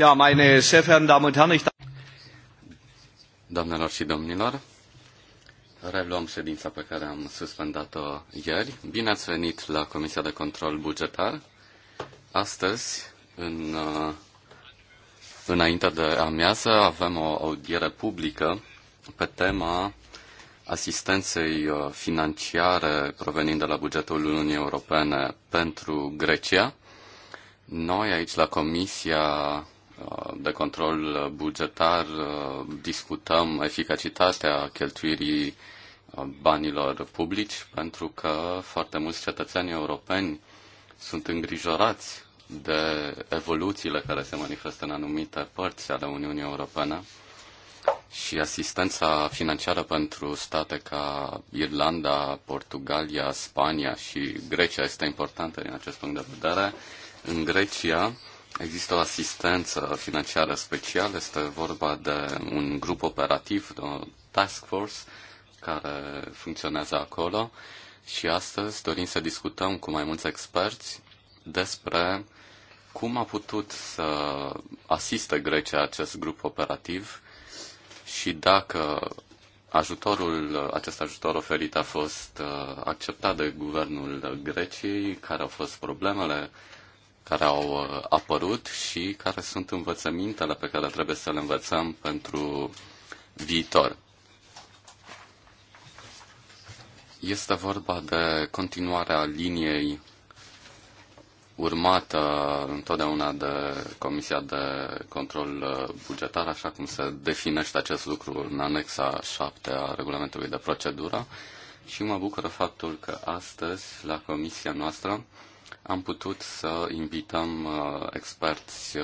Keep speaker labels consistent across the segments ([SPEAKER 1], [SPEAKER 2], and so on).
[SPEAKER 1] Ja, meine sehr verehrten Damen und Herren, ich Doamnelor și domnilor, reluăm ședința pe care am suspendat-o ieri. Bine ați venit la Comisia de Control Bugetar. Astăzi, în, înainte de amiază, avem o audiere publică pe tema asistenței uh, financiare provenind de la bugetul Uniunii Europene pentru Grecia. Noi aici la Comisia de control bugetar discutăm eficacitatea cheltuirii uh, banilor publici, pentru că foarte mulți cetățeni europeni sunt îngrijorați de evoluțiile care se manifestă în anumite părți ale Uniunii Europene și asistența financiară pentru state ca Irlanda, Portugalia, Spania și Grecia este importantă din acest punct de vedere. În Grecia, Există o asistență financiară specială, este vorba de un grup operativ, de o task force care funcționează acolo și astăzi dorim să discutăm cu mai mulți experți despre cum a putut să asiste Grecia acest grup operativ și dacă ajutorul, acest ajutor oferit a fost uh, acceptat de guvernul Greciei, care au fost problemele care au uh, apărut și care sunt învățămintele pe care trebuie să le învățăm pentru viitor. Este vorba de continuarea liniei urmată întotdeauna de Comisia de Control uh, Bugetar, așa cum se definește acest lucru în anexa 7 a regulamentului de procedură. Și mă bucură faptul că astăzi, la comisia noastră, am putut să invităm uh, experți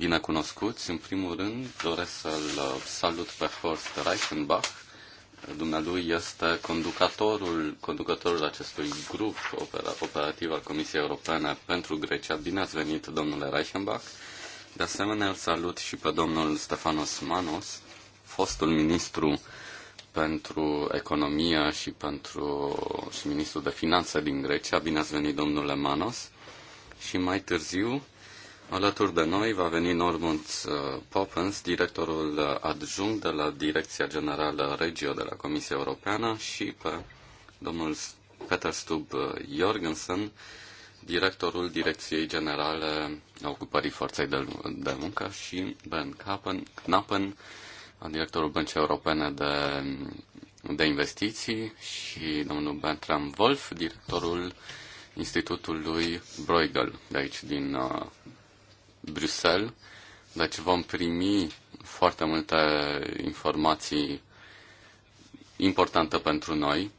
[SPEAKER 1] uh, cunoscuți. În primul rând, doresc să-l uh, salut pe Horst Reichenbach. Dumnealui este conducătorul, conducătorul acestui grup opera, operativ al Comisiei Europene pentru Grecia. Bine ați venit, domnule Reichenbach. De asemenea, îl salut și pe domnul Stefanos Manos, fostul ministru pentru economia și pentru și ministrul de finanțe din Grecia. Bine ați venit, domnule Manos. Și mai târziu, alături de noi, va veni Normund uh, Poppens, directorul adjunct de la Direcția Generală Regio de la Comisia Europeană și pe domnul Peter Stub uh, Jorgensen, directorul Direcției Generale a Ocupării Forței de, de Muncă și Ben Knappen, directorul Băncii Europene de, de Investiții și domnul Bertram Wolf, directorul Institutului Bruegel, de aici din uh, Bruxelles. Deci vom primi foarte multe informații importante pentru noi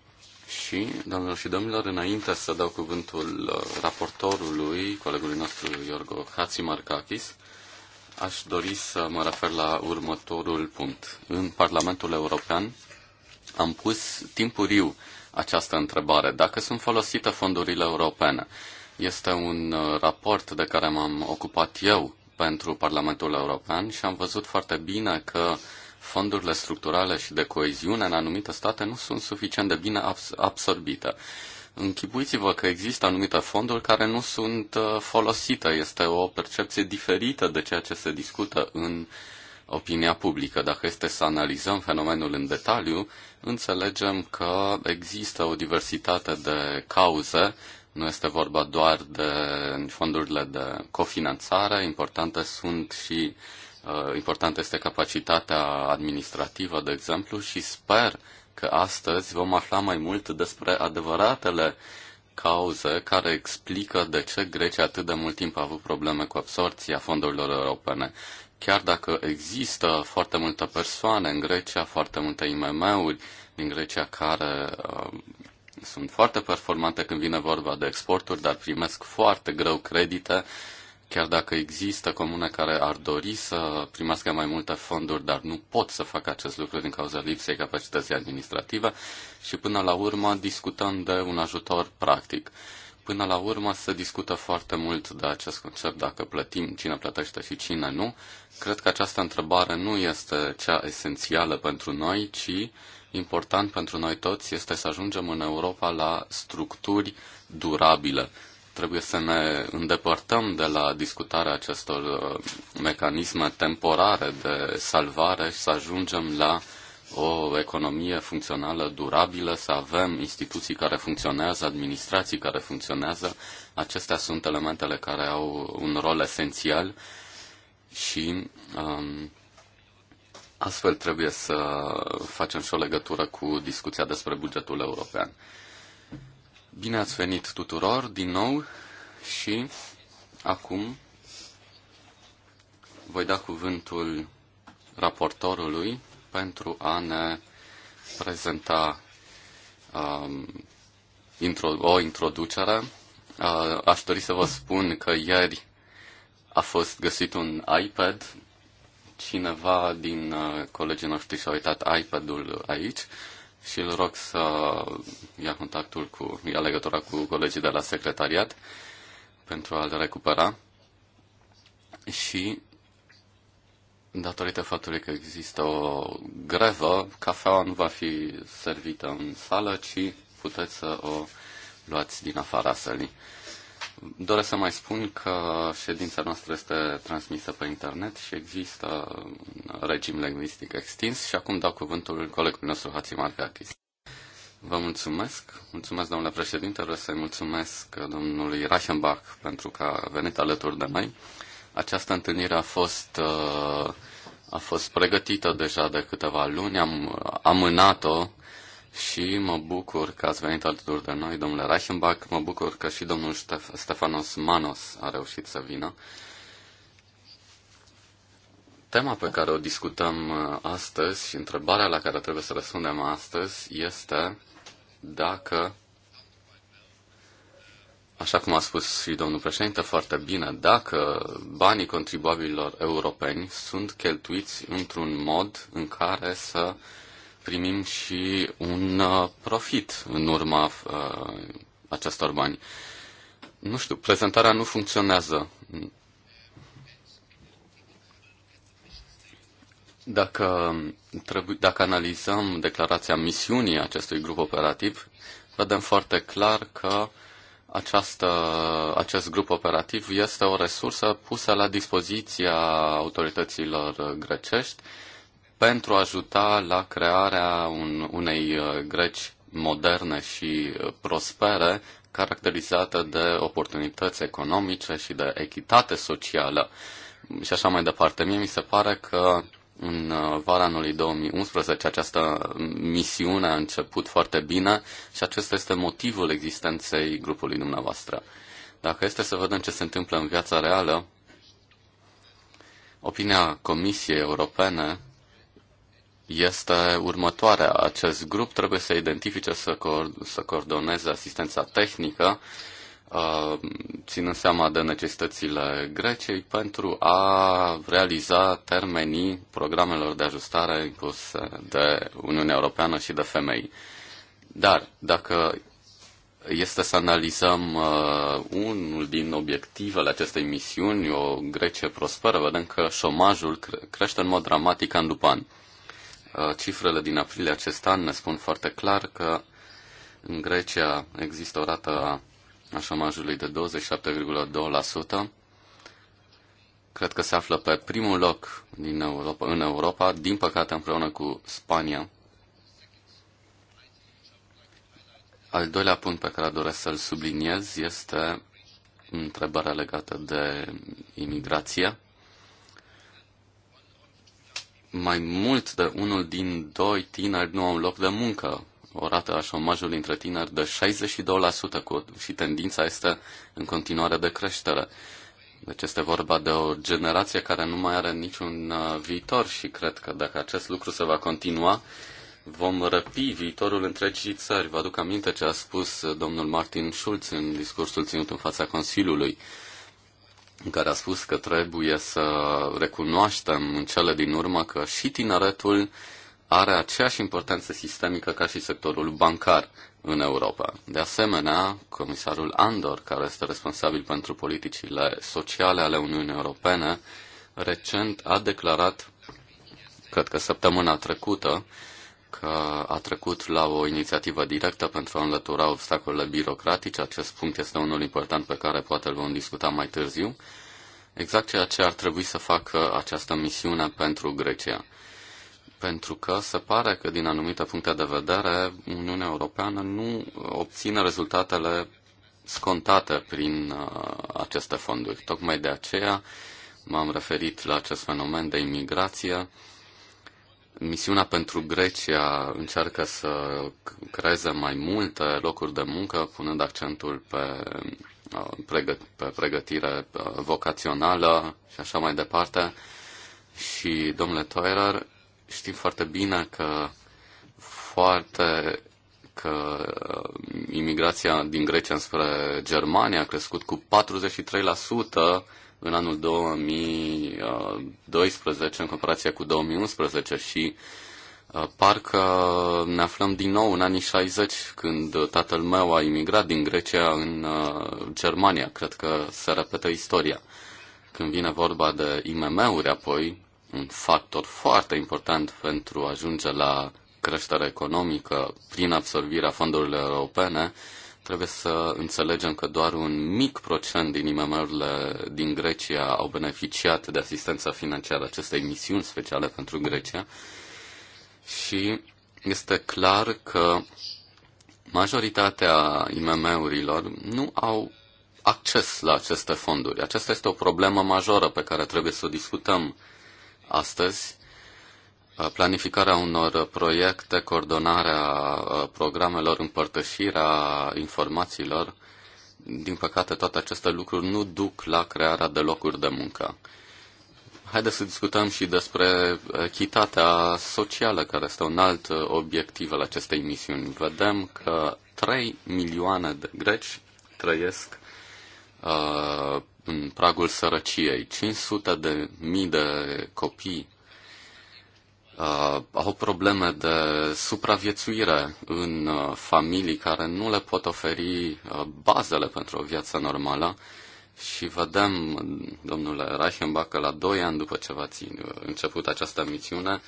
[SPEAKER 1] și, doamnelor și domnilor, înainte să dau cuvântul uh, raportorului, colegului nostru Iorgo Hatzimarkakis, Aș dori să mă refer la următorul punct. În Parlamentul European am pus timpuriu această întrebare. Dacă sunt folosite fondurile europene? Este un uh, raport de care m-am ocupat eu pentru Parlamentul European și am văzut foarte bine că fondurile structurale și de coeziune în anumite state nu sunt suficient de bine absorbite. Închipuiți-vă că există anumite fonduri care nu sunt uh, folosite. Este o percepție diferită de ceea ce se discută în opinia publică. Dacă este să analizăm fenomenul în detaliu, înțelegem că există o diversitate de cauze. Nu este vorba doar de fondurile de cofinanțare, importante sunt și uh, importantă este capacitatea administrativă, de exemplu, și sper că astăzi vom afla mai mult despre adevăratele cauze care explică de ce Grecia atât de mult timp a avut probleme cu absorția fondurilor europene. Chiar dacă există foarte multe persoane în Grecia, foarte multe IMM-uri din Grecia care uh, sunt foarte performante când vine vorba de exporturi, dar primesc foarte greu credite Chiar dacă există comune care ar dori să primească mai multe fonduri, dar nu pot să facă acest lucru din cauza lipsei capacității administrative și până la urmă discutăm de un ajutor practic. Până la urmă se discută foarte mult de acest concept, dacă plătim, cine plătește și cine nu. Cred că această întrebare nu este cea esențială pentru noi, ci important pentru noi toți este să ajungem în Europa la structuri durabile Trebuie să ne îndepărtăm de la discutarea acestor uh, mecanisme temporare de salvare și să ajungem la o economie funcțională durabilă, să avem instituții care funcționează, administrații care funcționează. Acestea sunt elementele care au un rol esențial și um, astfel trebuie să facem și o legătură cu discuția despre bugetul european. Bine ați venit tuturor din nou și acum voi da cuvântul raportorului pentru a ne prezenta um, intro, o introducere. Uh, aș dori să vă spun că ieri a fost găsit un iPad. Cineva din uh, colegii noștri și-a uitat iPad-ul aici. Uh, și îl rog să ia contactul cu, ia legătura cu colegii de la secretariat pentru a-l recupera și datorită faptului că există o grevă, cafeaua nu va fi servită în sală, ci puteți să o luați din afara sălii doresc să mai spun că ședința noastră este transmisă pe internet și există un regim lingvistic extins și acum dau cuvântul colegului nostru Hatzim Markakis. Vă mulțumesc. Mulțumesc, domnule președinte. Vreau să-i mulțumesc domnului Reichenbach pentru că a venit alături de noi. Această întâlnire a fost, uh, a fost pregătită deja de câteva luni. Am amânat-o și mă bucur că ați venit alături de noi, domnule Reichenbach. Mă bucur că și domnul Ștef- Stefanos Manos a reușit să vină. Tema pe care o discutăm uh, astăzi și întrebarea la care trebuie să răspundem astăzi este dacă, așa cum a spus și domnul președinte foarte bine, dacă banii contribuabililor europeni sunt cheltuiți într-un mod în care să uh, primim și un uh, profit în urma uh, acestor bani. Nu știu, prezentarea nu funcționează. Dacă, trebuie, dacă analizăm declarația misiunii acestui grup operativ, vedem foarte clar că această, acest grup operativ este o resursă pusă la dispoziția autorităților grecești pentru a ajuta la crearea un, unei uh, greci moderne și uh, prospere, caracterizată de oportunități economice și de echitate socială și așa mai departe. Mie mi se pare că în uh, vara anului 2011 această misiune a început foarte bine și acesta este motivul existenței grupului dumneavoastră. Dacă este să vedem ce se întâmplă în viața reală, opinia Comisiei Europene este următoarea. Acest grup trebuie să identifice, să, co- să coordoneze asistența tehnică, uh, ținând seama de necesitățile Greciei, pentru a realiza termenii programelor de ajustare impuse de Uniunea Europeană și de femei. Dar, dacă este să analizăm uh, unul din obiectivele acestei misiuni, o Grecie prosperă, vedem că șomajul crește în mod dramatic an după an. Uh, cifrele din aprilie acest an ne spun foarte clar că în Grecia există o rată a, a șomajului de 27,2%. Cred că se află pe primul loc din Europa, în Europa, din păcate împreună cu Spania. Al doilea punct pe care doresc să-l subliniez este întrebarea legată de imigrație mai mult de unul din doi tineri nu au un loc de muncă. O rată a șomajului între tineri de 62% cu, și tendința este în continuare de creștere. Deci este vorba de o generație care nu mai are niciun uh, viitor și cred că dacă acest lucru se va continua, vom răpi viitorul întregii țări. Vă aduc aminte ce a spus uh, domnul Martin Schulz în discursul ținut în fața Consiliului care a spus că trebuie să recunoaștem în cele din urmă că și tineretul are aceeași importanță sistemică ca și sectorul bancar în Europa. De asemenea, comisarul Andor, care este responsabil pentru politicile sociale ale Uniunii Europene, recent a declarat, cred că săptămâna trecută, că a trecut la o inițiativă directă pentru a înlătura obstacolele birocratice. Acest punct este unul important pe care poate îl vom discuta mai târziu. Exact ceea ce ar trebui să facă această misiune pentru Grecia. Pentru că se pare că, din anumite puncte de vedere, Uniunea Europeană nu obține rezultatele scontate prin uh, aceste fonduri. Tocmai de aceea m-am referit la acest fenomen de imigrație Misiunea pentru Grecia încearcă să creeze mai multe locuri de muncă, punând accentul pe, uh, pe pregătire uh, vocațională și așa mai departe. Și, domnule Toerer, știm foarte bine că foarte că uh, imigrația din Grecia spre Germania a crescut cu 43% în anul 2012 uh, în comparație cu 2011 și uh, parcă ne aflăm din nou în anii 60 când tatăl meu a imigrat din Grecia în uh, Germania. Cred că se repetă istoria. Când vine vorba de IMM-uri apoi, un factor foarte important pentru a ajunge la creștere economică prin absorbirea fondurilor europene, Trebuie să înțelegem că doar un mic procent din IMM-urile din Grecia au beneficiat de asistența financiară acestei misiuni speciale pentru Grecia și este clar că majoritatea IMM-urilor nu au acces la aceste fonduri. Aceasta este o problemă majoră pe care trebuie să o discutăm astăzi planificarea unor proiecte, coordonarea uh, programelor, împărtășirea informațiilor, din păcate toate aceste lucruri nu duc la crearea de locuri de muncă. Haideți să discutăm și despre echitatea socială, care este un alt uh, obiectiv al acestei misiuni. Vedem că 3 milioane de greci trăiesc uh, în pragul sărăciei. 500 de mii de copii uh, au probleme de supraviețuire în uh, familii care nu le pot oferi uh, bazele pentru o viață normală. Și vedem, domnule Reichenbach, că la doi ani după ce v-ați uh, început această misiune,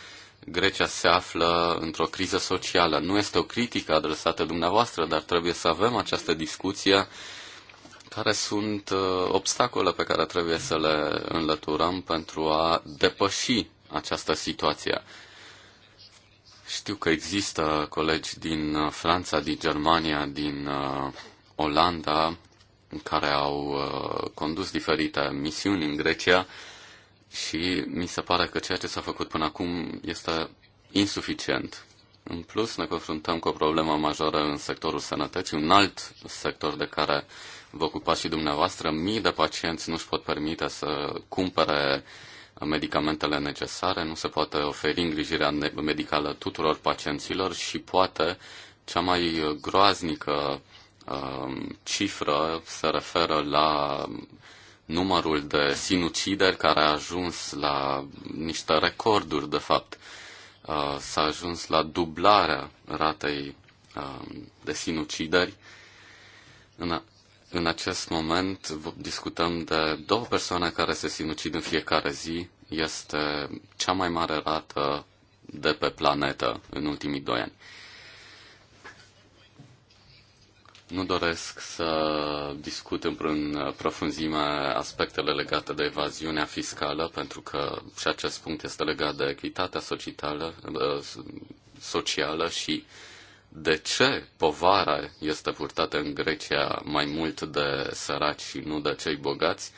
[SPEAKER 1] Grecia se află într-o criză socială. Nu este o critică adresată dumneavoastră, dar trebuie să avem această discuție care sunt uh, obstacole pe care trebuie să le înlăturăm pentru a depăși această situație. Știu că există colegi din uh, Franța, din Germania, din uh, Olanda care au uh, condus diferite misiuni în Grecia și mi se pare că ceea ce s-a făcut până acum este insuficient. În plus, ne confruntăm cu o problemă majoră în sectorul sănătății, un alt sector de care vă ocupați și dumneavoastră. Mii de pacienți nu își pot permite să cumpere uh, medicamentele necesare, nu se poate oferi îngrijirea medicală tuturor pacienților și poate cea mai groaznică um, cifră se referă la numărul de sinucideri care a ajuns la niște recorduri, de fapt. Uh, s-a ajuns la dublarea ratei um, de sinucideri. În acest moment discutăm de două persoane care se sinucid în fiecare zi. Este cea mai mare rată de pe planetă în ultimii doi ani. Nu doresc să discut în profunzime aspectele legate de evaziunea fiscală, pentru că și acest punct este legat de echitatea eh, socială și de ce povara este purtată în Grecia mai mult de săraci și nu de cei bogați,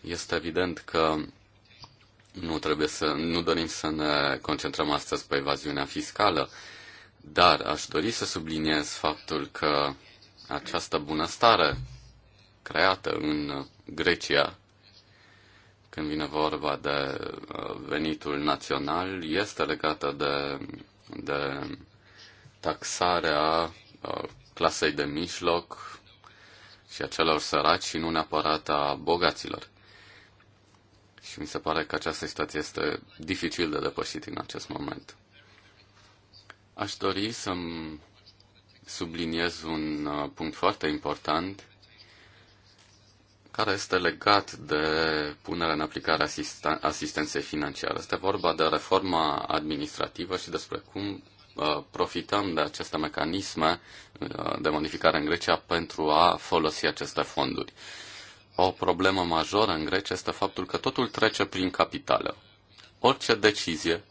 [SPEAKER 1] este evident că nu, trebuie să, nu dorim să ne concentrăm astăzi pe evaziunea fiscală, dar aș dori să subliniez faptul că această bunăstare creată în Grecia, când vine vorba de uh, venitul național, este legată de, de taxarea uh, clasei de mijloc și a celor săraci și nu neapărat a bogaților. Și mi se pare că această situație este dificil de depășit în acest moment. Aș dori să-mi subliniez un uh, punct foarte important care este legat de punerea în aplicare asistenței financiare. Este vorba de reforma administrativă și despre cum Uh, profităm de aceste mecanisme uh, de modificare în Grecia pentru a folosi aceste fonduri. O problemă majoră în Grecia este faptul că totul trece prin capitală. Orice decizie,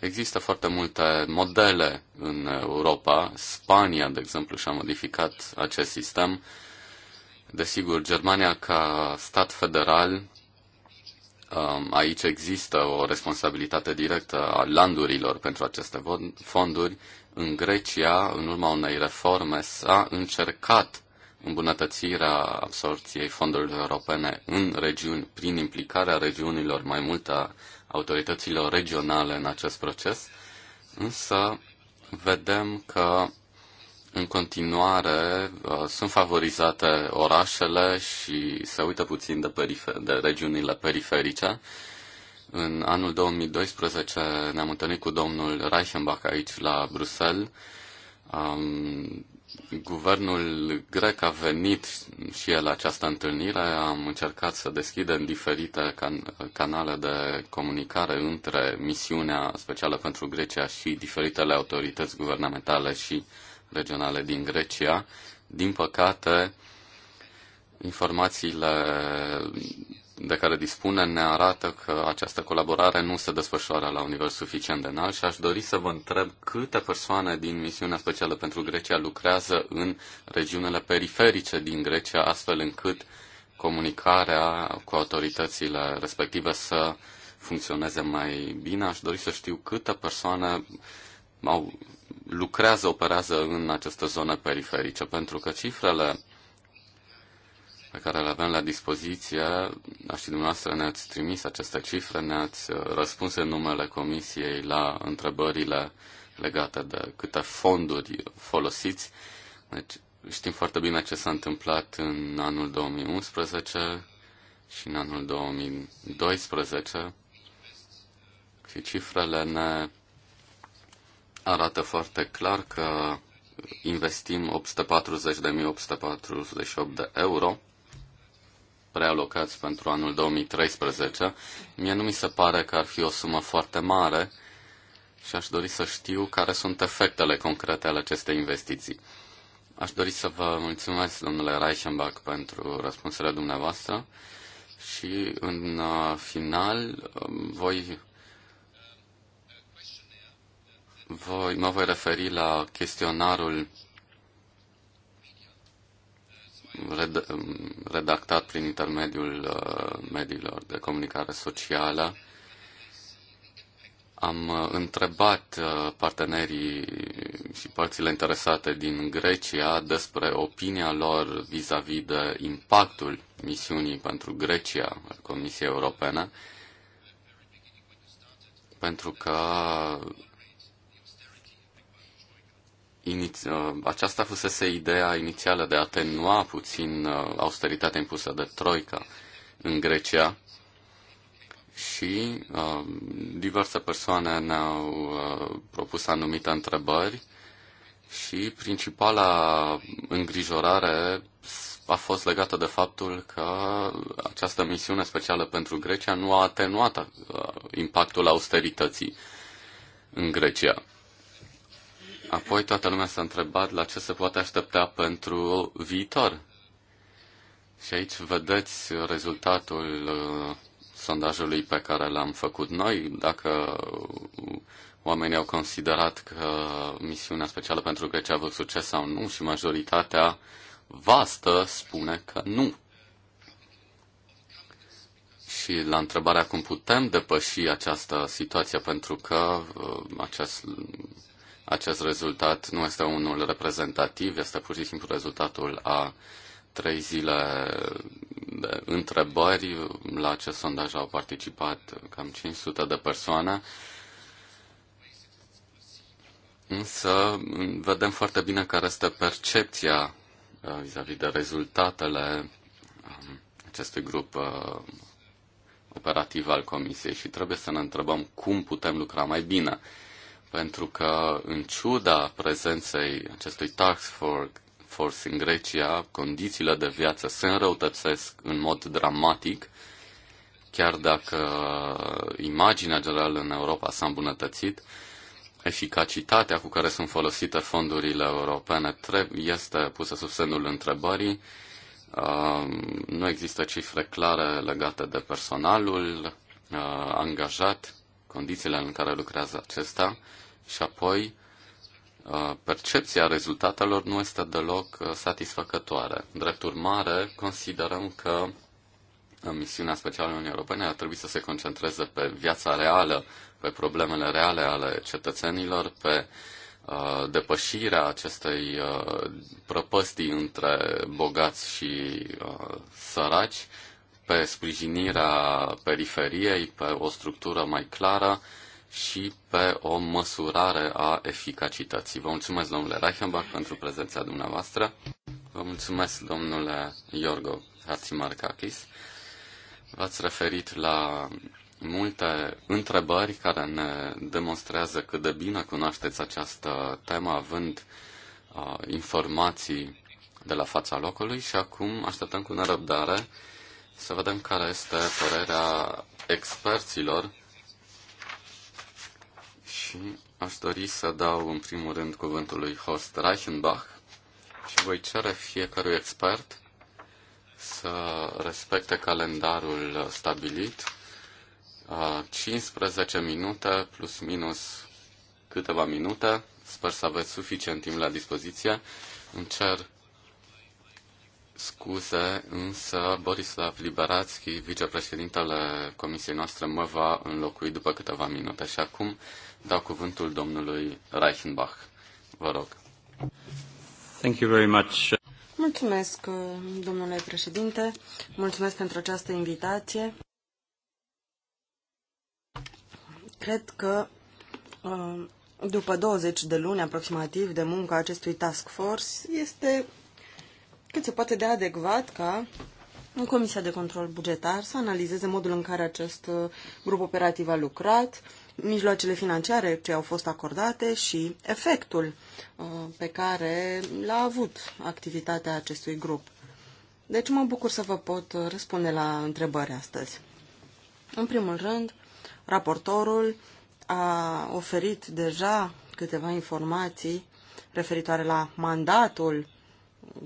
[SPEAKER 1] există foarte multe modele în Europa. Spania, de exemplu, și-a modificat acest sistem. Desigur, Germania ca stat federal Um, aici există o responsabilitate directă a landurilor pentru aceste fonduri. În Grecia, în urma unei reforme, s-a încercat îmbunătățirea absorției fondurilor europene în regiuni prin implicarea regiunilor mai mult a autorităților regionale în acest proces, însă vedem că în continuare, uh, sunt favorizate orașele și se uită puțin de, perifer- de regiunile periferice. În anul 2012 ne-am întâlnit cu domnul Reichenbach aici la Bruxelles. Um, guvernul grec a venit și el la această întâlnire. Am încercat să deschidem diferite can- canale de comunicare între misiunea specială pentru Grecia și diferitele autorități guvernamentale și regionale din Grecia. Din păcate, informațiile de care dispune ne arată că această colaborare nu se desfășoară la un nivel suficient de înalt și aș dori să vă întreb câte persoane din misiunea specială pentru Grecia lucrează în regiunile periferice din Grecia, astfel încât comunicarea cu autoritățile respective să funcționeze mai bine. Aș dori să știu câte persoane au lucrează, operează în aceste zone periferice, pentru că cifrele pe care le avem la dispoziție, da, și dumneavoastră ne-ați trimis aceste cifre, ne-ați uh, răspuns în numele Comisiei la întrebările legate de câte fonduri folosiți. Deci știm foarte bine ce s-a întâmplat în anul 2011 și în anul 2012 și cifrele ne arată foarte clar că investim 840.848 de euro prealocați pentru anul 2013. Mie nu mi se pare că ar fi o sumă foarte mare și aș dori să știu care sunt efectele concrete ale acestei investiții. Aș dori să vă mulțumesc, domnule Reichenbach, pentru răspunsurile dumneavoastră și, în uh, final, um, voi voi, mă voi referi la chestionarul red, redactat prin intermediul uh, mediilor de comunicare socială. Am uh, întrebat uh, partenerii și părțile interesate din Grecia despre opinia lor vis-a-vis -vis de impactul misiunii pentru Grecia Comisia Europeană, pentru că Uh, aceasta fusese ideea inițială de a atenua puțin uh, austeritatea impusă de Troica în Grecia și uh, diverse persoane ne-au uh, propus anumite întrebări și principala îngrijorare a fost legată de faptul că această misiune specială pentru Grecia nu a atenuat uh, impactul austerității în Grecia. Apoi toată lumea s-a întrebat la ce se poate aștepta pentru viitor. Și aici vedeți rezultatul uh, sondajului pe care l-am făcut noi. Dacă oamenii au considerat că misiunea specială pentru Grecia a avut succes sau nu și majoritatea vastă spune că nu. Și la întrebarea cum putem depăși această situație, pentru că uh, acest acest rezultat nu este unul reprezentativ, este pur și simplu rezultatul a trei zile de întrebări. La acest sondaj au participat cam 500 de persoane. Însă vedem foarte bine care este percepția uh, vis-a-vis -vis de rezultatele um, acestui grup uh, operativ al Comisiei și trebuie să ne întrebăm cum putem lucra mai bine pentru că, în ciuda prezenței acestui tax force în Grecia, condițiile de viață se înrăutățesc în mod dramatic, chiar dacă imaginea generală în Europa s-a îmbunătățit, eficacitatea cu care sunt folosite fondurile europene este pusă sub semnul întrebării. Uh, nu există cifre clare legate de personalul uh, angajat, condițiile în care lucrează acesta și apoi uh, percepția rezultatelor nu este deloc uh, satisfăcătoare. Drept urmare, considerăm că uh, misiunea specială a Uniunii Europene ar trebui să se concentreze pe viața reală, pe problemele reale ale cetățenilor, pe depășirea acestei prăpăstii între bogați și săraci, pe sprijinirea periferiei, pe o structură mai clară, și pe o măsurare a eficacității. Vă mulțumesc, domnule Reichenbach, pentru prezența dumneavoastră. Vă mulțumesc, domnule Iorgo Hatzimarkakis. V-ați referit la multe întrebări care ne demonstrează cât de bine cunoașteți această temă, având uh, informații de la fața locului și acum așteptăm cu nerăbdare să vedem care este părerea experților și aș dori să dau în primul rând cuvântul lui Horst Reichenbach și voi cere fiecărui expert să respecte calendarul stabilit, 15 minute plus minus câteva minute. Sper să aveți suficient timp la dispoziție. Îmi cer scuze, însă Borislav Liberațchi vicepreședintele comisiei noastre, mă va înlocui după câteva minute. Și acum dau cuvântul domnului Reichenbach. Vă rog. Thank you very much.
[SPEAKER 2] Mulțumesc, domnule președinte. Mulțumesc pentru această invitație. Cred că uh, după 20 de luni aproximativ de muncă acestui task force, este cât se poate de adecvat ca în Comisia de Control Bugetar să analizeze modul în care acest uh, grup operativ a lucrat, mijloacele financiare ce au fost acordate și efectul uh, pe care l-a avut activitatea acestui grup. Deci mă bucur să vă pot răspunde la întrebări astăzi. În primul rând, raportorul a oferit deja câteva informații referitoare la mandatul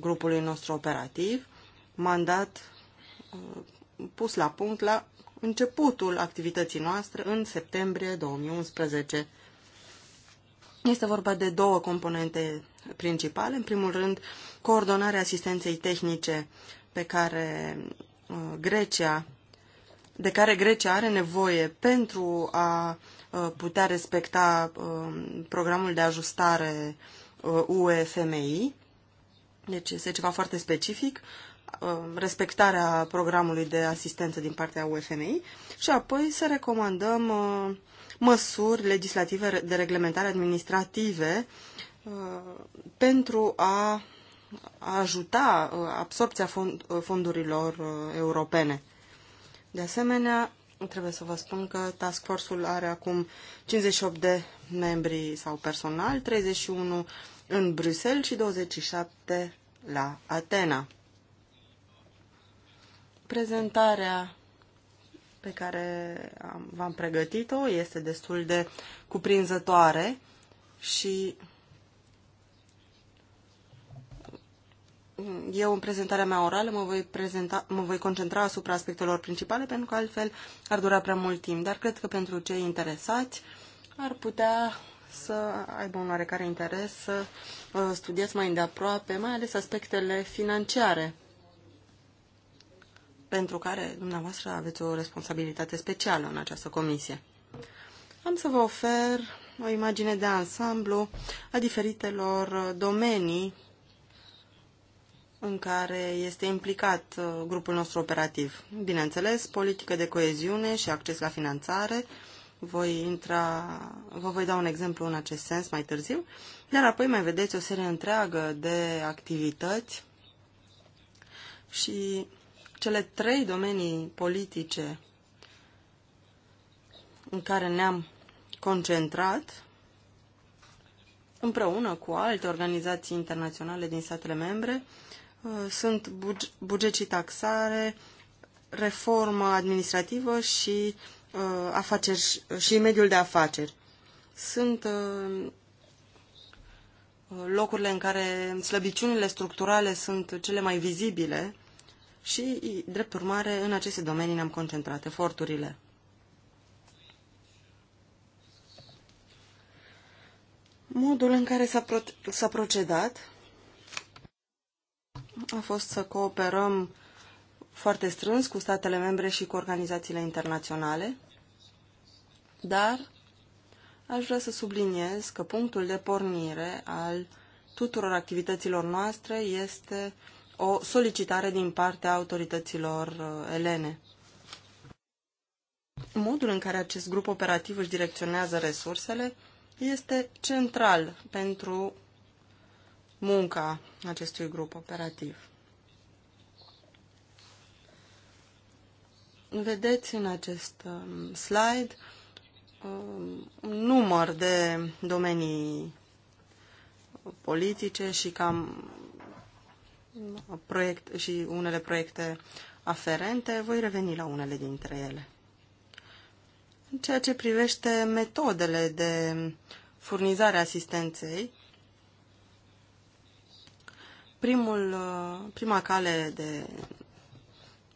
[SPEAKER 2] grupului nostru operativ, mandat uh, pus la punct la începutul activității noastre în septembrie 2011. Este vorba de două componente principale. În primul rând, coordonarea asistenței tehnice pe care uh, Grecia, de care Grecia are nevoie pentru a uh, putea respecta uh, programul de ajustare UE-FMI. Deci este ceva foarte specific. Um, respectarea programului de asistență din partea UFMI și apoi să recomandăm uh, măsuri legislative de reglementare administrative uh, pentru a ajuta uh, absorpția fondurilor europene. De asemenea, trebuie să vă spun că Task Force-ul are acum 58 de membri sau personal, 31 în Bruxelles și 27 la Atena. Prezentarea pe care v-am pregătit-o este destul de cuprinzătoare și eu în prezentarea mea orală mă voi, prezenta, mă voi concentra asupra aspectelor principale pentru că altfel ar dura prea mult timp, dar cred că pentru cei interesați ar putea să aibă un oarecare interes să uh, studiați mai îndeaproape, mai ales aspectele financiare pentru care dumneavoastră aveți o responsabilitate specială în această comisie. Am să vă ofer o imagine de ansamblu a diferitelor domenii în care este implicat uh, grupul nostru operativ. Bineînțeles, politică de coeziune și acces la finanțare. Voi intra, vă voi da un exemplu în acest sens mai târziu, dar apoi mai vedeți o serie întreagă de activități și cele trei domenii politice în care ne-am concentrat împreună cu alte organizații internaționale din statele membre uh, sunt buget și taxare, reforma administrativă și, uh, afaceri, uh, și mediul de afaceri. Sunt locurile în care slăbiciunile structurale sunt cele mai vizibile și, drept urmare, în aceste domenii ne-am concentrat eforturile. Modul în care s-a, pro- procedat a fost să cooperăm foarte strâns cu statele membre și cu organizațiile internaționale, dar aș vrea să subliniez că punctul de pornire al tuturor activităților noastre este uh, o solicitare din partea autorităților uh, elene. Modul în care acest grup operativ își direcționează resursele este central pentru munca acestui grup operativ. Vedeți în acest um, slide um, un număr de domenii politice și cam proiect și unele proiecte aferente, voi reveni la unele dintre ele. În ceea ce privește metodele de furnizare asistenței, primul, uh, prima cale de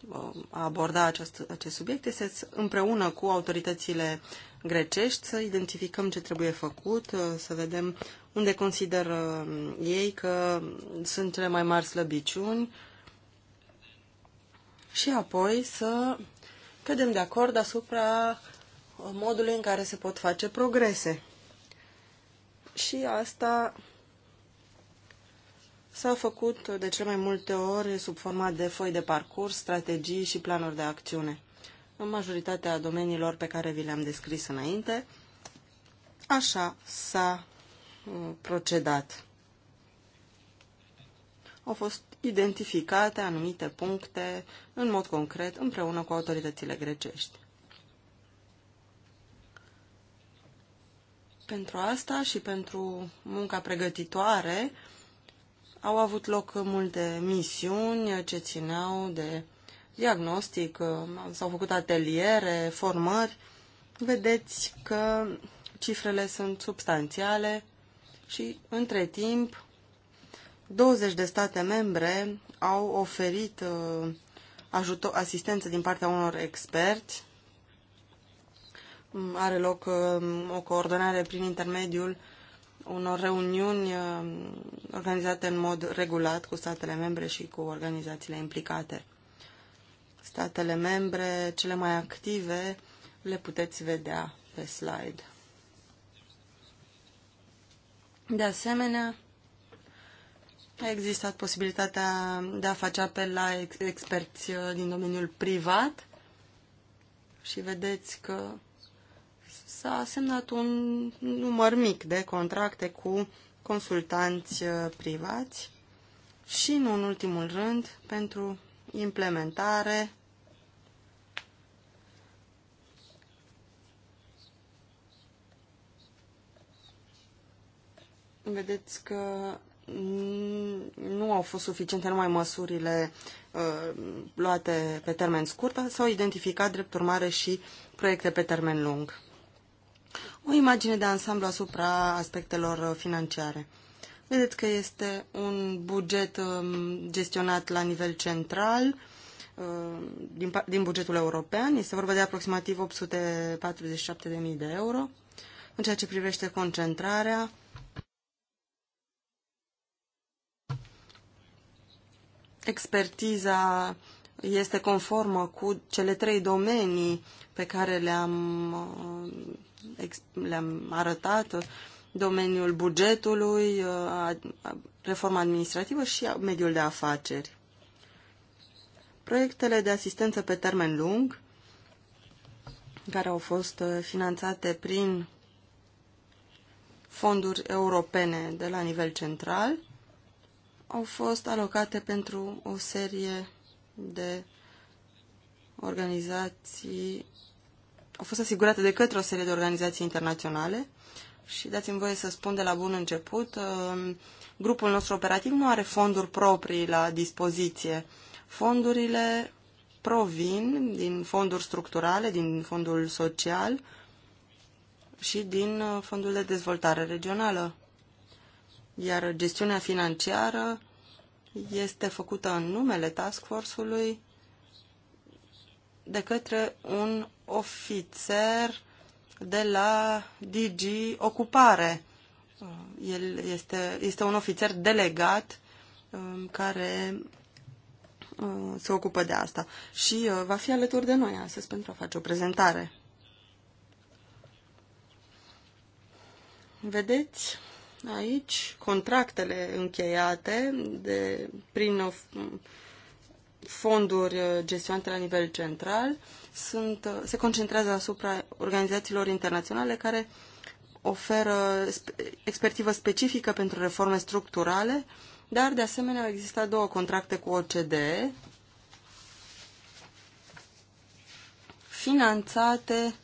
[SPEAKER 2] uh, a aborda acest, acest subiect este împreună cu autoritățile grecești, să identificăm ce trebuie făcut, uh, să vedem unde consideră um, ei că sunt cele mai mari slăbiciuni și apoi să cădem de acord asupra uh, modului în care se pot face progrese. Și asta s-a făcut de cele mai multe ori sub forma de foi de parcurs, strategii și planuri de acțiune în majoritatea domeniilor pe care vi le-am descris înainte. Așa s-a uh, procedat. Au fost identificate anumite puncte în mod concret împreună cu autoritățile grecești. Pentru asta și pentru munca pregătitoare au avut loc multe misiuni ce țineau de diagnostic, uh, s-au făcut ateliere, formări, vedeți că cifrele sunt substanțiale și, între timp, 20 de state membre au oferit uh, ajutor, asistență din partea unor experți. Mm, are loc uh, o coordonare prin intermediul unor reuniuni organizate în mod regulat cu statele membre și cu organizațiile implicate statele membre cele mai active le puteți vedea pe slide. De asemenea, a existat posibilitatea de a face apel la experți uh, din domeniul privat și vedeți că s-a semnat un număr mic de contracte cu consultanți uh, privați și, nu în ultimul rând, pentru implementare, vedeți că nu au fost suficiente numai măsurile uh, luate pe termen scurt, s-au identificat drept urmare și proiecte pe termen lung. O imagine de ansamblu asupra aspectelor financiare. Vedeți că este un buget um, gestionat la nivel central um, din, din bugetul european. Este vorba de aproximativ 847.000 de euro. În ceea ce privește concentrarea, expertiza este conformă cu cele trei domenii pe care le-am uh, le-am arătat, domeniul bugetului, reforma administrativă și mediul de afaceri. Proiectele de asistență pe termen lung, care au fost finanțate prin fonduri europene de la nivel central, au fost alocate pentru o serie de organizații, au fost asigurate de către o serie de organizații internaționale, și dați-mi voie să spun de la bun început, uh, grupul nostru operativ nu are fonduri proprii la dispoziție. Fondurile provin din fonduri structurale, din fondul social și din uh, fondul de dezvoltare regională. Iar gestiunea financiară este făcută în numele task force-ului de către un ofițer de la DG Ocupare. El este, este un ofițer delegat um, care um, se ocupă de asta și uh, va fi alături de noi astăzi pentru a face o prezentare. Vedeți aici contractele încheiate de, prin fonduri uh, gestionate la nivel central sunt, uh, se concentrează asupra organizațiilor internaționale care oferă expertivă specifică pentru reforme structurale, dar de asemenea au existat două contracte cu OCDE finanțate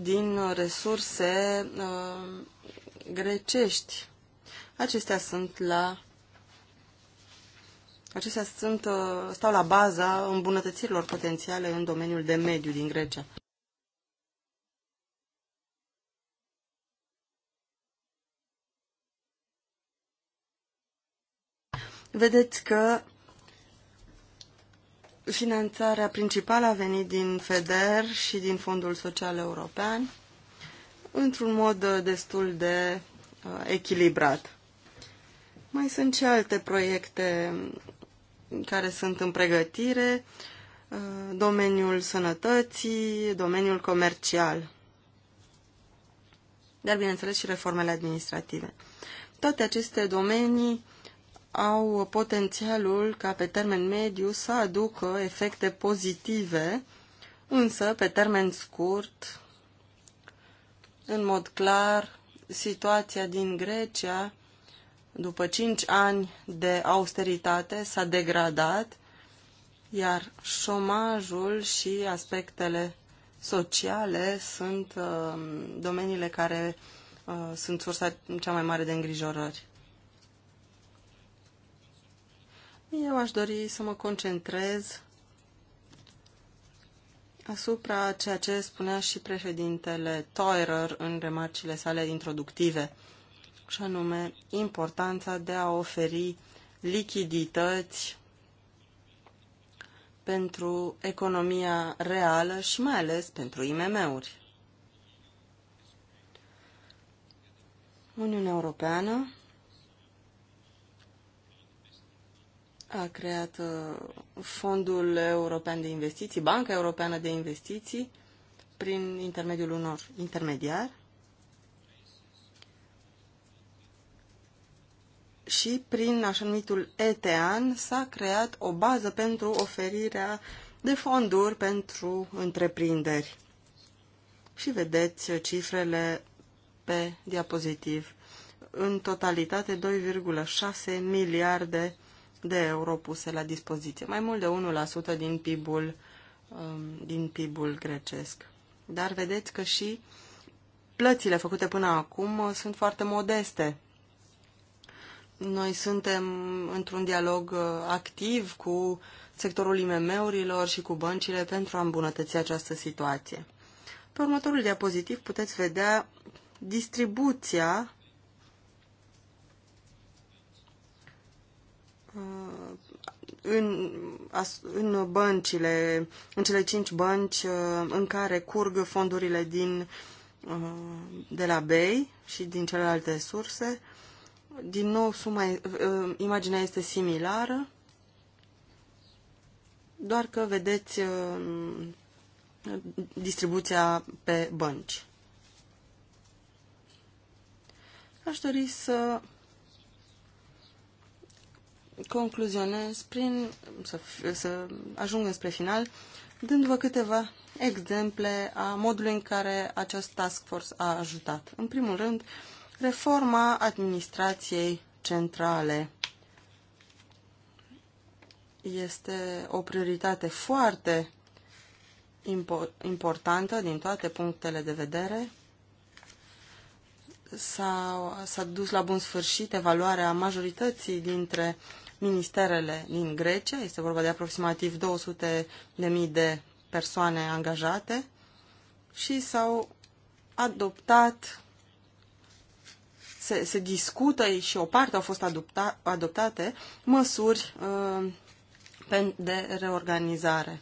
[SPEAKER 2] din resurse uh, grecești. Acestea sunt la Acestea sunt, uh, stau la baza îmbunătățirilor potențiale în domeniul de mediu din Grecia. Vedeți că finanțarea principală a venit din FEDER și din Fondul Social European într-un mod uh, destul de uh, echilibrat. Mai sunt și alte proiecte care sunt în pregătire, uh, domeniul sănătății, domeniul comercial, dar bineînțeles și reformele administrative. Toate aceste domenii au potențialul ca pe termen mediu să aducă efecte pozitive, însă pe termen scurt, în mod clar, situația din Grecia după cinci ani de austeritate, s-a degradat, iar șomajul și aspectele sociale sunt uh, domeniile care uh, sunt sursa cea mai mare de îngrijorări. Eu aș dori să mă concentrez asupra ceea ce spunea și președintele Teurer în remarcile sale introductive – și anume importanța de a oferi lichidități pentru economia reală și mai ales pentru IMM-uri. Uniunea Europeană a creat uh, Fondul European de Investiții, Banca Europeană de Investiții, prin intermediul unor intermediari și prin așa numitul ETEAN s-a creat o bază pentru oferirea de fonduri pentru întreprinderi. Și vedeți cifrele pe diapozitiv. În totalitate 2,6 miliarde de euro puse la dispoziție, mai mult de 1% din PIB-ul um, din PIB-ul grecesc. Dar vedeți că și plățile făcute până acum sunt foarte modeste noi suntem într-un dialog uh, activ cu sectorul IMM-urilor și cu băncile pentru a îmbunătăți această situație. Pe următorul diapozitiv puteți vedea distribuția uh, în, în băncile, în cele cinci bănci uh, în care curg fondurile din, de la BEI și din celelalte surse. Din nou, suma, uh, uh, imaginea este similară, doar că vedeți uh, distribuția pe bănci. Aș dori să concluzionez prin să, să ajung spre final dându-vă câteva exemple a modului în care acest task force a ajutat. În primul rând, uh, reforma administrației centrale este o prioritate foarte importantă din toate punctele de vedere. S-a, dus la bun sfârșit evaluarea majorității dintre ministerele din Grecia. Este vorba de aproximativ 200.000 de persoane angajate și s-au adoptat se, se discută și o parte au fost adopta, adoptate măsuri uh, de reorganizare.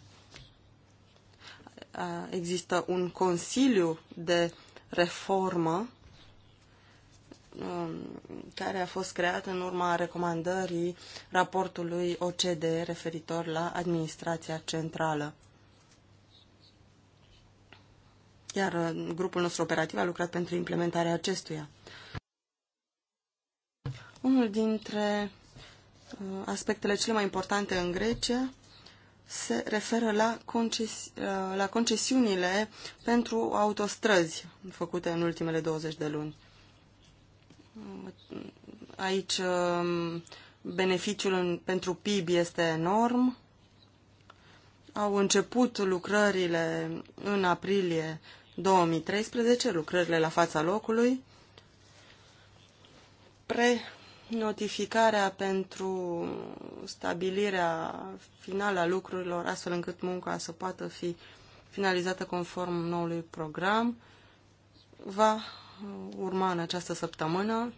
[SPEAKER 2] Uh, există un consiliu de reformă um, care a fost creat în urma recomandării raportului OCDE referitor la administrația centrală. Iar uh, grupul nostru operativ a lucrat pentru implementarea acestuia. Unul dintre uh, aspectele cele mai importante în Grecia se referă la, conces, uh, la concesiunile pentru autostrăzi făcute în ultimele 20 de luni. Uh, aici um, beneficiul pentru PIB este enorm. Au început lucrările în aprilie 2013, lucrările la fața locului. Pre notificarea pentru stabilirea finală a lucrurilor, astfel încât munca să poată fi finalizată conform noului program, va urma în această săptămână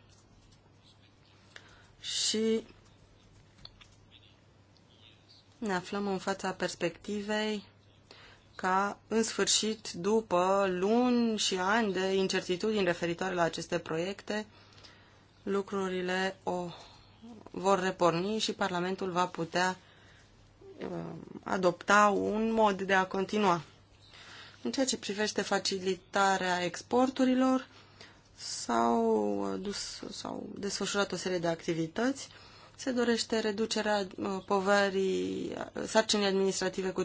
[SPEAKER 2] și ne aflăm în fața perspectivei ca, în sfârșit, după luni și ani de incertitudini referitoare la aceste proiecte, lucrurile o vor reporni și Parlamentul va putea uh, adopta un mod de a continua. În ceea ce privește facilitarea exporturilor, s-au, dus, s-au desfășurat o serie de activități. Se dorește reducerea uh, poverii uh, sarcinii administrative cu 50%,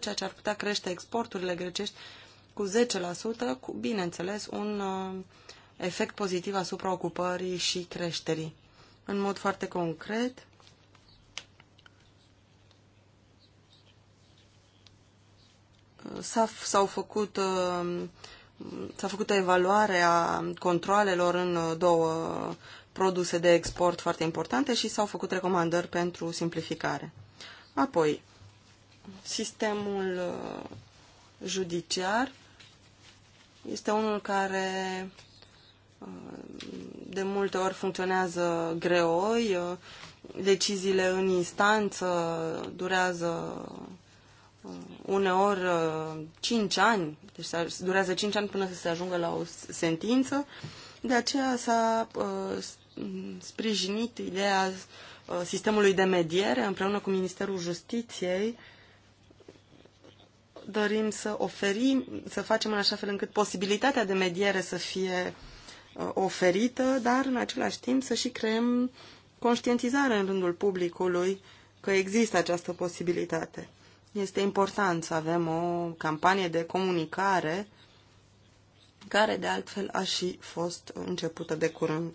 [SPEAKER 2] ceea ce ar putea crește exporturile grecești cu 10%, cu, bineînțeles, un uh, efect pozitiv asupra ocupării și creșterii. În mod foarte concret, s-au făcut uh, s-a făcut o evaluare a controalelor în uh, două produse de export foarte importante și s-au făcut recomandări pentru simplificare. Apoi, sistemul uh, judiciar este unul care Uh, de multe ori funcționează greoi, uh, deciziile în instanță durează uh, uneori 5 ani, deci durează 5 ani până să se ajungă la o sentință, de aceea s-a sprijinit ideea sistemului de mediere împreună cu Ministerul Justiției dorim să oferim, să facem în așa fel încât posibilitatea de mediere să fie Uh, oferită, dar în același timp să și creăm conștientizare în rândul publicului că există această posibilitate. Este important să avem o campanie de comunicare care de altfel a și fost începută de curând.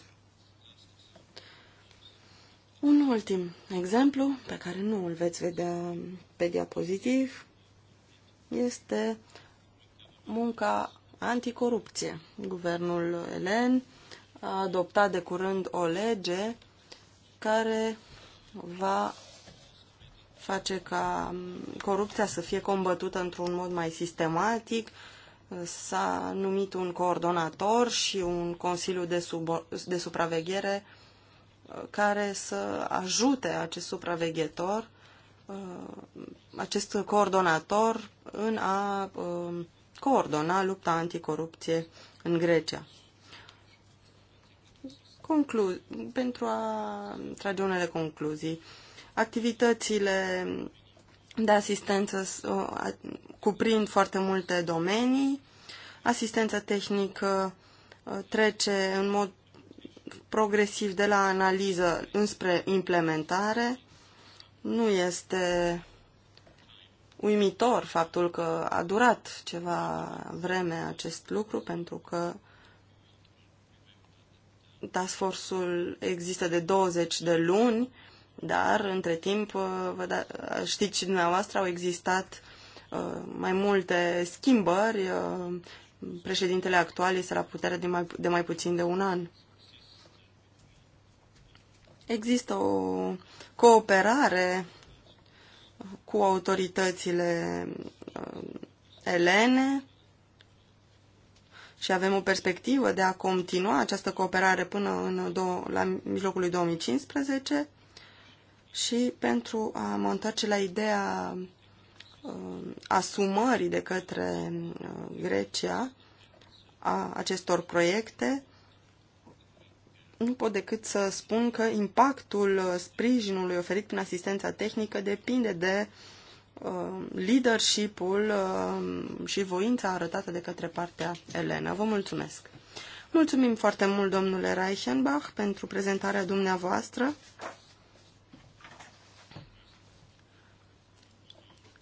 [SPEAKER 2] Un ultim exemplu, pe care nu îl veți vedea pe diapozitiv, este munca anticorupție. Guvernul elen a adoptat de curând o lege care va face ca corupția să fie combătută într-un mod mai sistematic. S-a numit un coordonator și un consiliu de, sub, de supraveghere uh, care să ajute acest supraveghetor, uh, acest coordonator în a uh, coordona lupta anticorupție în Grecia. Conclu- pentru a trage unele concluzii, activitățile de asistență cuprind foarte multe domenii, asistența tehnică uh, trece în mod progresiv de la analiză înspre implementare, nu este uimitor faptul că a durat ceva vreme acest lucru, pentru că task force-ul există de 20 de luni, dar între timp, uh, vă da, știți și dumneavoastră, au existat uh, mai multe schimbări. Uh, președintele actual este la putere de mai, de mai puțin de un an. Există o cooperare cu autoritățile um, elene și avem o perspectivă de a continua această cooperare până în dou- la mijlocul lui 2015 și pentru a mă întoarce la ideea uh, asumării de către um, Grecia a acestor proiecte, nu pot decât să spun că impactul uh, sprijinului oferit prin asistența tehnică depinde de uh, leadership-ul uh, și voința arătată de către partea Elena. Vă mulțumesc! Mulțumim foarte mult, domnule Reichenbach, pentru prezentarea dumneavoastră.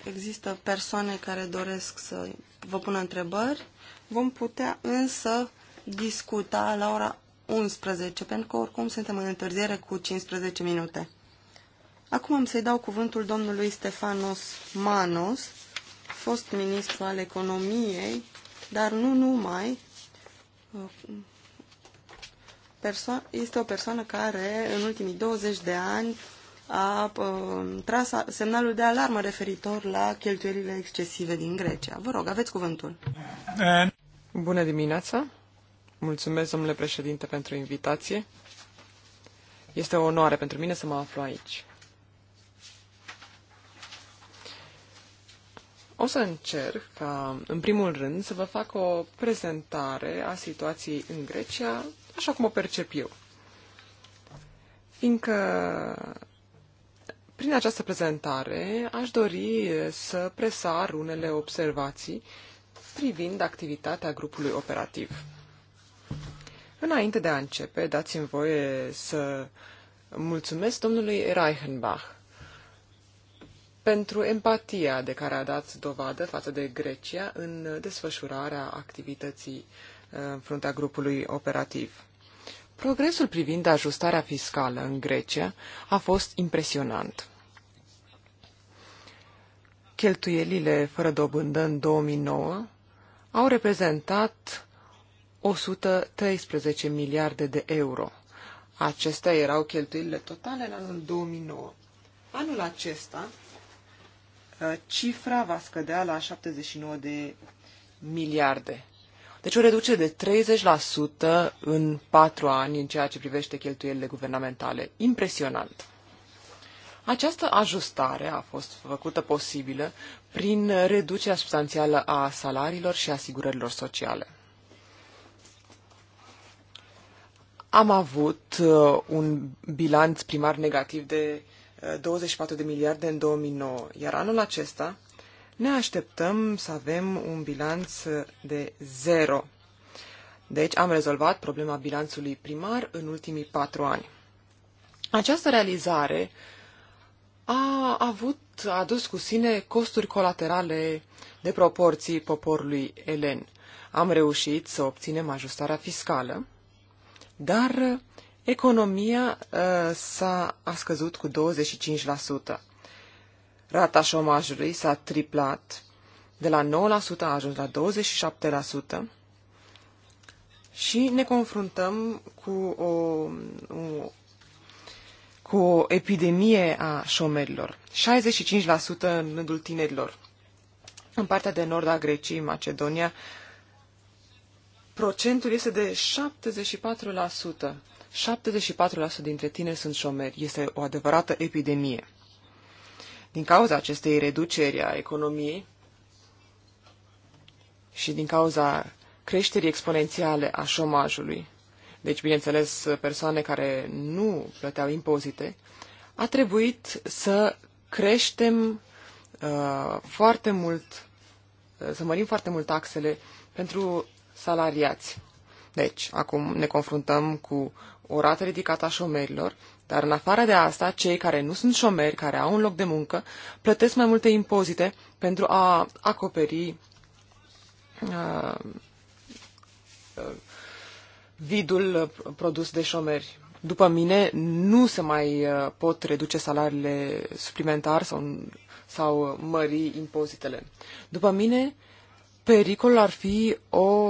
[SPEAKER 2] Există persoane care doresc să vă pună întrebări. Vom putea însă discuta la ora 11, pentru că oricum suntem în întârziere cu 15 minute. Acum am să-i dau cuvântul domnului Stefanos Manos, fost ministru al economiei, dar nu numai. Perso- este o persoană care în ultimii 20 de ani a tras semnalul de alarmă referitor la cheltuielile excesive din Grecia. Vă rog, aveți cuvântul.
[SPEAKER 3] Bună dimineața! Mulțumesc, domnule președinte, pentru invitație. Este o onoare pentru mine să mă aflu aici. O să încerc ca, în primul rând, să vă fac o prezentare a situației în Grecia, așa cum o percep eu. Fiindcă, prin această prezentare, aș dori să presar unele observații privind activitatea grupului operativ. Înainte de a începe, dați-mi voie să mulțumesc domnului Reichenbach pentru empatia de care a dat dovadă față de Grecia în desfășurarea activității uh, în fruntea grupului operativ. Progresul privind ajustarea fiscală în Grecia a fost impresionant. Cheltuielile fără dobândă în 2009 au reprezentat 113 miliarde de euro. Acestea erau cheltuielile totale în anul 2009. Anul acesta, ă, cifra va scădea la 79 de miliarde. Deci o reducere de 30% în 4 ani în ceea ce privește cheltuielile guvernamentale. Impresionant! Această ajustare a fost făcută posibilă prin reducerea substanțială a salariilor și asigurărilor sociale. am avut uh, un bilanț primar negativ de 24 uh, de miliarde în 2009, iar anul acesta ne așteptăm să avem un bilanț uh, de zero. Deci am rezolvat problema bilanțului primar în ultimii patru ani. Această realizare a avut, a adus cu sine costuri colaterale de proporții poporului elen. Am reușit să obținem ajustarea fiscală, dar uh, economia uh, s-a a scăzut cu 25%. Rata șomajului s-a triplat, de la 9% a ajuns la 27% și ne confruntăm cu o, o, um, cu o epidemie a șomerilor. 65% în rândul tinerilor. În partea de nord a Greciei, Macedonia, procentul este de 74%. 74% dintre tineri sunt șomeri. Este o adevărată epidemie. Din cauza acestei reduceri a economiei și din cauza creșterii exponențiale a șomajului, deci, bineînțeles, persoane care nu plăteau impozite, a trebuit să creștem uh, foarte mult, uh, să mărim foarte mult taxele pentru salariați. Deci, acum ne confruntăm cu o rată ridicată a șomerilor, dar în afară de asta, cei care nu sunt șomeri, care au un loc de muncă, plătesc mai multe impozite pentru a acoperi uh, uh vidul produs de șomeri. După mine, nu se mai uh, pot reduce salariile suplimentar sau, sau mări impozitele. După mine, uh, pericolul ar fi o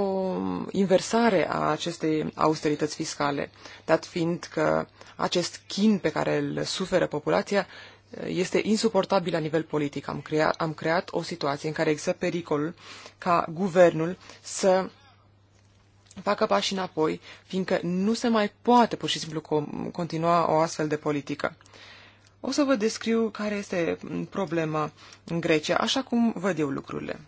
[SPEAKER 3] inversare a acestei austerități fiscale, dat fiind că acest chin pe care îl suferă populația eh, este insuportabil la nivel politic. Am, creat, am creat o situație în care există pericolul ca guvernul să facă pași înapoi, fiindcă nu se mai poate pur și simplu continua o astfel de politică. O să vă descriu care este problema în Grecia, așa cum văd eu lucrurile.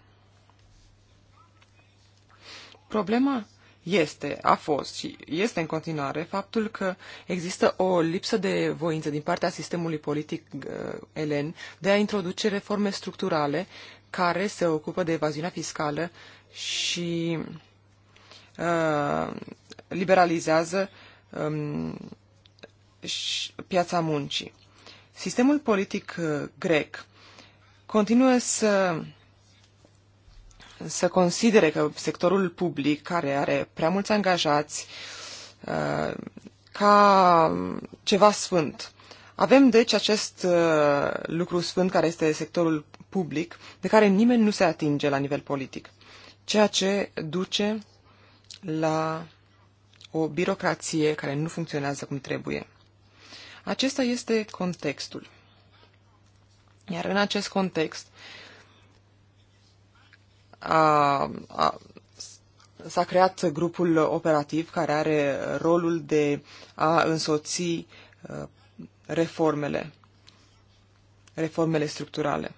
[SPEAKER 3] Problema este, a fost și este în continuare faptul că există o lipsă de voință din partea sistemului politic uh, elen de a introduce reforme structurale care se ocupă de evaziunea fiscală și uh, liberalizează um, și piața muncii. Sistemul politic uh, grec continuă să să considere că sectorul public, care are prea mulți angajați, uh, ca ceva sfânt. Avem, deci, acest uh, lucru sfânt care este sectorul public, de care nimeni nu se atinge la nivel politic, ceea ce duce la o birocrație care nu funcționează cum trebuie. Acesta este contextul. Iar în acest context, uh, a, a, s-a creat grupul operativ care are rolul de a însoți uh, reformele, reformele structurale.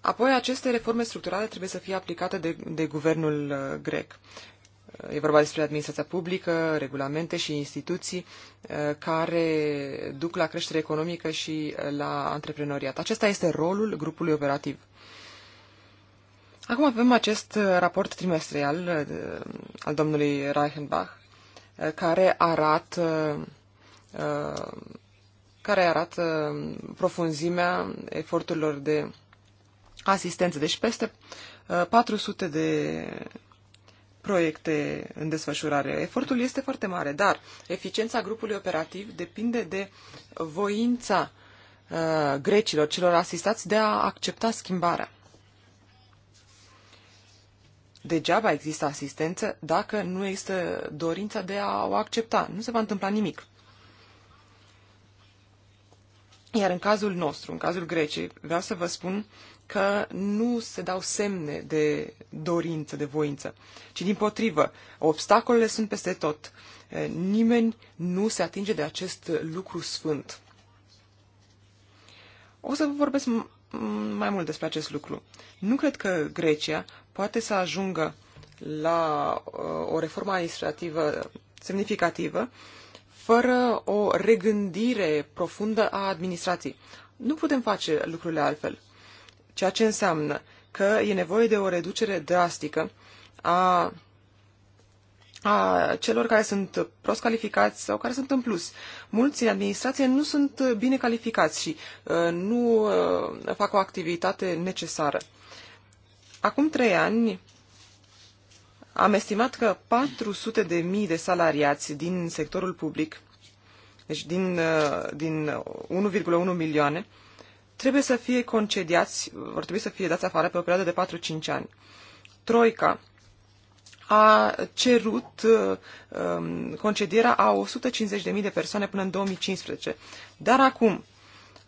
[SPEAKER 3] Apoi, aceste reforme structurale trebuie să fie aplicate de, de guvernul uh, grec. E vorba despre administrația publică, regulamente și instituții uh, care duc la creștere economică și la antreprenoriat. Acesta este rolul grupului operativ. Acum avem acest uh, raport trimestrial uh, al domnului Reichenbach, uh, care arată care arată profunzimea eforturilor de asistență. Deci peste 400 de proiecte în desfășurare. Efortul este foarte mare, dar eficiența grupului operativ depinde de voința grecilor, celor asistați, de a accepta schimbarea degeaba există asistență dacă nu există dorința de a o accepta. Nu se va întâmpla nimic. Iar în cazul nostru, în cazul Greciei, vreau să vă spun că nu se dau semne de dorință, de voință, ci din potrivă, obstacolele sunt peste tot. Nimeni nu se atinge de acest lucru sfânt. O să vă vorbesc mai mult despre acest lucru. Nu cred că Grecia poate să ajungă la uh, o reformă administrativă semnificativă fără o regândire profundă a administrației. Nu putem face lucrurile altfel. Ceea ce înseamnă că e nevoie de o reducere drastică a a celor care sunt prost calificați sau care sunt în plus. Mulți în administrație nu sunt bine calificați și uh, nu uh, fac o activitate necesară. Acum trei ani am estimat că 400 de mii de salariați din sectorul public, deci din, uh, din 1,1 milioane, trebuie să fie concediați, vor trebui să fie dați afară pe o perioadă de 4-5 ani. Troica, a cerut um, concedierea a 150.000 de persoane până în 2015. Dar acum,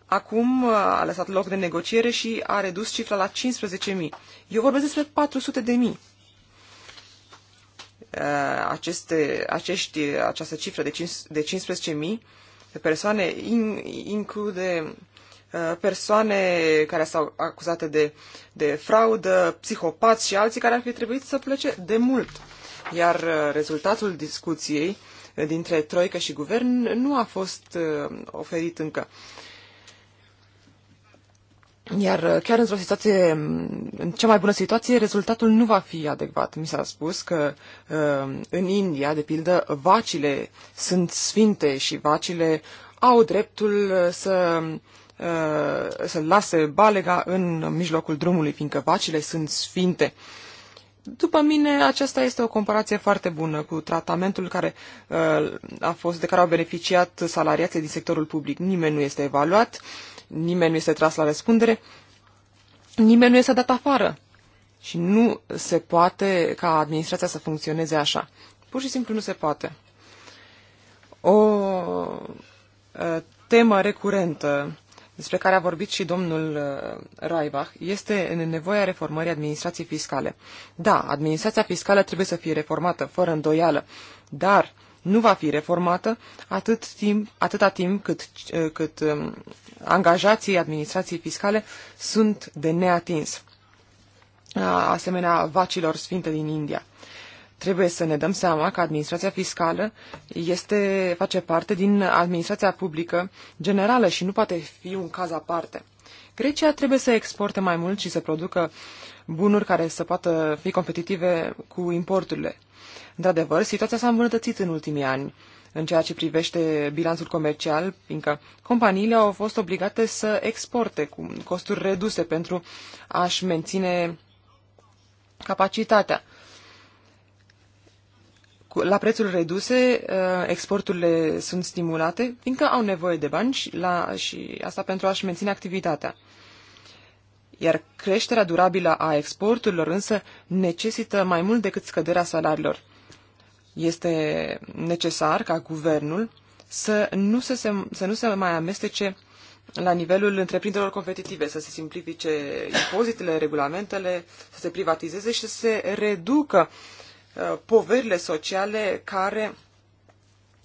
[SPEAKER 3] acum uh, a lăsat loc de negociere și a redus cifra la 15.000. Eu vorbesc despre 400.000. Uh, aceste, acești, această cifră de, 5, de 15.000 de persoane in, include Uh, persoane care s-au acuzate de, de fraudă, psihopați și alții care ar fi trebuit să plece de mult. Iar uh, rezultatul discuției uh, dintre Troică și Guvern nu a fost oferit încă. Iar chiar într-o situație, mm, în cea mai bună situație, rezultatul nu va fi adecvat. Mi s-a spus că în India, de pildă, vacile sunt sfinte și vacile au dreptul să Uh, să lase balega în mijlocul drumului, fiindcă vacile sunt sfinte. După mine, aceasta este o comparație foarte bună cu tratamentul care uh, a fost, de care au beneficiat salariații din sectorul public. Nimeni nu este evaluat, nimeni nu este tras la răspundere, nimeni nu este dat afară. Și nu se poate ca administrația să funcționeze așa. Pur și simplu nu se poate. O uh, temă recurentă despre care a vorbit și domnul uh, Raibach, este în nevoia reformării administrației fiscale. Da, administrația fiscală trebuie să fie reformată, fără îndoială, dar nu va fi reformată atât timp, atâta timp cât, uh, cât um, angajații administrației fiscale sunt de neatins, asemenea vacilor sfinte din India. Trebuie să ne dăm seama că administrația fiscală este, face parte din administrația publică generală și nu poate fi un caz aparte. Grecia trebuie să exporte mai mult și să producă bunuri care să poată fi competitive cu importurile. Într-adevăr, situația s-a îmbunătățit în ultimii ani în ceea ce privește bilanțul comercial, fiindcă companiile au fost obligate să exporte cu costuri reduse pentru a-și menține capacitatea la prețuri reduse, uh, exporturile sunt stimulate, fiindcă au nevoie de bani și, la, și asta pentru a-și menține activitatea. Iar creșterea durabilă a exporturilor însă necesită mai mult decât scăderea salariilor. Este necesar ca guvernul să nu se, să nu se mai amestece la nivelul întreprinderilor competitive, să se simplifice impozitele, regulamentele, să se privatizeze și să se reducă uh, Uh, poverile sociale care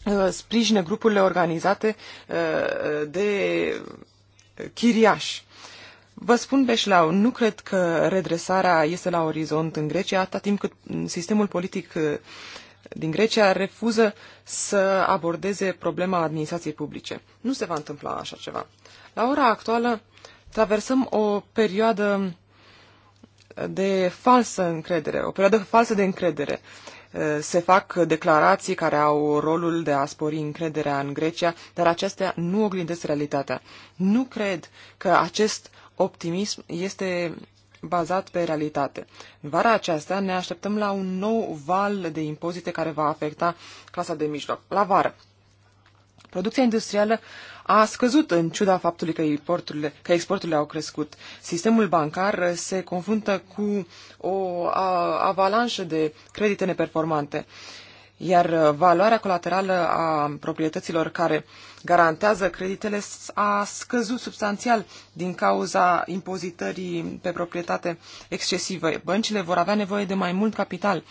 [SPEAKER 3] uh, sprijină grupurile organizate uh, de chiriași. Vă spun beșlau, nu cred că redresarea este la orizont în Grecia, atâta timp cât sistemul politic din Grecia refuză să abordeze problema administrației publice. Nu se va întâmpla așa ceva. La ora actuală traversăm o perioadă de falsă încredere, o perioadă falsă de încredere. Eh, se fac declarații care au rolul de a spori încrederea în Grecia, dar acestea nu oglindesc realitatea. Nu cred că acest optimism este bazat pe realitate. În vara aceasta ne așteptăm la un nou val de impozite care va afecta clasa de mijloc. La vară. Producția industrială a scăzut în ciuda faptului că exporturile, că exporturile au crescut. Sistemul bancar se confruntă cu o avalanșă de credite neperformante, iar valoarea colaterală a proprietăților care garantează creditele a scăzut substanțial din cauza impozitării pe proprietate excesivă. Băncile vor avea nevoie de mai mult capital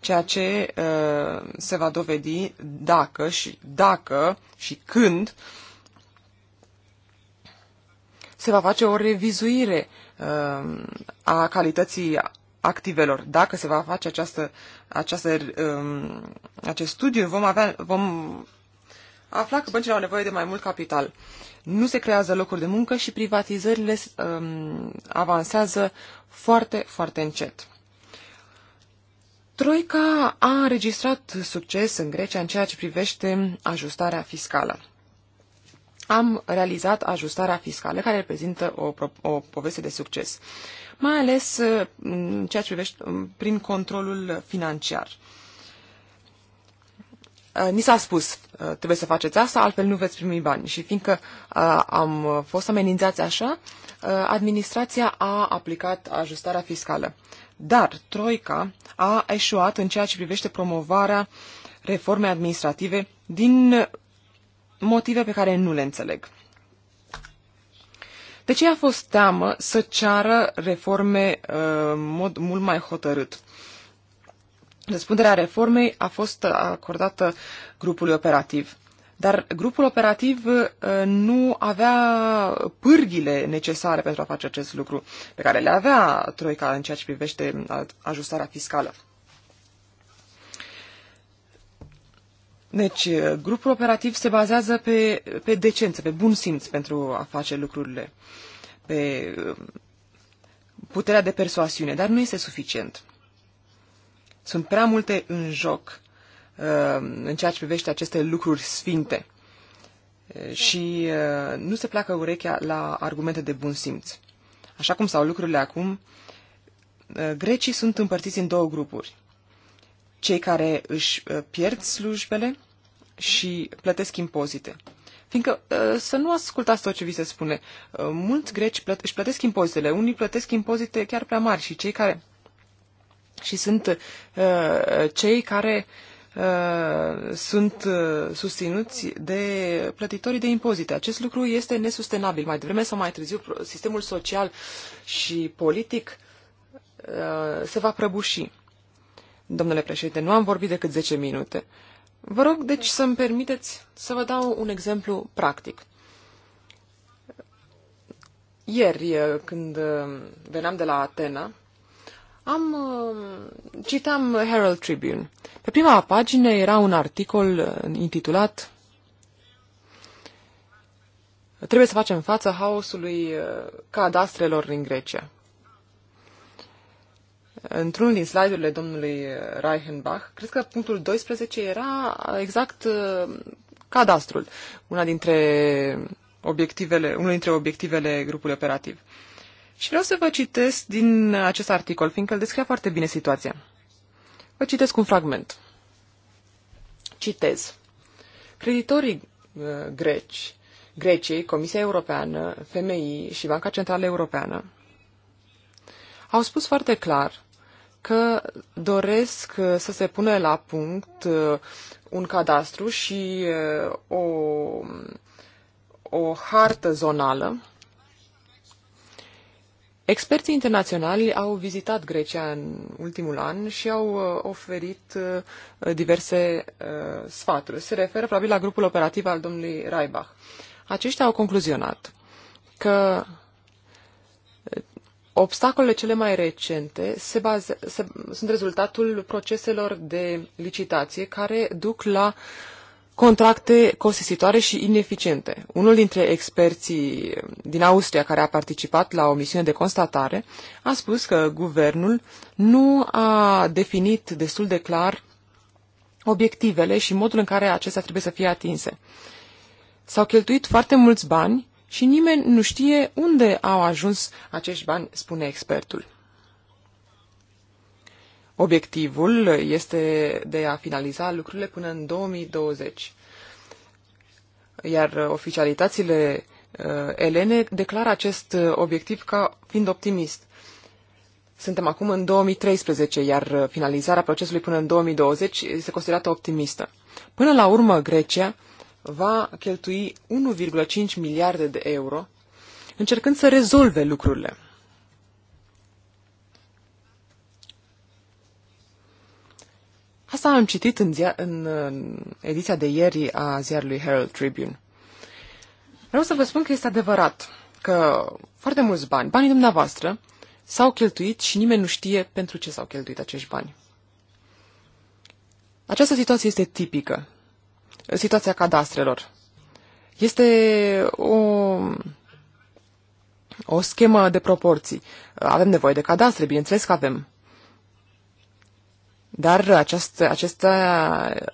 [SPEAKER 3] ceea ce uh, se va dovedi dacă și dacă și când se va face o revizuire uh, a calității activelor. Dacă se va face această, această, uh, acest studiu, vom, avea, vom afla că băncile au nevoie de mai mult capital. Nu se creează locuri de muncă și privatizările uh, avansează foarte, foarte încet. Troica a înregistrat succes în Grecia în ceea ce privește ajustarea fiscală am realizat ajustarea fiscală, care reprezintă o, o poveste de succes, mai ales uh, în ceea ce privește um, prin controlul financiar. Uh, ni s-a spus, uh, trebuie să faceți asta, altfel nu veți primi bani. Și fiindcă am fost amenințați așa, administrația a aplicat ajustarea fiscală. Dar Troica a eșuat în ceea ce privește promovarea reformei administrative din motive pe care nu le înțeleg. De ce a fost teamă să ceară reforme uh, în mod mult mai hotărât? Răspunderea reformei a fost acordată grupului operativ. Dar grupul operativ uh, nu avea pârghile necesare pentru a face acest lucru, pe care le avea Troica în ceea ce privește uh, ajustarea fiscală. Deci, grupul operativ se bazează pe, pe decență, pe bun simț pentru a face lucrurile, pe puterea de persoasiune, dar nu este suficient. Sunt prea multe în joc în ceea ce privește aceste lucruri sfinte și nu se placă urechea la argumente de bun simț. Așa cum stau lucrurile acum, grecii sunt împărțiți în două grupuri. Cei care își pierd slujbele și plătesc impozite. Fiindcă uh, să nu ascultați tot ce vi se spune. Uh, mulți greci plăt- își plătesc impozitele, unii plătesc impozite chiar prea mari și cei care și sunt uh, cei care uh, sunt uh, susținuți de plătitorii de impozite. Acest lucru este nesustenabil. Mai devreme sau mai târziu, sistemul social și politic uh, se va prăbuși. Domnule președinte, nu am vorbit decât 10 minute. Uh, Vă rog, deci, să-mi permiteți să vă dau un exemplu practic. Ieri, eh, când eh, veneam de la Atena, am eh, citam Herald Tribune. Pe prima pagină era un articol intitulat Trebuie să facem față haosului cadastrelor în Grecia într-unul din slide-urile domnului Reichenbach, cred că punctul 12 era exact uh, cadastrul, una dintre obiectivele, unul dintre obiectivele grupului operativ. Și vreau să vă citesc din acest articol, fiindcă îl descria foarte bine situația. Vă citesc un fragment. Citez. Creditorii uh, greci, Greciei, Comisia Europeană, FMI și Banca Centrală Europeană au spus foarte clar că doresc uh, să se pune la punct uh, un cadastru și uh, o, o hartă zonală. Experții internaționali au vizitat Grecia în ultimul an și au oferit diverse sfaturi. Se referă probabil la grupul operativ al domnului Raibach. Aceștia au concluzionat că Obstacolele cele mai recente se baze, se, sunt rezultatul proceselor de licitație care duc la contracte costisitoare și ineficiente. Unul dintre experții din Austria care a participat la o misiune de constatare a spus că guvernul nu a definit destul de clar obiectivele și modul în care acestea trebuie să fie atinse. S-au cheltuit foarte mulți bani și nimeni nu știe unde au ajuns acești bani, spune expertul. Obiectivul este de a finaliza lucrurile până în 2020. Iar oficialitățile uh, elene declară acest uh, obiectiv ca fiind optimist. Suntem acum în 2013, iar uh, finalizarea procesului până în 2020 este considerată optimistă. Până la urmă, Grecia va cheltui 1,5 miliarde de euro încercând să rezolve lucrurile. Asta am citit în, zia- în ediția de ieri a ziarului Herald Tribune. Vreau să vă spun că este adevărat că foarte mulți bani, banii dumneavoastră, s-au cheltuit și nimeni nu știe pentru ce s-au cheltuit acești bani. Această situație este tipică situația cadastrelor. Este o, o schemă de proporții. Avem nevoie de cadastre, bineînțeles că avem. Dar aceste acestea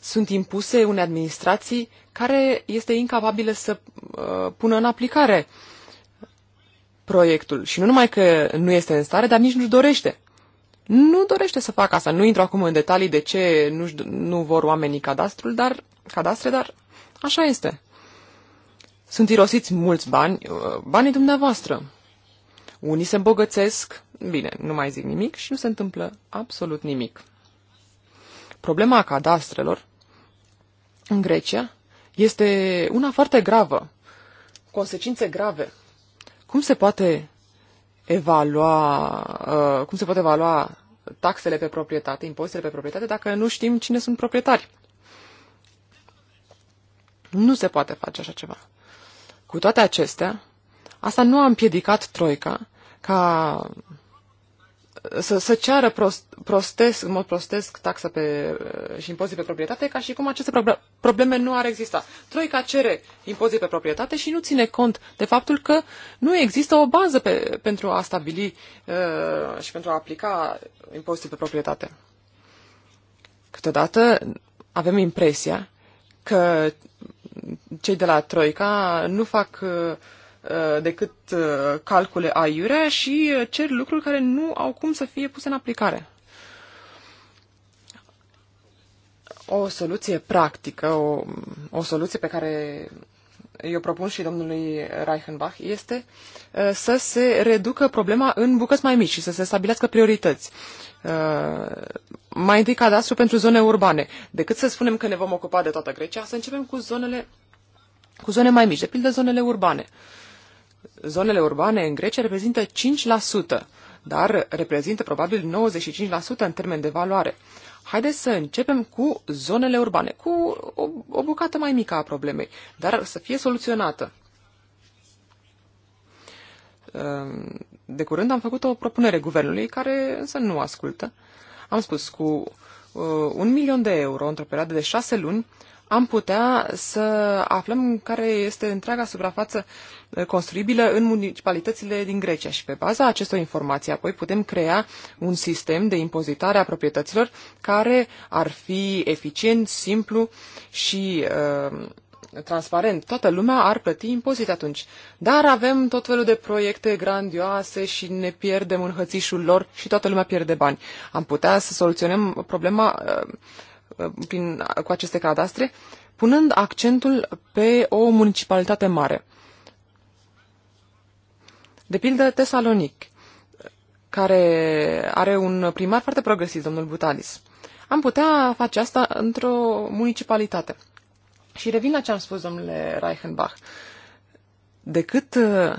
[SPEAKER 3] sunt impuse unei administrații care este incapabilă să uh, pună în aplicare proiectul. Și nu numai că nu este în stare, dar nici nu dorește nu dorește să facă asta. Nu intru acum în detalii de ce nu, nu vor oamenii cadastrul, dar, cadastre, dar așa este. Sunt irosiți mulți bani, uh, banii dumneavoastră. Unii se îmbogățesc, bine, nu mai zic nimic și nu se întâmplă absolut nimic. Problema cadastrelor în Grecia este una foarte gravă, consecințe grave. Cum se poate evalua, uh, cum se pot evalua taxele pe proprietate, impozitele pe proprietate, dacă nu știm cine sunt proprietari. Nu se poate face așa ceva. Cu toate acestea, asta nu a împiedicat Troica ca să, să ceară prost, prostesc, în mod prostesc taxa pe, și impozit pe proprietate, ca și cum aceste probleme nu ar exista. Troica cere impozit pe proprietate și nu ține cont de faptul că nu există o bază pe, pentru a stabili uh, și pentru a aplica impozitul pe proprietate. Câteodată avem impresia că cei de la Troica nu fac uh, Uh, decât uh, calcule aiurea și uh, cer lucruri care nu au cum să fie puse în aplicare. O soluție practică, o, o soluție pe care eu propun și domnului Reichenbach, este să se reducă problema în bucăți mai mici și să se stabilească priorități. Mai întâi cadastru pentru zone urbane. Decât să spunem că ne vom ocupa de toată Grecia, să începem cu zonele cu zone mai mici, de pildă zonele urbane. Uh, zonele urbane în Grecia reprezintă 5%, dar reprezintă probabil 95% în termen de valoare. Haideți să începem cu zonele urbane, cu o, o bucată mai mică a problemei, dar să fie soluționată. Ehm, de curând am făcut o propunere guvernului, care însă nu ascultă. Am spus, cu uh, un milion de euro într-o perioadă de șase luni, am putea să aflăm care este întreaga suprafață uh, construibilă în municipalitățile din Grecia și pe baza acestor informații apoi putem crea un sistem de impozitare a proprietăților care ar fi eficient, simplu și uh, transparent. Toată lumea ar plăti impozite atunci. Dar avem tot felul de proiecte grandioase și ne pierdem în hățișul lor și toată lumea pierde bani. Am putea să soluționăm problema uh, Uh, prin, cu aceste cadastre, punând accentul pe o municipalitate mare. De pildă, Tesalonic, care are un primar foarte progresiv, domnul Butalis. Am putea face asta într-o municipalitate. Și revin la ce am spus, domnule Reichenbach. Decât uh,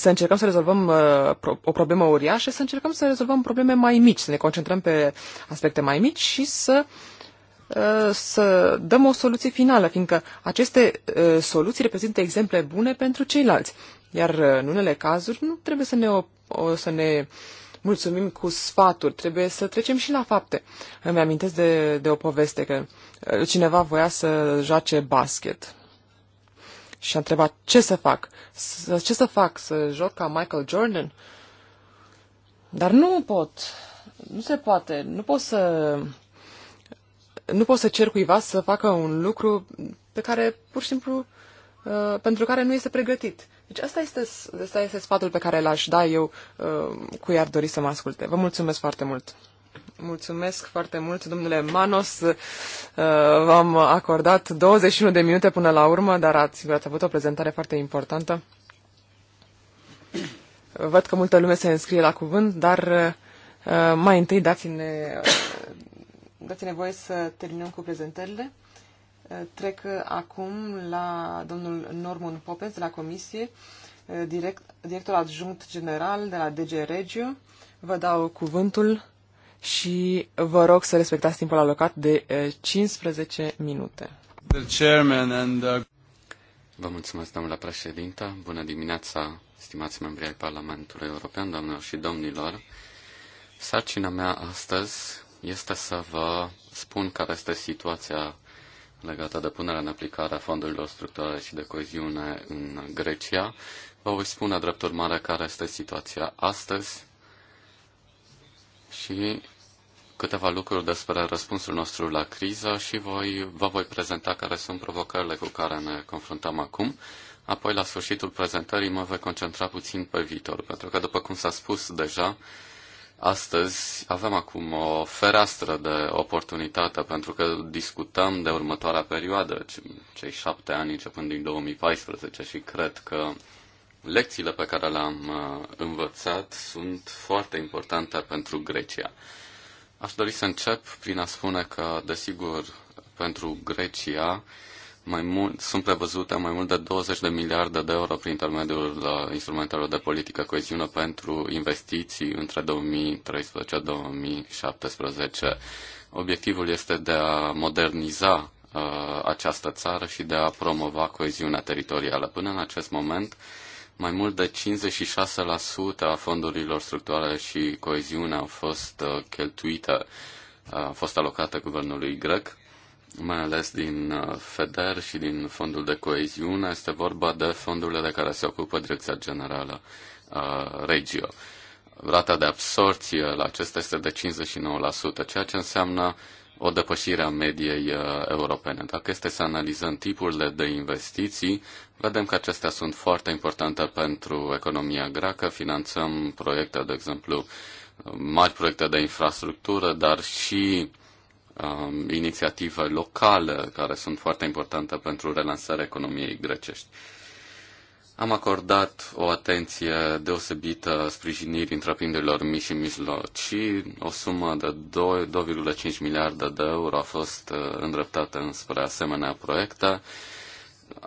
[SPEAKER 3] să încercăm să rezolvăm uh, o problemă uriașă, să încercăm să rezolvăm probleme mai mici, să ne concentrăm pe aspecte mai mici și să uh, să dăm o soluție finală, fiindcă aceste uh, soluții reprezintă exemple bune pentru ceilalți. Iar în unele cazuri nu trebuie să ne, o, să ne mulțumim cu sfaturi, trebuie să trecem și la fapte. Îmi amintesc de, de o poveste că cineva voia să joace basket și a întrebat ce să fac. S ce să fac? Să joc ca Michael Jordan? Dar nu pot. Nu se poate. Nu pot să... Nu pot să cer cuiva să facă un lucru pe care pur și simplu uh, pentru care nu este pregătit. Deci asta este, asta este sfatul pe care l-aș da eu uh, cui ar dori să mă asculte. Vă mulțumesc foarte mult! Mulțumesc foarte mult, domnule Manos. Uh, v-am acordat 21 de minute până la urmă, dar ați, ați avut o prezentare foarte importantă. Văd că multă lume se înscrie la cuvânt, dar uh, uh, mai întâi dați-ne, dați-ne voie să terminăm cu prezentările. Trec acum la domnul Norman Popes de la Comisie, direct, director adjunct general de la DG Regio. Vă dau cuvântul și vă rog să respectați timpul alocat de 15 minute.
[SPEAKER 1] Uh, vă mulțumesc, domnule președinte. Bună dimineața, stimați membri ai Parlamentului European, doamnelor și domnilor. Sarcina mea astăzi este să vă spun care este situația legată de punerea în aplicare a fondurilor structurale și de coeziune în Grecia. Vă voi spune drept urmare care este situația astăzi și câteva lucruri despre răspunsul nostru la criză și voi, vă voi prezenta care sunt provocările cu care ne confruntăm acum. Apoi, la sfârșitul prezentării, mă voi concentra puțin pe viitor, pentru că, după cum s-a spus deja, astăzi avem acum o fereastră de oportunitate, pentru că discutăm de următoarea perioadă, cei șapte ani începând din 2014 și cred că lecțiile pe care le-am uh, învățat sunt foarte importante pentru Grecia. Aș dori să încep prin a spune că, desigur, pentru Grecia mai mult, sunt prevăzute mai mult de 20 de miliarde de euro prin intermediul uh, instrumentelor de politică coeziune pentru investiții între 2013-2017. Obiectivul este de a moderniza uh, această țară și de a promova coeziunea teritorială. Până în acest moment, uh, mai mult de 56% a fondurilor structurale și coeziune au fost uh, cheltuite, uh, au fost alocate guvernului grec, mai ales din uh, FEDER și din fondul de coeziune. Este vorba de fondurile de care se ocupă Direcția Generală a Regio. Rata de absorție la acesta este de 59%, ceea ce înseamnă o depășire a mediei uh, europene. Dacă este să analizăm tipurile de investiții, vedem că acestea sunt foarte importante pentru economia greacă. Finanțăm proiecte, de exemplu, mari proiecte de infrastructură, dar și um, inițiative locale care sunt foarte importante pentru relansarea economiei grecești. Am acordat o atenție deosebită sprijinirii întreprinderilor mici și mijlocii. O sumă de 2,5 miliarde de euro a fost uh, îndreptată înspre asemenea proiecte.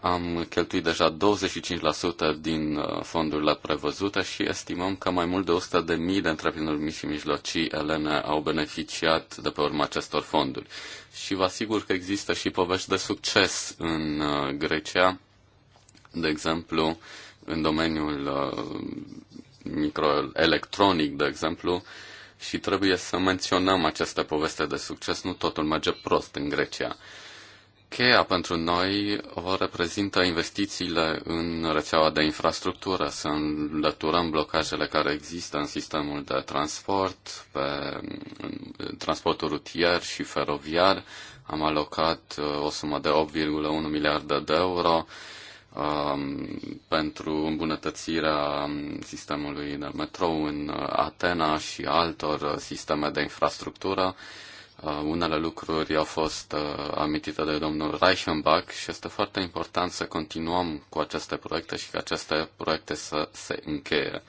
[SPEAKER 1] Am cheltuit deja 25% din uh, fondurile prevăzute și estimăm că mai mult de 100 de mii de întreprinderi mici și mijlocii elene au beneficiat de pe urma acestor fonduri. Și vă asigur că există și povești de succes în uh, Grecia de exemplu, în domeniul uh, microelectronic, de exemplu, și trebuie să menționăm aceste poveste de succes. Nu totul merge prost în Grecia. Cheia pentru noi o reprezintă investițiile în rețeaua de infrastructură, să înlăturăm blocajele care există în sistemul de transport, pe transportul rutier și feroviar. Am alocat uh, o sumă de 8,1 miliarde de euro Um, pentru îmbunătățirea sistemului de metrou în uh, Atena și altor uh, sisteme de infrastructură. Uh, unele lucruri au fost amintite de domnul Reichenbach și este foarte important să continuăm cu aceste proiecte și ca aceste proiecte să se încheie.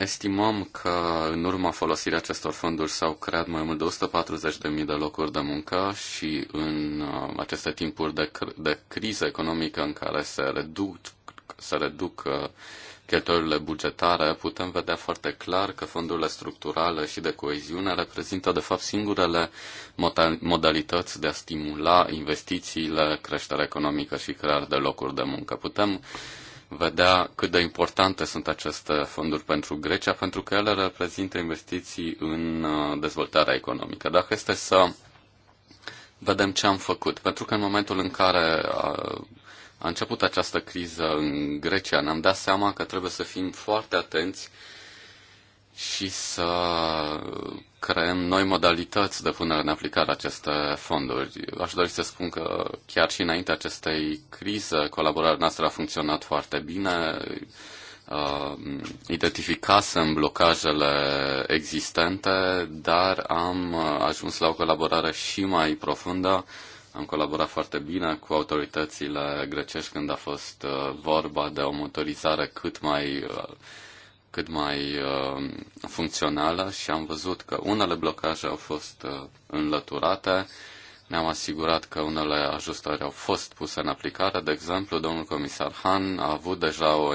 [SPEAKER 1] Estimăm că în urma folosirii acestor fonduri s-au creat mai mult de 140.000 de locuri de muncă și în uh, aceste timpuri de, cr- de criză economică în care se reduc, se reduc uh, cheltuielile bugetare, putem vedea foarte clar că fondurile structurale și de coeziune reprezintă de fapt singurele modalități de a stimula investițiile, creșterea economică și crearea de locuri de muncă. Putem vedea cât de importante sunt aceste fonduri pentru Grecia, pentru că ele reprezintă investiții în uh, dezvoltarea economică. Dacă este să vedem ce am făcut, pentru că în momentul în care uh, a, început această criză în Grecia, ne-am dat seama că trebuie să fim foarte atenți și să creăm noi modalități de punere în aplicare aceste fonduri. Aș dori să spun că chiar și înainte acestei crize, colaborarea noastră a funcționat foarte bine. Uh, identificasem blocajele existente, dar am ajuns la o colaborare și mai profundă. Am colaborat foarte bine cu autoritățile grecești când a fost uh, vorba de o motorizare cât mai uh, cât mai uh, funcțională și am văzut că unele blocaje au fost uh, înlăturate, ne-am asigurat că unele ajustări au fost puse în aplicare. De exemplu, domnul comisar Han a avut deja o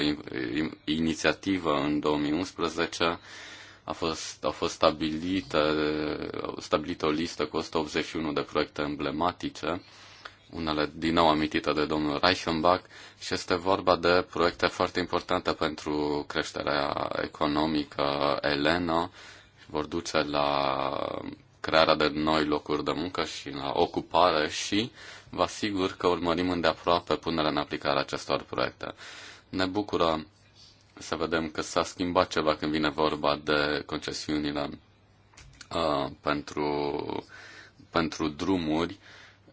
[SPEAKER 1] inițiativă în 2011 a fost, a fost stabilită, stabilită o listă cu 181 de proiecte emblematice unele din nou amintite de domnul Reichenbach, și este vorba de proiecte foarte importante pentru creșterea economică elena, vor duce la crearea de noi locuri de muncă și la ocupare și vă asigur că urmărim îndeaproape punerea în aplicare acestor proiecte. Ne bucură să vedem că s-a schimbat ceva când vine vorba de concesiunile uh, pentru, pentru drumuri. Uh,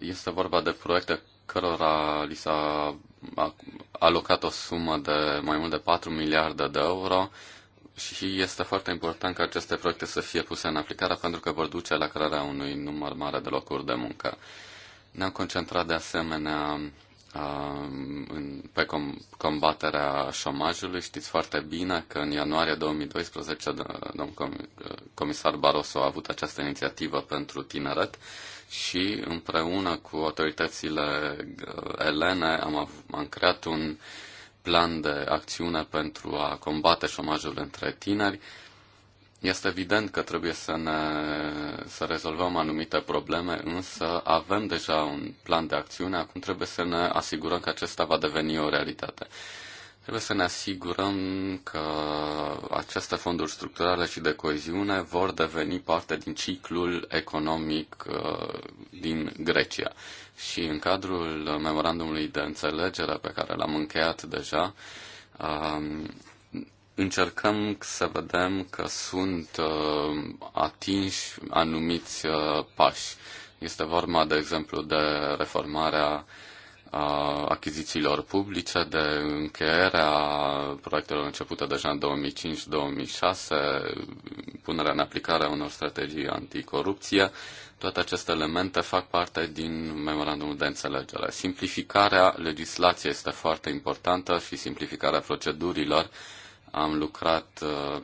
[SPEAKER 1] este vorba de proiecte cărora li s-a alocat o sumă de mai mult de 4 miliarde de euro și este foarte important ca aceste proiecte să fie puse în aplicare pentru că vor duce la crearea unui număr mare de locuri de muncă. Ne-am concentrat de asemenea uh, pe combaterea șomajului. Știți foarte bine că în ianuarie 2012 domnul comisar Barroso a avut această inițiativă pentru tineret și împreună cu autoritățile uh, elene am, am creat un plan de acțiune pentru a combate șomajul între tineri. Este evident că trebuie să, ne, să rezolvăm anumite probleme, însă avem deja un plan de acțiune, acum trebuie să ne asigurăm că acesta va deveni o realitate. Trebuie să ne asigurăm că aceste fonduri structurale și de coeziune vor deveni parte din ciclul economic uh, din Grecia. Și în cadrul memorandumului de înțelegere pe care l-am încheiat deja, um, încercăm să vedem că sunt uh, atinși anumiți uh, pași. Este vorba, de exemplu, de reformarea achizițiilor publice, de încheierea proiectelor începute deja în 2005-2006, punerea în aplicare a unor strategii anticorupție. Toate aceste elemente fac parte din memorandumul de înțelegere. Simplificarea legislației este foarte importantă și simplificarea procedurilor. Am lucrat uh,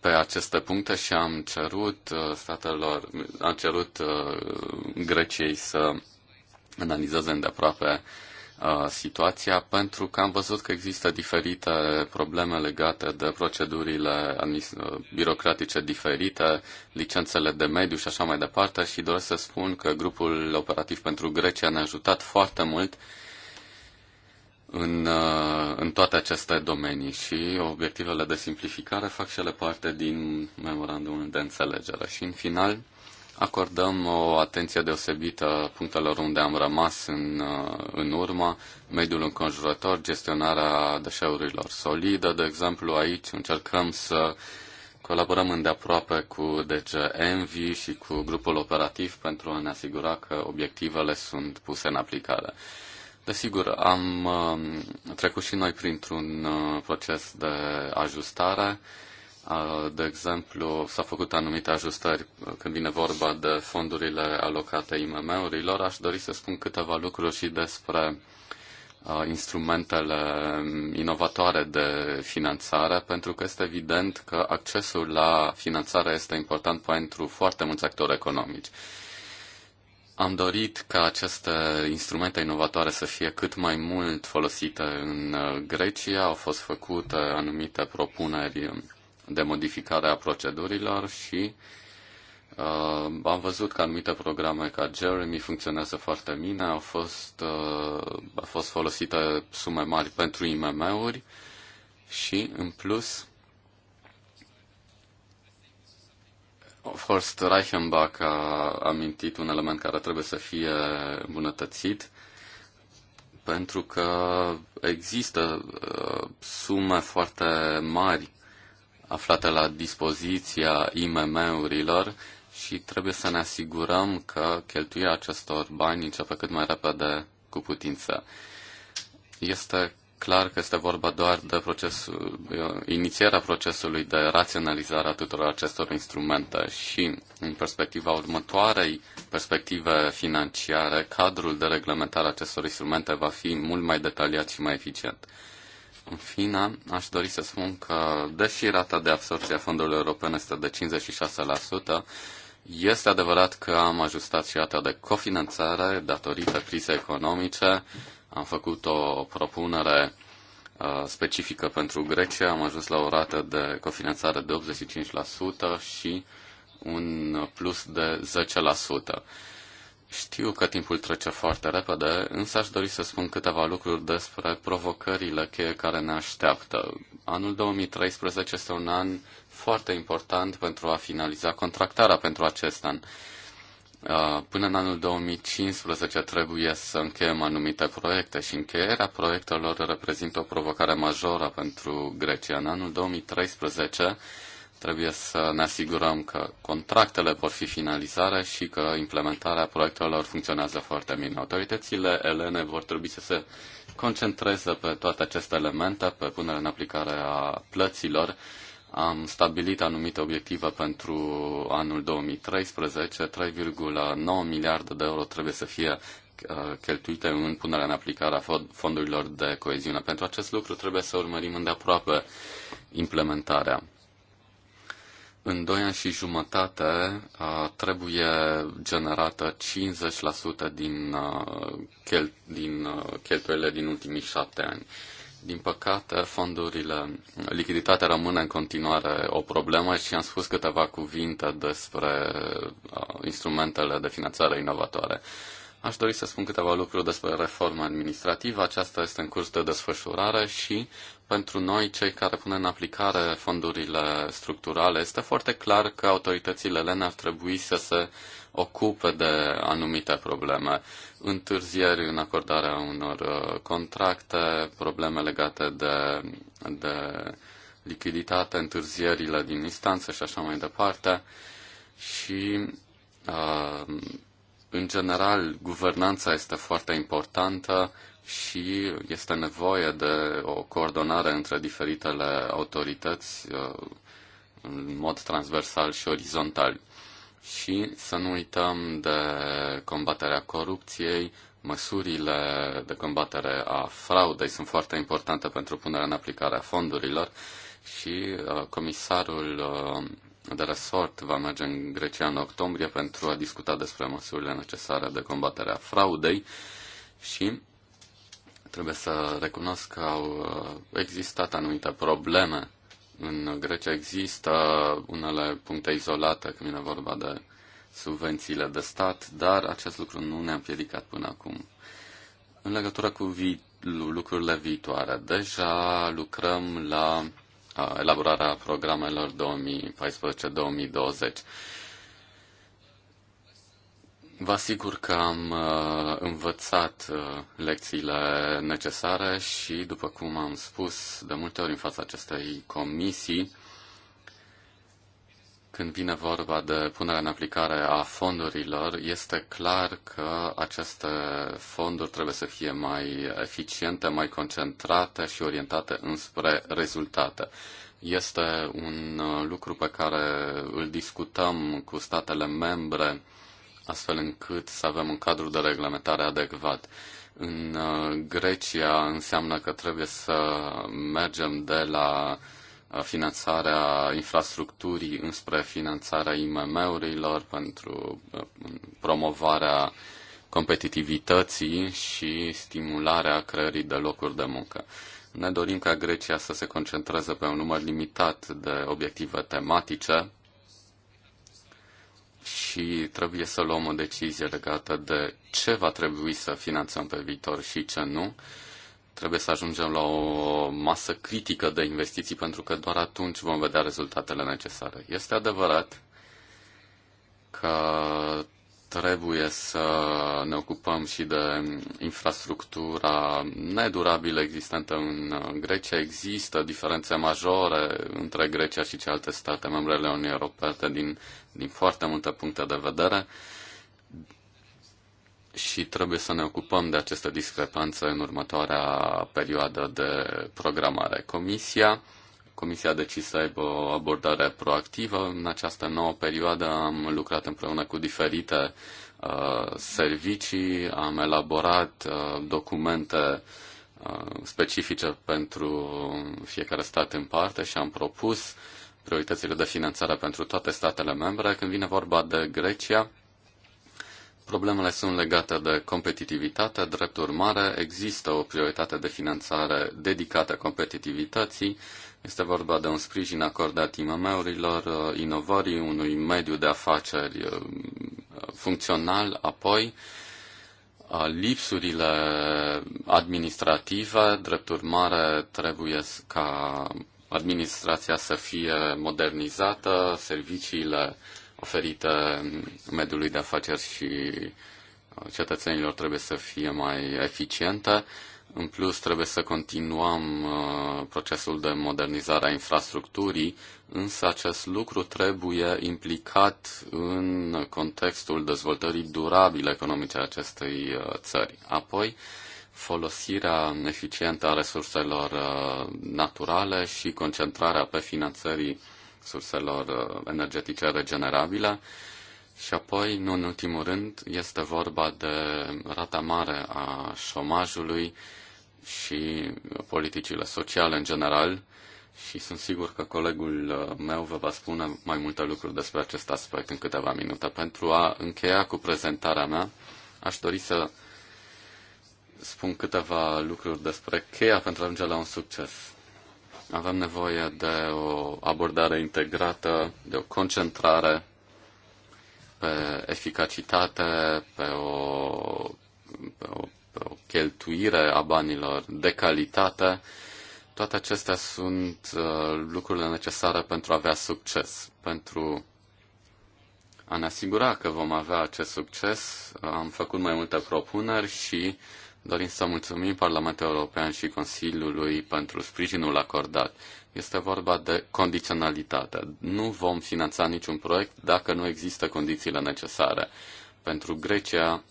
[SPEAKER 1] pe aceste puncte și am cerut uh, statelor, am cerut uh, Greciei să analizeze îndeaproape uh, situația pentru că am văzut că există diferite probleme legate de procedurile birocratice diferite, licențele de mediu și așa mai departe și doresc să spun că grupul operativ pentru Grecia ne-a ajutat foarte mult uh, în, uh, în toate aceste domenii și obiectivele de simplificare fac și ele parte din memorandumul de înțelegere. Și în final acordăm o atenție deosebită punctelor unde am rămas în, uh, în urmă, mediul înconjurător, gestionarea deșeurilor solide, de exemplu aici încercăm să colaborăm îndeaproape cu DG Envy și cu grupul operativ pentru a ne asigura că obiectivele sunt puse în aplicare. Desigur, am uh, trecut și noi printr-un uh, proces de ajustare. Uh, de exemplu, s-au făcut anumite ajustări când vine vorba de fondurile alocate IMM-urilor. Aș dori să spun câteva lucruri și despre instrumentele mm, inovatoare de finanțare, pentru că este evident că accesul la finanțare este important pentru foarte mulți actori economici. Am dorit ca aceste instrumente inovatoare să fie cât mai mult folosite în uh, Grecia. Au fost făcute anumite propuneri de modificare a procedurilor și uh, am văzut că anumite programe ca Jeremy funcționează foarte bine, au fost, uh, au fost folosite sume mari pentru IMM-uri și, în plus, Horst Reichenbach a amintit un element care trebuie să fie îmbunătățit, pentru că există uh, sume foarte mari aflate la dispoziția IMM-urilor și trebuie să ne asigurăm că cheltuirea acestor bani începe cât mai repede cu putință. Este clar că este vorba doar de procesul, eh, inițierea procesului de raționalizare a tuturor acestor instrumente și în perspectiva următoarei perspective financiare, cadrul de reglementare a acestor instrumente va fi mult mai detaliat și mai eficient. În fine, aș dori să spun că, deși rata de absorție a fondurilor europene este de 56%, este adevărat că am ajustat și rata de cofinanțare datorită crizei economice, am făcut o propunere uh, specifică pentru Grecia, am ajuns la o rată de cofinanțare de 85% și un plus de 10%. Știu că timpul trece foarte repede, însă aș dori să spun câteva lucruri despre provocările cheie care ne așteaptă. Anul 2013 este un an foarte important pentru a finaliza contractarea pentru acest an. Uh, până în anul 2015 trebuie să încheiem anumite proiecte și încheierea proiectelor reprezintă o provocare majoră pentru Grecia. În anul 2013 trebuie să ne asigurăm că contractele vor fi finalizate și că implementarea proiectelor funcționează foarte bine. Autoritățile elene vor trebui să se concentreze pe toate aceste elemente, pe punerea în aplicare a plăților am stabilit anumite obiective pentru anul 2013. 3,9 miliarde de euro trebuie să fie uh, cheltuite în punerea în aplicare a fondurilor de coeziune. Pentru acest lucru trebuie să urmărim îndeaproape implementarea. În 2 ani și jumătate uh, trebuie generată 50% din, uh, din cheltuielile din ultimii 7 ani. Din păcate, fondurile, lichiditatea rămâne în continuare o problemă și am spus câteva cuvinte despre uh, instrumentele de finanțare inovatoare. Aș dori să spun câteva lucruri despre reforma administrativă. Aceasta este în curs de desfășurare și pentru noi, cei care punem în aplicare fondurile structurale, este foarte clar că autoritățile lene ar trebui să se ocupe de anumite probleme întârzieri în acordarea unor uh, contracte, probleme legate de, de lichiditate, întârzierile din instanță și așa mai departe. Și, uh, în general, guvernanța este foarte importantă și este nevoie de o coordonare între diferitele autorități uh, în mod transversal și orizontal și să nu uităm de combaterea corupției. Măsurile de combatere a fraudei sunt foarte importante pentru punerea în aplicare a fondurilor și uh, comisarul uh, de resort va merge în Grecia în octombrie pentru a discuta despre măsurile necesare de combatere a fraudei și trebuie să recunosc că au uh, existat anumite probleme în Grecia există unele puncte izolate când vine vorba de subvențiile de stat, dar acest lucru nu ne-a împiedicat până acum. În legătură cu vi- lucrurile viitoare, deja lucrăm la elaborarea programelor 2014-2020. Vă asigur că am uh, învățat uh, lecțiile necesare și, după cum am spus de multe ori în fața acestei comisii, când vine vorba de punerea în aplicare a fondurilor, este clar că aceste fonduri trebuie să fie mai eficiente, mai concentrate și orientate înspre rezultate. Este un uh, lucru pe care îl discutăm cu statele membre astfel încât să avem un cadru de reglementare adecvat. În uh, Grecia înseamnă că trebuie să mergem de la uh, finanțarea infrastructurii înspre finanțarea IMM-urilor pentru uh, promovarea competitivității și stimularea creării de locuri de muncă. Ne dorim ca Grecia să se concentreze pe un număr limitat de obiective tematice și trebuie să luăm o decizie legată de ce va trebui să finanțăm pe viitor și ce nu. Trebuie să ajungem la o masă critică de investiții pentru că doar atunci vom vedea rezultatele necesare. Este adevărat că trebuie să ne ocupăm și de infrastructura nedurabilă existentă în Grecia. Există diferențe majore între Grecia și celelalte state membre ale Uniunii Europene din, din foarte multe puncte de vedere și trebuie să ne ocupăm de aceste discrepanțe în următoarea perioadă de programare. Comisia Comisia a decis să aibă o abordare proactivă. În această nouă perioadă am lucrat împreună cu diferite uh, servicii, am elaborat uh, documente uh, specifice pentru fiecare stat în parte și am propus prioritățile de finanțare pentru toate statele membre. Când vine vorba de Grecia, Problemele sunt legate de competitivitate, drept urmare există o prioritate de finanțare dedicată competitivității. Este vorba de un sprijin acordat IMM-urilor, inovării unui mediu de afaceri uh, funcțional, apoi uh, lipsurile administrative, drept urmare trebuie ca administrația să fie modernizată, serviciile oferită mediului de afaceri și cetățenilor trebuie să fie mai eficiente. În plus, trebuie să continuăm uh, procesul de modernizare a infrastructurii, însă acest lucru trebuie implicat în contextul dezvoltării durabile economice a acestei uh, țări. Apoi, folosirea eficientă a resurselor uh, naturale și concentrarea pe finanțării surselor uh, energetice regenerabile. Și apoi, nu în ultimul rând, este vorba de rata mare a șomajului și politicile sociale în general și sunt sigur că colegul uh, meu vă va spune mai multe lucruri despre acest aspect în câteva minute. Pentru a încheia cu prezentarea mea, aș dori să spun câteva lucruri despre cheia pentru a ajunge la un succes avem nevoie de o abordare integrată, de o concentrare pe eficacitate, pe o, pe o, pe o cheltuire a banilor de calitate. Toate acestea sunt uh, lucrurile necesare pentru a avea succes. Pentru a ne asigura că vom avea acest succes, am făcut mai multe propuneri și Dorim să mulțumim Parlamentul European și Consiliului pentru sprijinul acordat. Este vorba de condiționalitate. Nu vom finanța niciun proiect dacă nu există condițiile necesare. Pentru Grecia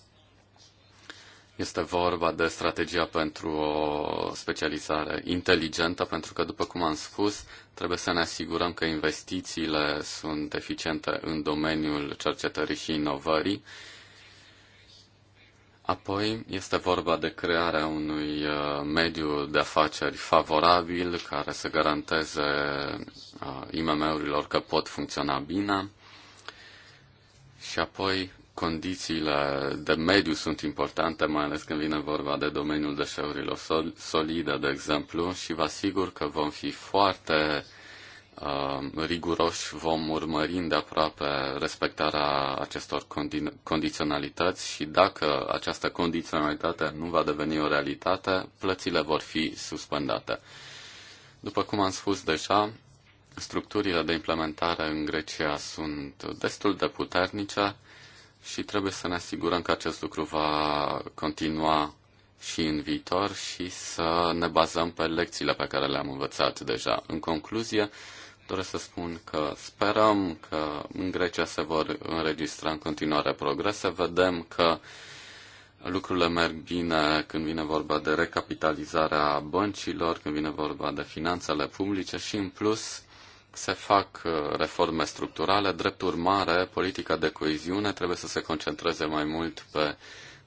[SPEAKER 1] este vorba de strategia pentru o specializare inteligentă, pentru că, după cum am spus, trebuie să ne asigurăm că investițiile sunt eficiente în domeniul cercetării și inovării Apoi este vorba de crearea unui uh, mediu de afaceri favorabil care să garanteze uh, IMM-urilor că pot funcționa bine. Și apoi condițiile de mediu sunt importante, mai ales când vine vorba de domeniul deșeurilor solide, de exemplu, și vă asigur că vom fi foarte Uh, riguroși, vom urmări îndeaproape respectarea acestor condi- condiționalități și dacă această condiționalitate nu va deveni o realitate, plățile vor fi suspendate. După cum am spus deja, structurile de implementare în Grecia sunt destul de puternice și trebuie să ne asigurăm că acest lucru va continua și în viitor și să ne bazăm pe lecțiile pe care le-am învățat deja. În concluzie, doresc să spun că sperăm că în Grecia se vor înregistra în continuare progrese. Vedem că lucrurile merg bine când vine vorba de recapitalizarea băncilor, când vine vorba de finanțele publice și, în plus, se fac uh, reforme structurale. Drept urmare, politica de coeziune trebuie să se concentreze mai mult pe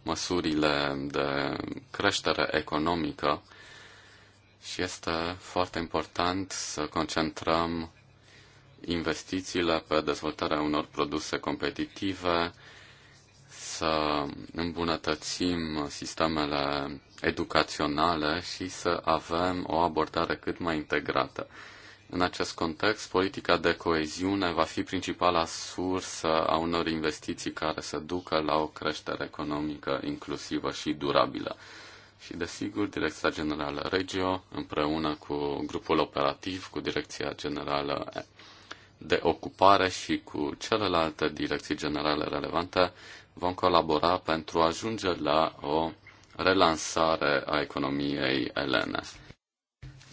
[SPEAKER 1] măsurile de creștere economică și este foarte important să concentrăm investițiile pe dezvoltarea unor produse competitive, să îmbunătățim sistemele educaționale și să avem o abordare cât mai integrată. În acest context, politica de coeziune va fi principala sursă a unor investiții care să ducă la o creștere economică inclusivă și durabilă și, desigur, Direcția Generală Regio, împreună cu grupul operativ, cu Direcția Generală de Ocupare și cu celelalte direcții generale relevante, vom colabora pentru a ajunge la o relansare a economiei elene.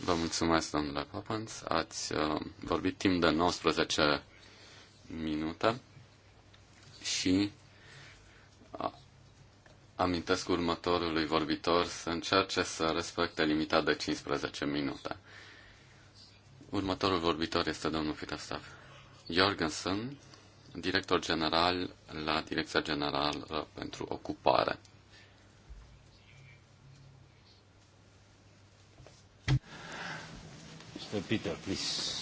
[SPEAKER 1] Vă mulțumesc, domnule Papans. Ați uh, vorbit timp de 19 minute și amintesc următorului vorbitor să încerce să respecte limita de 15 minute. Următorul vorbitor este domnul Fitastav Jorgensen, director general la Direcția Generală pentru Ocupare. Mr. Peter, please.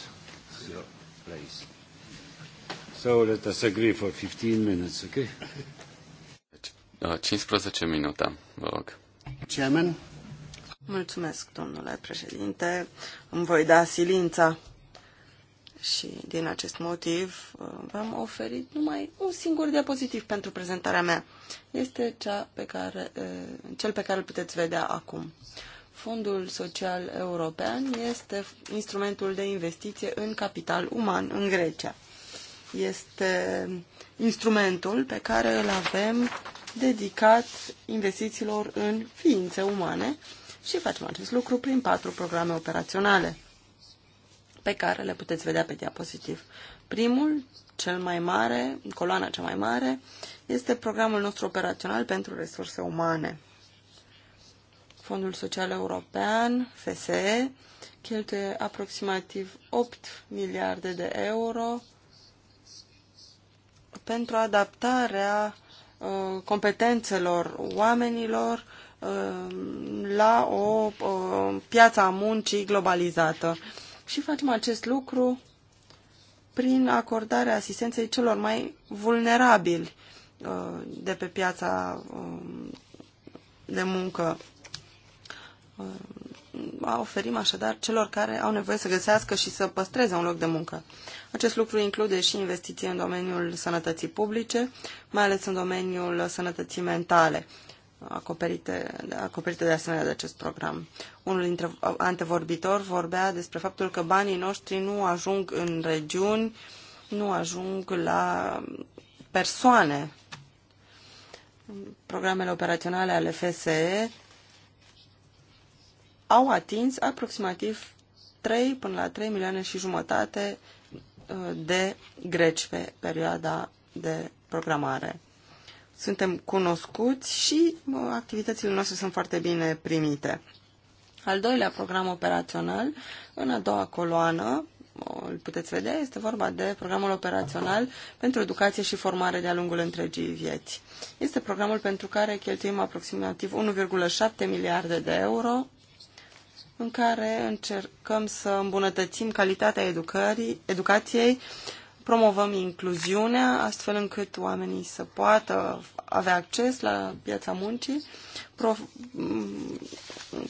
[SPEAKER 1] Your place. So let us agree for 15 minutes, okay? 15 uh, minute, vă rog.
[SPEAKER 2] Chairman. Mulțumesc, domnule președinte. Îmi voi da silința și din acest motiv uh, v-am oferit numai un singur diapozitiv pentru prezentarea mea. Este cea pe care, uh, cel pe care îl puteți vedea acum. Fondul Social European este instrumentul de investiție în capital uman în Grecia. Este instrumentul pe care îl avem dedicat investițiilor în ființe umane și facem acest lucru prin patru programe operaționale pe care le puteți vedea pe diapozitiv. Primul, cel mai mare, coloana cea mai mare, este programul nostru operațional pentru resurse umane. Fondul Social European, FSE, cheltuie aproximativ 8 miliarde de euro pentru adaptarea Uh, competențelor oamenilor uh, la o uh, piață a muncii globalizată. Și facem acest lucru prin acordarea asistenței celor mai vulnerabili de pe piața um, de muncă. Oferim așadar celor care au nevoie să găsească și să păstreze un loc de muncă. Acest lucru include și investiții în domeniul sănătății publice, mai ales în domeniul sănătății mentale, acoperite, acoperite de asemenea de acest program. Unul dintre antevorbitori vorbea despre faptul că banii noștri nu ajung în regiuni, nu ajung la persoane. Programele operaționale ale FSE au atins aproximativ 3 până la 3 milioane și jumătate de greci pe perioada de programare. Suntem cunoscuți și uh, activitățile noastre sunt foarte bine primite. Al doilea program operațional, în a doua coloană, uh, îl puteți vedea, este vorba de programul operațional pentru educație și formare de-a lungul întregii vieți. Este programul pentru care cheltuim aproximativ 1,7 miliarde de euro în care încercăm să îmbunătățim calitatea educării, educației, promovăm incluziunea, astfel încât oamenii să poată avea acces la piața muncii, pro,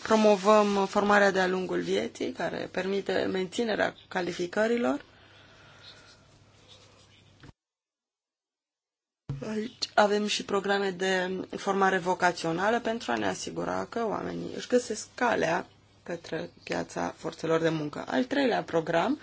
[SPEAKER 2] promovăm formarea de-a lungul vieții, care permite menținerea calificărilor. Aici avem și programe de formare vocațională pentru a ne asigura că oamenii își găsesc calea către piața forțelor de muncă. Al treilea program,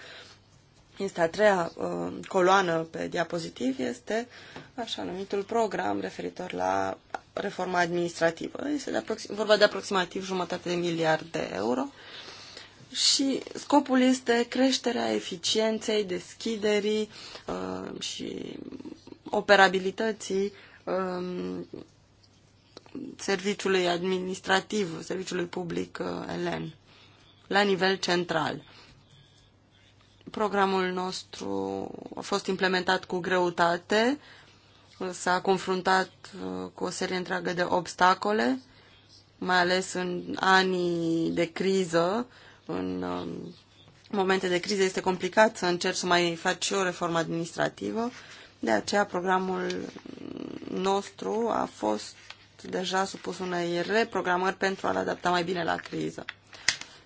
[SPEAKER 2] este a treia uh, coloană pe diapozitiv, este așa numitul program referitor la reforma administrativă. Este de vorba de aproximativ jumătate de miliard de euro și scopul este creșterea eficienței, deschiderii uh, și operabilității um, serviciului administrativ, serviciului public uh, elen, la nivel central. Programul nostru a fost implementat cu greutate, s-a confruntat uh, cu o serie întreagă de obstacole, mai ales în anii de criză, în um, momente de criză este complicat să încerci să mai faci și o reformă administrativă. De aceea programul nostru a fost deja supus unei reprogramări pentru a-l adapta mai bine la criză.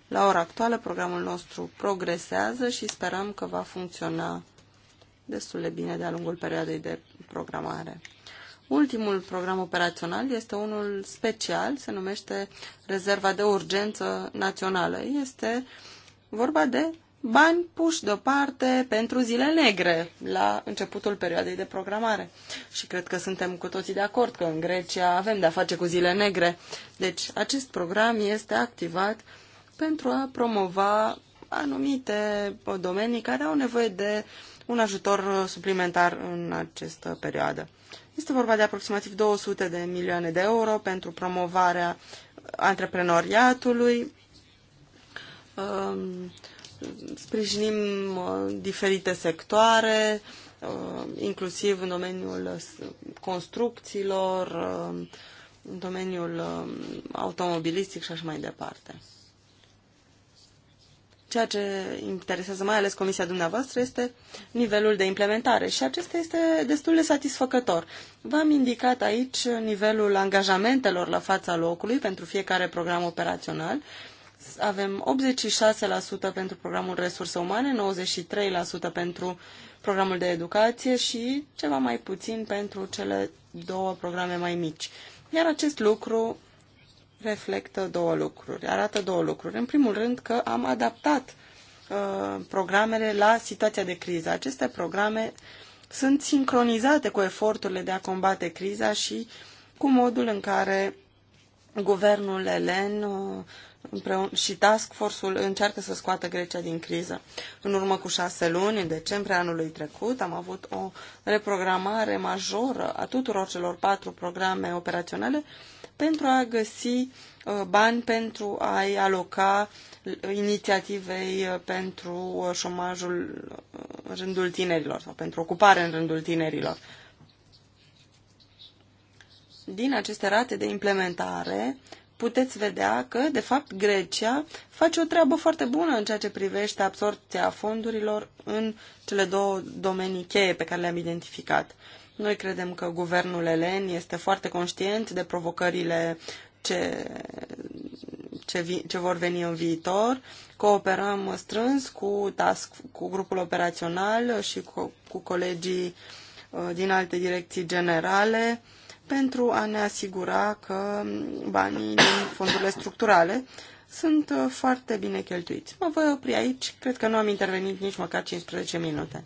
[SPEAKER 2] La ora actuală, programul nostru progresează și sperăm că va funcționa destul de bine de-a lungul perioadei de programare. Ultimul program operațional este unul special, se numește Rezerva de Urgență Națională. Este vorba de bani puși deoparte pentru zile negre la începutul perioadei de programare. Și cred că suntem cu toții de acord că în Grecia avem de-a face cu zile negre. Deci acest program este activat pentru a promova anumite domenii care au nevoie de un ajutor suplimentar în această perioadă. Este vorba de aproximativ 200 de milioane de euro pentru promovarea antreprenoriatului, um, sprijinim uh, diferite sectoare, uh, inclusiv în domeniul uh, construcțiilor, în domeniul automobilistic și așa mai departe. Ceea ce interesează mai ales comisia dumneavoastră este nivelul de implementare și acesta este destul de satisfăcător. V-am indicat aici nivelul angajamentelor la fața locului pentru fiecare program operațional avem 86% pentru programul resurse umane, 93% pentru programul de educație și ceva mai puțin pentru cele două programe mai mici. Iar acest lucru reflectă două lucruri, arată două lucruri. În primul rând că am adaptat uh, programele la situația de criză. Aceste programe sunt sincronizate cu eforturile de a combate criza și cu modul în care guvernul elen uh, împreună, și Task Force-ul încearcă să scoată Grecia din criză. În urmă cu șase luni, în decembrie anului trecut, am avut o reprogramare majoră a tuturor celor patru programe operaționale pentru a găsi uh, bani pentru a-i aloca uh, inițiativei uh, pentru șomajul în rândul tinerilor sau pentru ocupare în rândul tinerilor. Din aceste rate de implementare, puteți vedea că, de fapt, Grecia face o treabă foarte bună în ceea ce privește absorpția fondurilor în cele două domenii cheie pe care le-am identificat. Noi credem că guvernul elen este foarte conștient de provocările ce, ce, vi, ce vor veni în viitor. Cooperăm strâns cu, task, cu grupul operațional și cu, cu colegii uh, din alte direcții generale pentru a ne asigura că banii din fondurile structurale sunt uh, foarte bine cheltuiți. Mă voi opri aici, cred că nu am intervenit nici măcar 15 minute.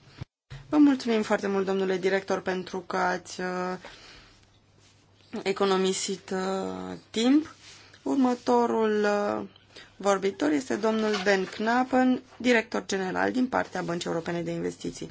[SPEAKER 2] Vă mulțumim foarte mult, domnule director, pentru că ați uh, economisit uh, timp. Următorul vorbitor este domnul Ben Knappen, director general din partea Băncii Europene de Investiții.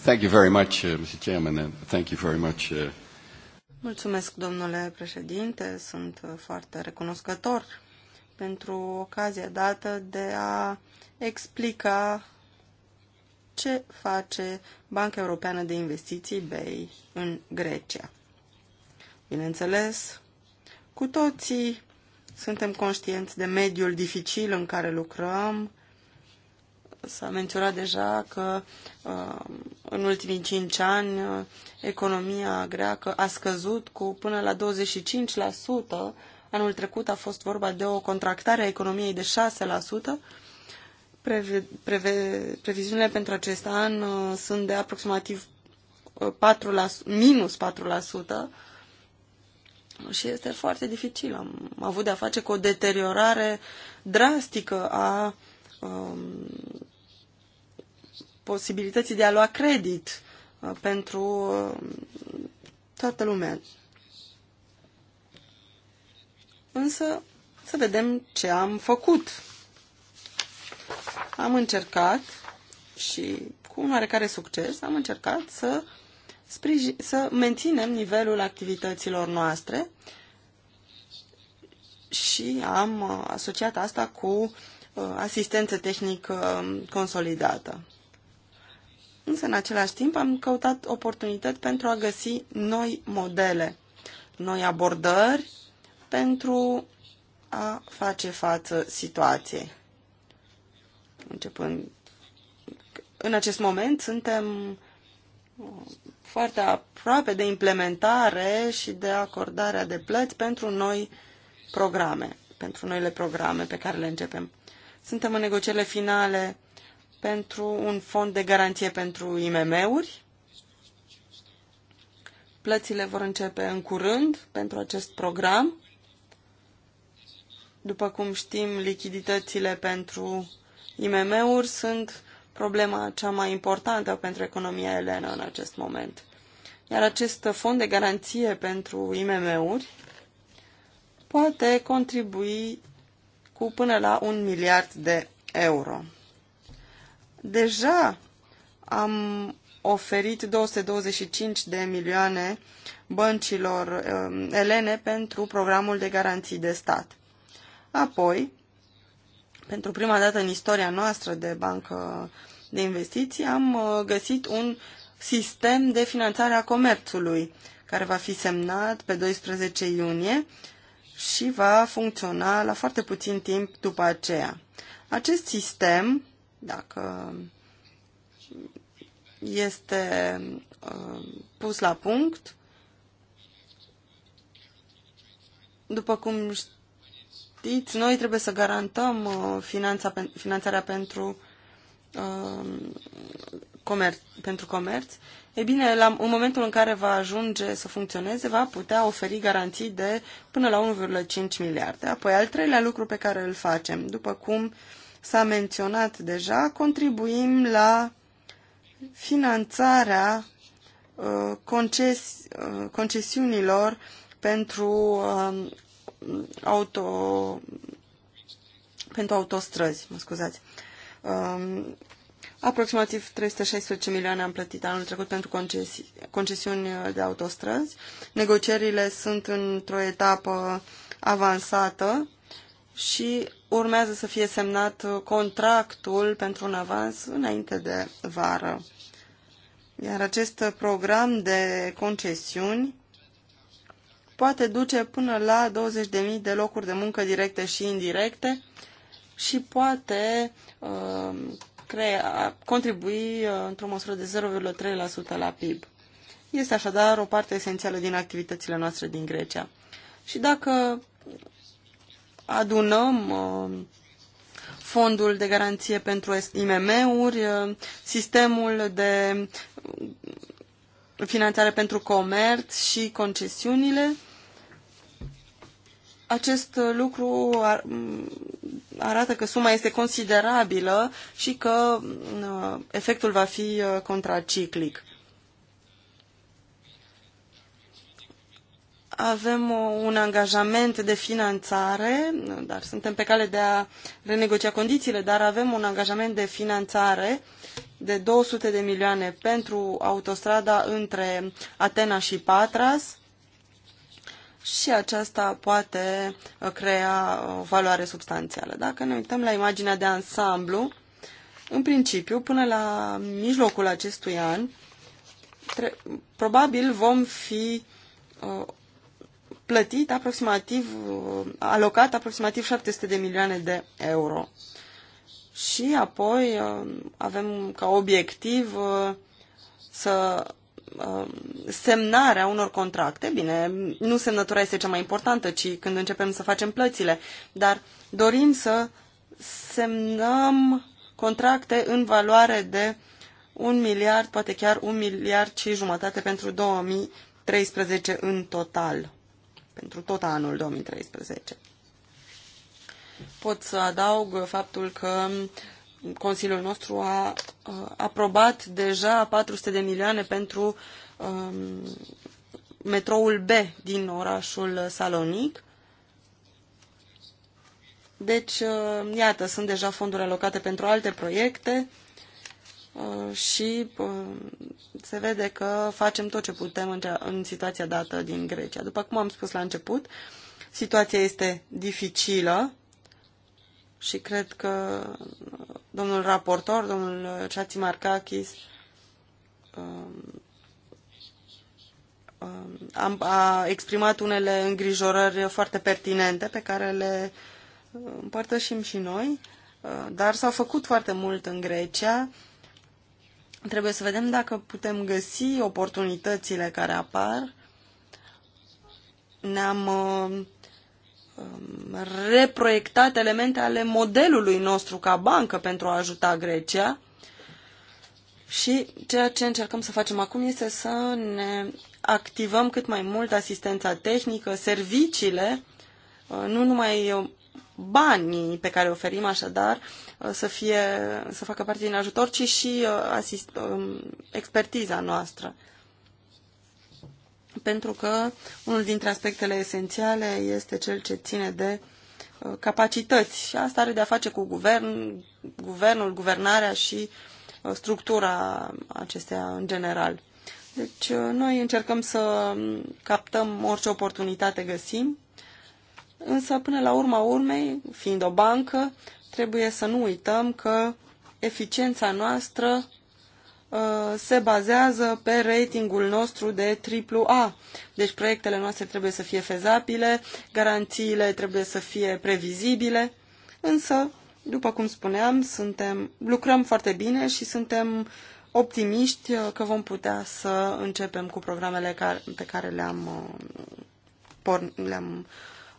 [SPEAKER 1] thank you very much, uh, Mr. Chairman, and thank you very much. Uh,
[SPEAKER 2] Mulțumesc, domnule președinte. Sunt uh, foarte recunoscător pentru ocazia dată de a explica ce face Banca Europeană de Investiții, BEI, în Grecia. Bineînțeles, cu toții suntem conștienți de mediul dificil în care lucrăm, S-a menționat deja că uh, în ultimii cinci ani uh, economia greacă a scăzut cu până la 25%. Anul trecut a fost vorba de o contractare a economiei de 6%. Preve, preve, previziunile pentru acest an uh, sunt de aproximativ 4 la, minus 4% și este foarte dificil. Am avut de-a face cu o deteriorare drastică a um, posibilității de a lua credit uh, pentru uh, toată lumea. Însă, să vedem ce am făcut. Am încercat și cu un oarecare succes am încercat să, sprijin, să menținem nivelul activităților noastre și am uh, asociat asta cu Uh, asistență tehnică um, consolidată. Însă, în același timp, am căutat oportunități pentru a găsi noi modele, noi abordări pentru a face față situației. Începând în acest moment suntem uh, foarte aproape de implementare și de acordarea de plăți pentru noi programe, pentru noile programe pe care le începem. Suntem în negocierile finale pentru un fond de garanție pentru IMM-uri. Plățile vor începe în curând pentru acest program. După cum știm, lichiditățile pentru IMM-uri sunt problema cea mai importantă pentru economia elenă în acest moment. Iar acest fond de garanție pentru IMM-uri poate contribui cu până la un miliard de euro. Deja am oferit 225 de milioane băncilor um, elene pentru programul de garanții de stat. Apoi, pentru prima dată în istoria noastră de bancă de investiții, am uh, găsit un sistem de finanțare a comerțului, care va fi semnat pe 12 iunie și va funcționa la foarte puțin timp după aceea. Acest sistem, dacă este uh, pus la punct, după cum știți, noi trebuie să garantăm uh, finanța, finanțarea pentru, uh, comer, pentru comerț e bine, la, în momentul în care va ajunge să funcționeze, va putea oferi garanții de până la 1,5 miliarde. Apoi, al treilea lucru pe care îl facem, după cum s-a menționat deja, contribuim la finanțarea uh, conces, uh, concesiunilor pentru uh, auto pentru autostrăzi, mă scuzați. Um, Aproximativ 316 milioane am plătit anul trecut pentru concesi- concesiuni de autostrăzi. Negocierile sunt într-o etapă avansată și urmează să fie semnat contractul pentru un avans înainte de vară. Iar acest program de concesiuni poate duce până la 20.000 de locuri de muncă directe și indirecte și poate uh, crea, contribui uh, într-o măsură de 0,3% la PIB. Este așadar o parte esențială din activitățile noastre din Grecia. Și dacă adunăm uh, fondul de garanție pentru IMM-uri, uh, sistemul de finanțare pentru comerț și concesiunile, acest lucru ar, arată că suma este considerabilă și că uh, efectul va fi uh, contraciclic. avem uh, un angajament de finanțare, dar suntem pe cale de a renegocia condițiile, dar avem un angajament de finanțare de 200 de milioane pentru autostrada între Atena și Patras și aceasta poate uh, crea o uh, valoare substanțială. Dacă ne uităm la imaginea de ansamblu, în principiu, până la mijlocul acestui an, probabil vom fi uh, plătit aproximativ, alocat aproximativ 700 de milioane de euro. Și apoi avem ca obiectiv să Um, semnarea unor contracte, bine, nu semnătura este cea mai importantă, ci când începem să facem plățile, dar dorim să semnăm contracte în valoare de un miliard, poate chiar un miliard și jumătate pentru 2013 în total, pentru tot anul 2013. Pot să adaug faptul că uh, Consiliul nostru a aprobat deja 400 de milioane pentru um, metroul B din orașul Salonic. Deci, uh, iată, sunt deja fonduri alocate pentru alte proiecte uh, și um, se vede că facem tot ce putem în situația dată din Grecia. După cum am spus la început, situația este dificilă și cred că domnul raportor, domnul Ceați Marcachis, um, um, a exprimat unele îngrijorări foarte pertinente pe care le împărtășim și noi, uh, dar s-a făcut foarte mult în Grecia. Trebuie să vedem dacă putem găsi oportunitățile care apar. Ne-am uh, reproiectat elemente ale modelului nostru ca bancă pentru a ajuta Grecia. Și ceea ce încercăm să facem acum este să ne activăm cât mai mult asistența tehnică, serviciile, uh, nu numai uh, banii pe care oferim așadar uh, să, fie, să facă parte din ajutor, ci și asist, um, expertiza noastră pentru că unul dintre aspectele esențiale este cel ce ține de uh, capacități și asta are de a face cu guvern, guvernul, guvernarea și uh, structura acestea în general. Deci uh, noi încercăm să um, captăm orice oportunitate găsim, însă până la urma urmei, fiind o bancă, trebuie să nu uităm că eficiența noastră Uh, se bazează pe ratingul nostru de AAA. Deci proiectele noastre trebuie să fie fezabile, garanțiile trebuie să fie previzibile, însă, după cum spuneam, suntem, lucrăm foarte bine și suntem optimiști uh, că vom putea să începem cu programele care, pe care le-am, uh, le-am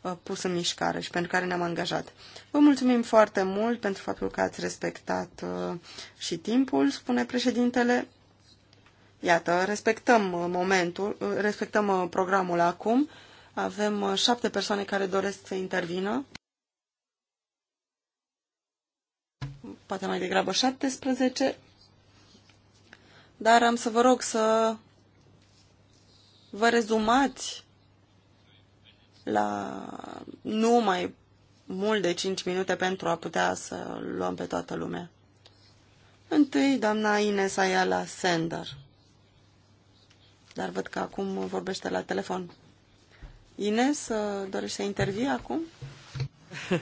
[SPEAKER 2] Uh, pus în mișcare și pentru care ne-am angajat. Vă mulțumim foarte mult pentru faptul că ați respectat uh, și timpul, spune președintele. Iată, respectăm uh, momentul, respectăm programul acum. Avem șapte persoane care doresc să intervină. Poate mai degrabă 17. Dar am să vă rog să vă rezumați la nu mai mult de 5 minute pentru a putea să luăm pe toată lumea. Întâi, doamna Ines Ayala Sender. Dar văd că acum vorbește la telefon. Ines, uh, dorești să intervii acum?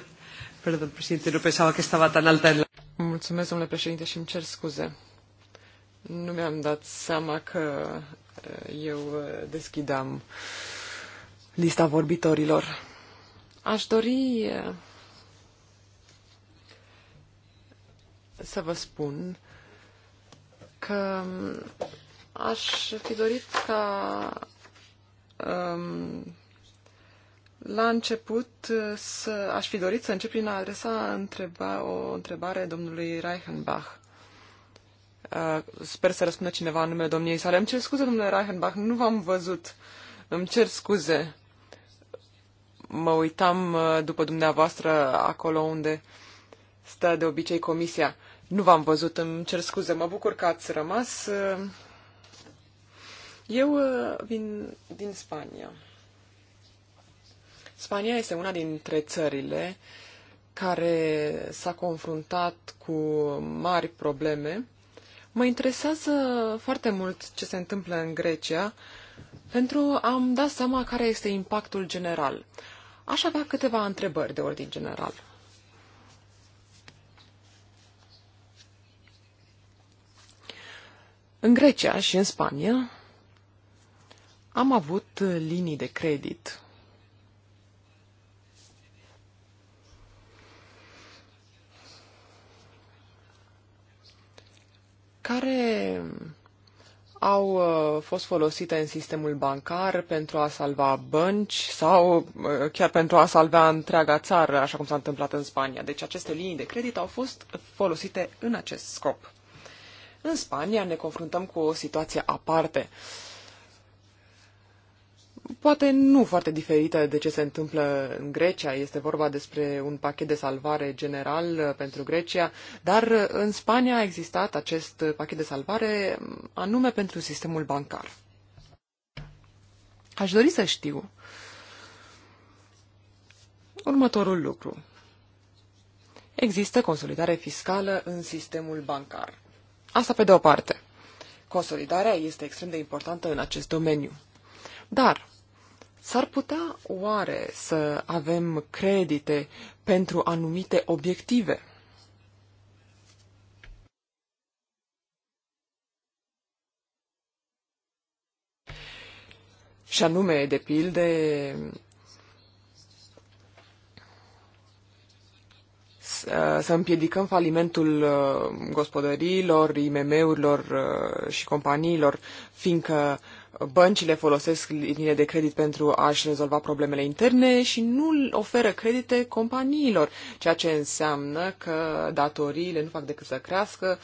[SPEAKER 3] Perdon, președinte, nu pensava că stava tan alta în la... Mulțumesc, domnule președinte, și îmi cer scuze. Nu mi-am dat seama că uh, eu uh, deschidam lista vorbitorilor. Aș dori eh, să vă spun că mm, aș fi dorit ca um, la început eh, să, aș fi dorit să încep prin a adresa întreba, o întrebare domnului Reichenbach. Uh, sper să răspundă cineva în numele domniei sale. Îmi cer scuze, domnule Reichenbach, nu v-am văzut. Îmi cer scuze mă uitam uh, după dumneavoastră acolo unde stă de obicei comisia. Nu v-am văzut, îmi cer scuze, mă bucur că ați rămas. Uh, eu uh, vin din Spania. Spania este una dintre țările care s-a confruntat cu mari probleme. Mă interesează foarte mult ce se întâmplă în Grecia pentru a-mi da seama care este impactul general. Aș avea câteva întrebări de ordin general. În Grecia și în Spania am avut linii de credit care au uh, fost folosite în sistemul bancar pentru a salva bănci sau uh, chiar pentru a salva întreaga țară, așa cum s-a întâmplat în Spania. Deci aceste linii de credit au fost folosite în acest scop. În Spania ne confruntăm cu o situație aparte. Uh, poate nu foarte diferită de ce se întâmplă în Grecia. Este vorba despre un pachet de salvare general uh, pentru Grecia, dar uh, în Spania a existat acest uh, pachet de salvare um, anume pentru sistemul bancar. Aș dori să știu următorul lucru. Există consolidare fiscală în sistemul bancar. Asta pe de o parte. Consolidarea este extrem de importantă în acest domeniu. Dar S-ar putea oare să avem credite pentru anumite obiective? Și anume, de pilde, să împiedicăm falimentul uh, gospodăriilor, IMM-urilor uh, și companiilor, fiindcă băncile folosesc linie de credit pentru a-și rezolva problemele interne și nu oferă credite companiilor, ceea ce înseamnă că datoriile nu fac decât să crească,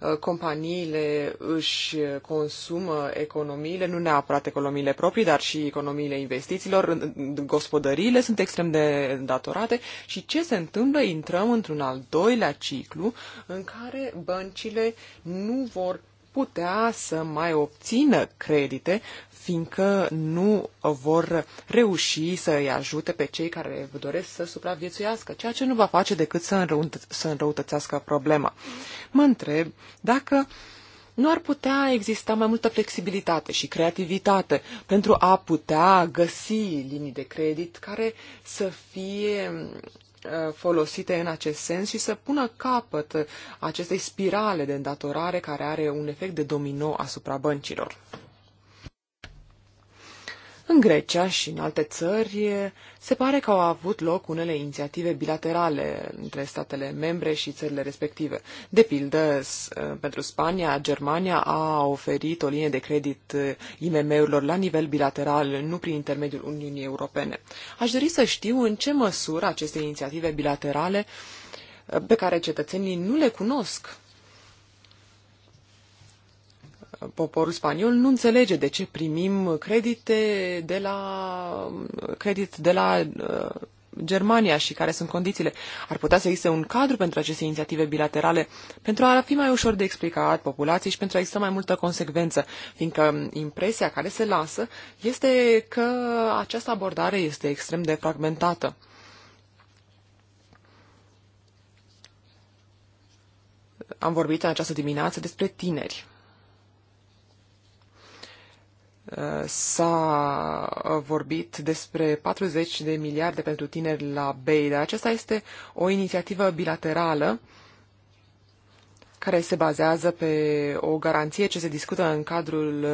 [SPEAKER 3] uh, companiile își consumă economiile, nu neapărat economiile proprii, dar și economiile investițiilor, gospodăriile sunt extrem de datorate și ce se întâmplă? Intrăm într-un al doilea ciclu în care băncile nu vor putea să mai obțină credite, fiindcă nu vor reuși să îi ajute pe cei care doresc să supraviețuiască, ceea ce nu va face decât să, înrăută- să înrăutățească problema. Mă întreb dacă nu ar putea exista mai multă flexibilitate și creativitate pentru a putea găsi linii de credit care să fie Uh, folosite în acest sens și să pună capăt acestei spirale de îndatorare care are un efect de domino asupra băncilor. În Grecia și în alte țări se pare că au avut loc unele inițiative bilaterale între statele membre și țările respective. De pildă, pentru Spania, Germania a oferit o linie de credit IMM-urilor la nivel bilateral, nu prin intermediul Uniunii Europene. Aș dori să știu în ce măsură aceste inițiative bilaterale pe care cetățenii nu le cunosc poporul spaniol nu înțelege de ce primim credite de la, credit de la uh, Germania și care sunt condițiile. Ar putea să existe un cadru pentru aceste inițiative bilaterale pentru a fi mai ușor de explicat populației și pentru a exista mai multă consecvență, fiindcă impresia care se lasă este că această abordare este extrem de fragmentată. Am vorbit în această dimineață despre tineri s-a vorbit despre 40 de miliarde pentru tineri la BEI, dar aceasta este o inițiativă bilaterală care se bazează pe o garanție ce se discută în cadrul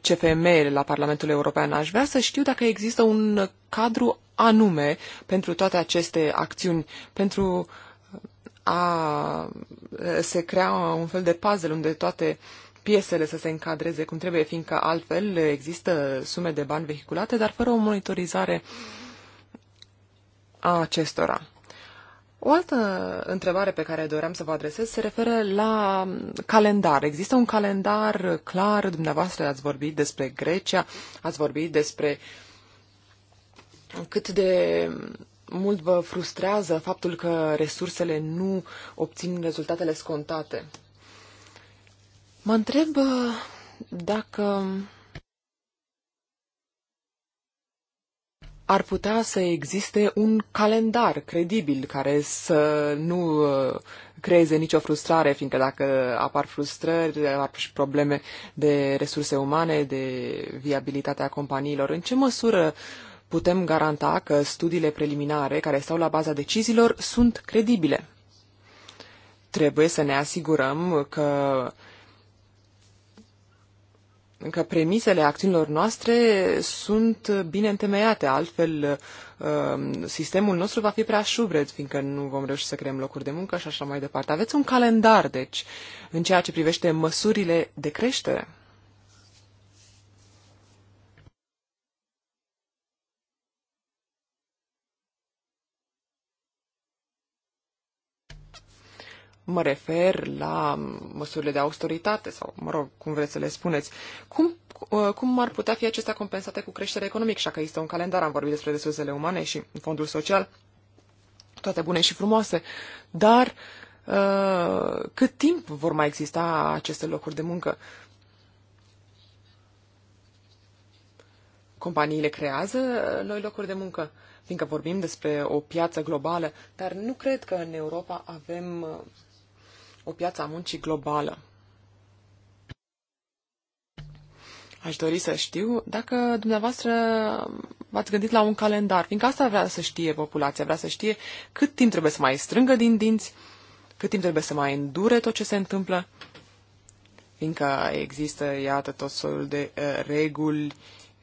[SPEAKER 3] CFM um, la Parlamentul European. Aș vrea să știu dacă există un cadru anume pentru toate aceste acțiuni, pentru a se crea un fel de puzzle unde toate uh, piesele să se încadreze cum trebuie, fiindcă altfel există sume de bani vehiculate, dar fără o monitorizare a acestora. O altă întrebare pe care doream să vă adresez se referă la calendar. Există un calendar clar, dumneavoastră ați vorbit despre Grecia, ați vorbit despre cât de mult vă frustrează faptul că resursele nu obțin rezultatele scontate. Mă întreb uh, dacă ar putea să existe un calendar credibil care să nu uh, creeze nicio frustrare, fiindcă dacă apar frustrări, apar și probleme de resurse umane, de viabilitatea companiilor, în ce măsură putem garanta că studiile preliminare care stau la baza deciziilor sunt credibile? Trebuie să ne asigurăm că că premisele acțiunilor noastre sunt bine întemeiate, altfel uh, sistemul nostru va fi prea șubred, fiindcă nu vom reuși să creăm locuri de muncă și așa mai departe. Aveți un calendar, deci, în ceea ce privește măsurile de creștere? Mă refer la măsurile de austeritate sau, mă rog, cum vreți să le spuneți. Cum, uh, cum ar putea fi acestea compensate cu creștere economică? Și că este un calendar, am vorbit despre resursele umane și fondul social, toate bune și frumoase, dar uh, cât timp vor mai exista aceste locuri de muncă? Companiile creează uh, noi locuri de muncă, fiindcă vorbim despre o piață globală, dar nu cred că în Europa avem uh, o piață a muncii globală. Aș dori să știu dacă dumneavoastră v-ați gândit la un calendar, fiindcă asta vrea să știe populația, vrea să știe cât timp trebuie să mai strângă din dinți, cât timp trebuie să mai îndure tot ce se întâmplă, fiindcă există, iată, tot soiul de uh, reguli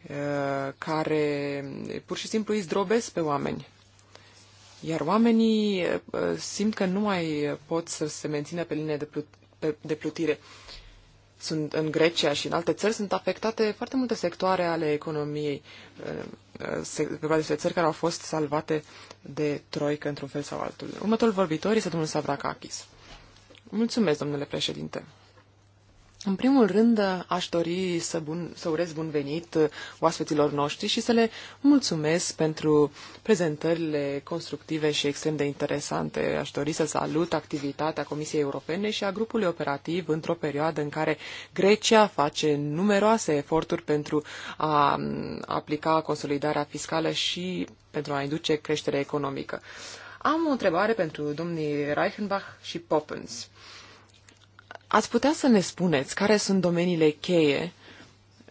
[SPEAKER 3] uh, care pur și simplu îi zdrobesc pe oameni. Iar oamenii eh, simt că nu mai pot să se mențină pe linie de, plutire. Sunt în Grecia și în alte țări sunt afectate foarte multe sectoare ale economiei. Vorba eh, eh, despre țări care au fost salvate de troică într-un fel sau altul. Următorul vorbitor este domnul Savrakakis. Mulțumesc, domnule președinte. În primul rând, aș dori să, bun, să urez bun venit oaspeților noștri și să le mulțumesc pentru prezentările constructive și extrem de interesante. Aș dori să salut activitatea Comisiei Europene și a grupului operativ într-o perioadă în care Grecia face numeroase eforturi pentru a aplica consolidarea fiscală și pentru a induce creșterea economică. Am o întrebare pentru domnii Reichenbach și Poppens. Uh, Ați putea să ne spuneți care sunt domeniile cheie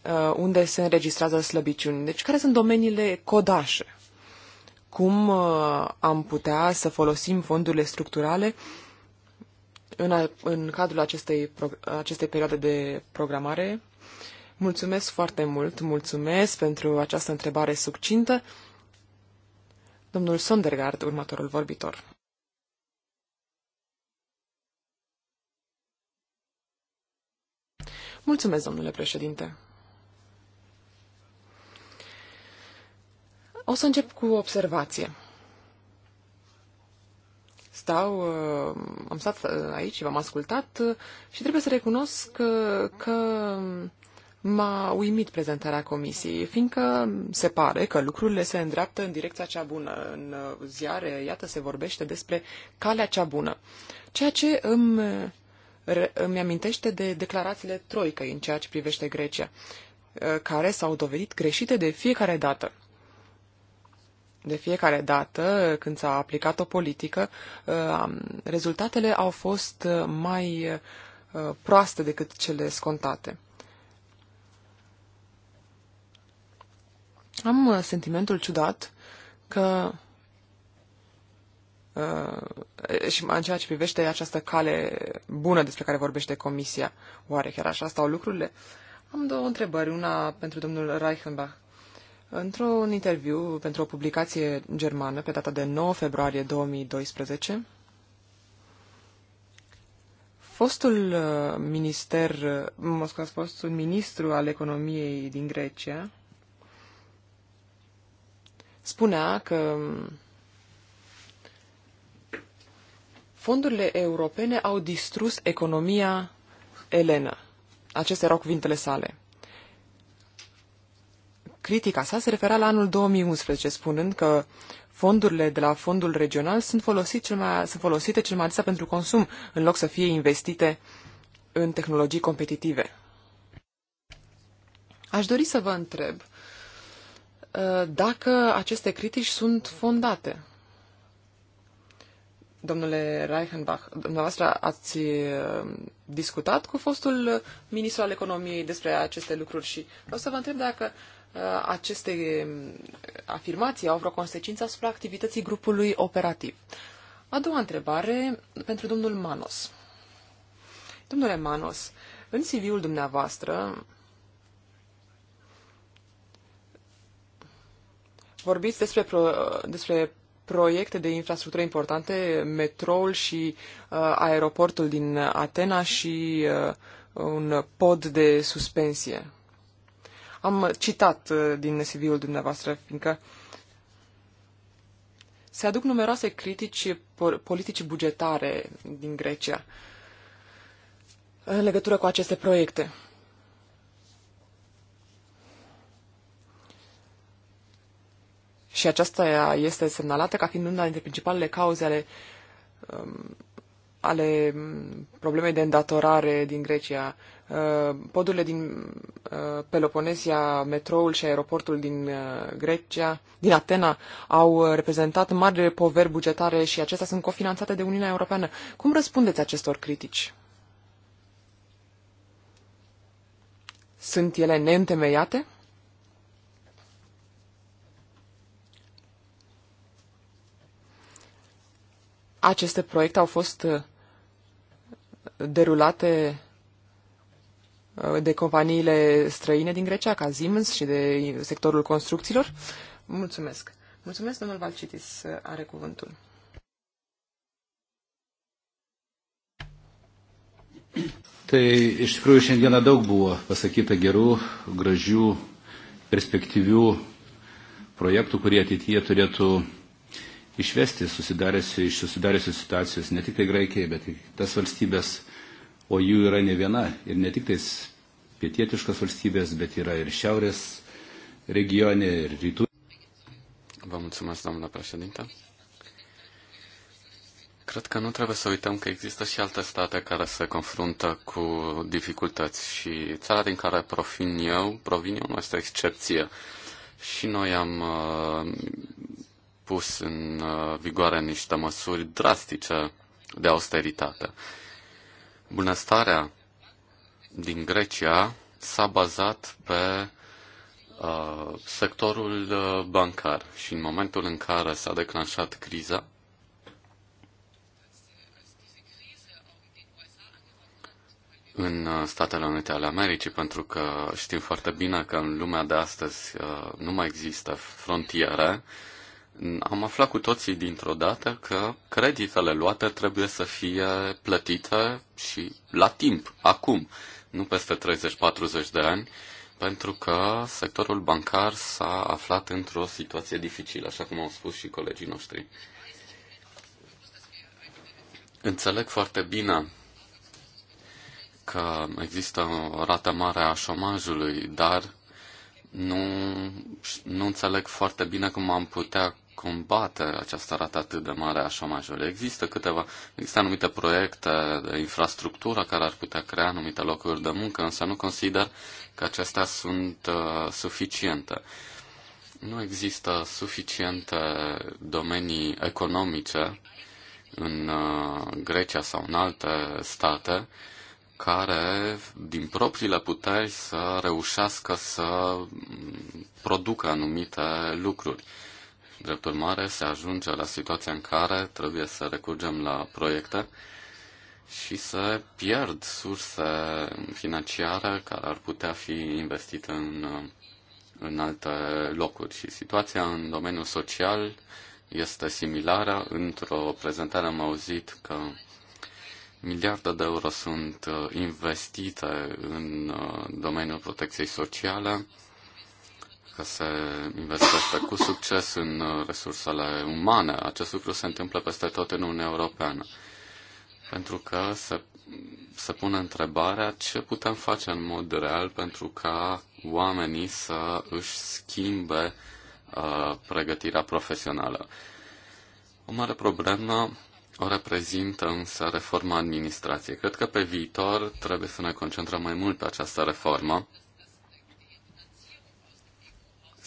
[SPEAKER 3] uh, unde se înregistrează slăbiciuni? Deci, care sunt domeniile codașe? Cum uh, am putea să folosim fondurile structurale în, a, în cadrul acestei, acestei perioade de programare? Mulțumesc foarte mult, mulțumesc pentru această întrebare succintă. Domnul Sondergaard, următorul vorbitor. Mulțumesc, domnule președinte. O să încep cu o observație. Stau, uh, am stat aici și v-am ascultat uh, și trebuie să recunosc că, uh, că m-a uimit prezentarea comisiei, fiindcă se pare că lucrurile se îndreaptă în direcția cea bună. În ziare, iată, se vorbește despre calea cea bună, ceea ce îmi îmi amintește de declarațiile troicăi în ceea ce privește Grecia, uh, care s-au dovedit greșite de fiecare dată. De fiecare dată, uh, când s-a aplicat o politică, uh, rezultatele au fost mai proaste decât cele scontate. Am sentimentul ciudat că Uh, și în ceea ce privește această cale bună despre care vorbește Comisia, oare chiar așa stau lucrurile? Am două întrebări, una pentru domnul Reichenbach. Într-un interviu pentru o publicație germană pe data de 9 februarie 2012, fostul uh, minister, uh, mă scuzați, fostul ministru al economiei din Grecia, spunea că um, fondurile europene au distrus economia elenă. Acestea erau cuvintele sale. Critica sa se refera la anul 2011, spunând că fondurile de la fondul regional sunt, folosit cel mai, sunt folosite cel mai adesea pentru consum, în loc să fie investite în tehnologii competitive. Aș dori să vă întreb uh, dacă aceste critici sunt fondate. Domnule Reichenbach, dumneavoastră ați uh, discutat cu fostul ministru al economiei despre aceste lucruri și vreau să vă întreb dacă uh, aceste uh, afirmații au vreo consecință asupra activității grupului operativ. A doua întrebare pentru domnul Manos. Domnule Manos, în CV-ul dumneavoastră vorbiți despre, despre proiecte de infrastructură importante, metroul și uh, aeroportul din Atena și uh, un pod de suspensie. Am citat uh, din CV-ul dumneavoastră, fiindcă se aduc numeroase critici politici bugetare din Grecia în legătură cu aceste proiecte. și aceasta este semnalată ca fiind una dintre principalele cauze ale, um, ale problemei de îndatorare din Grecia. Uh, podurile din uh, Peloponesia, metroul și aeroportul din uh, Grecia, din Atena, au uh, reprezentat mari poveri bugetare și acestea sunt cofinanțate de Uniunea Europeană. Cum răspundeți acestor critici? Sunt ele neîntemeiate? Aceste proiecte au fost uh, derulate uh, de companiile străine din Grecia, ca Siemens și de sectorul construcțiilor. Mulțumesc. Mulțumesc, domnul Valcitis uh, are cuvântul.
[SPEAKER 1] Tai iš tikrųjų šiandieną daug buvo pasakyta gerų, gražių, perspektyvių projektų, kurie ateityje turėtų išvesti susidariusių, iš susidariusių situacijos ne tik tai Graikijai, bet ir tas valstybės, o jų yra ne viena. Ir ne tik tais pietietiškas valstybės, bet yra ir šiaurės regionė, ir rytų. Vă mulțumesc, doamna președintă. Cred că nu trebuie să uităm că există și alte state care se confruntă cu dificultăți și țara din care provin eu, provin eu nu este o excepție. Și noi am uh, pus în uh, vigoare niște măsuri drastice de austeritate. Bunăstarea din Grecia s-a bazat pe uh, sectorul uh, bancar și în momentul în care s-a declanșat criza, în uh, Statele Unite ale Americii, pentru că știm foarte bine că în lumea de astăzi nu mai există frontiere, am aflat cu toții dintr-o dată că creditele luate trebuie să fie plătite și la timp, acum, nu peste 30-40 de ani, pentru că sectorul bancar s-a aflat într-o situație dificilă, așa cum au spus și colegii noștri. Înțeleg foarte bine că există o rată mare a șomajului, dar nu, nu înțeleg foarte bine cum am putea combate această rată atât de mare a șomajului. Există câteva, există anumite proiecte de infrastructură care ar putea crea anumite locuri de muncă, însă nu consider că acestea sunt uh, suficiente. Nu există suficiente domenii economice în uh, Grecia sau în alte state care, din propriile puteri, să reușească să mm, producă anumite lucruri. Uh, Drept urmare, se ajunge la situația în care trebuie să recurgem la proiecte și să pierd surse financiare care ar putea fi investite în, în alte locuri. Și situația în domeniul social este similară. Într-o prezentare am auzit că miliarde de euro sunt uh, investite în uh, domeniul protecției sociale că se investește cu succes în uh, resursele umane. Acest lucru se întâmplă peste tot în Uniunea Europeană. Pentru că se, se pune întrebarea ce putem face în mod real pentru ca oamenii să își schimbe uh, pregătirea profesională. O mare problemă o reprezintă însă reforma administrației. Cred că pe viitor trebuie să ne concentrăm mai mult pe această reformă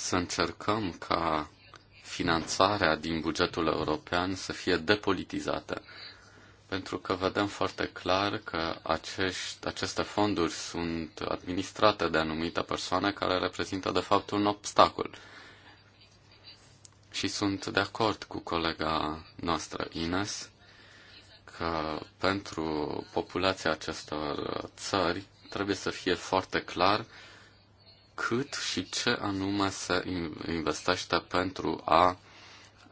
[SPEAKER 1] să încercăm ca finanțarea din bugetul european să fie depolitizată. Pentru că vedem foarte clar că acești, aceste fonduri sunt administrate de anumite persoane care reprezintă de fapt un obstacol. Și sunt de acord cu colega noastră Ines că pentru populația acestor țări trebuie să fie foarte clar cât și ce anume se investește pentru a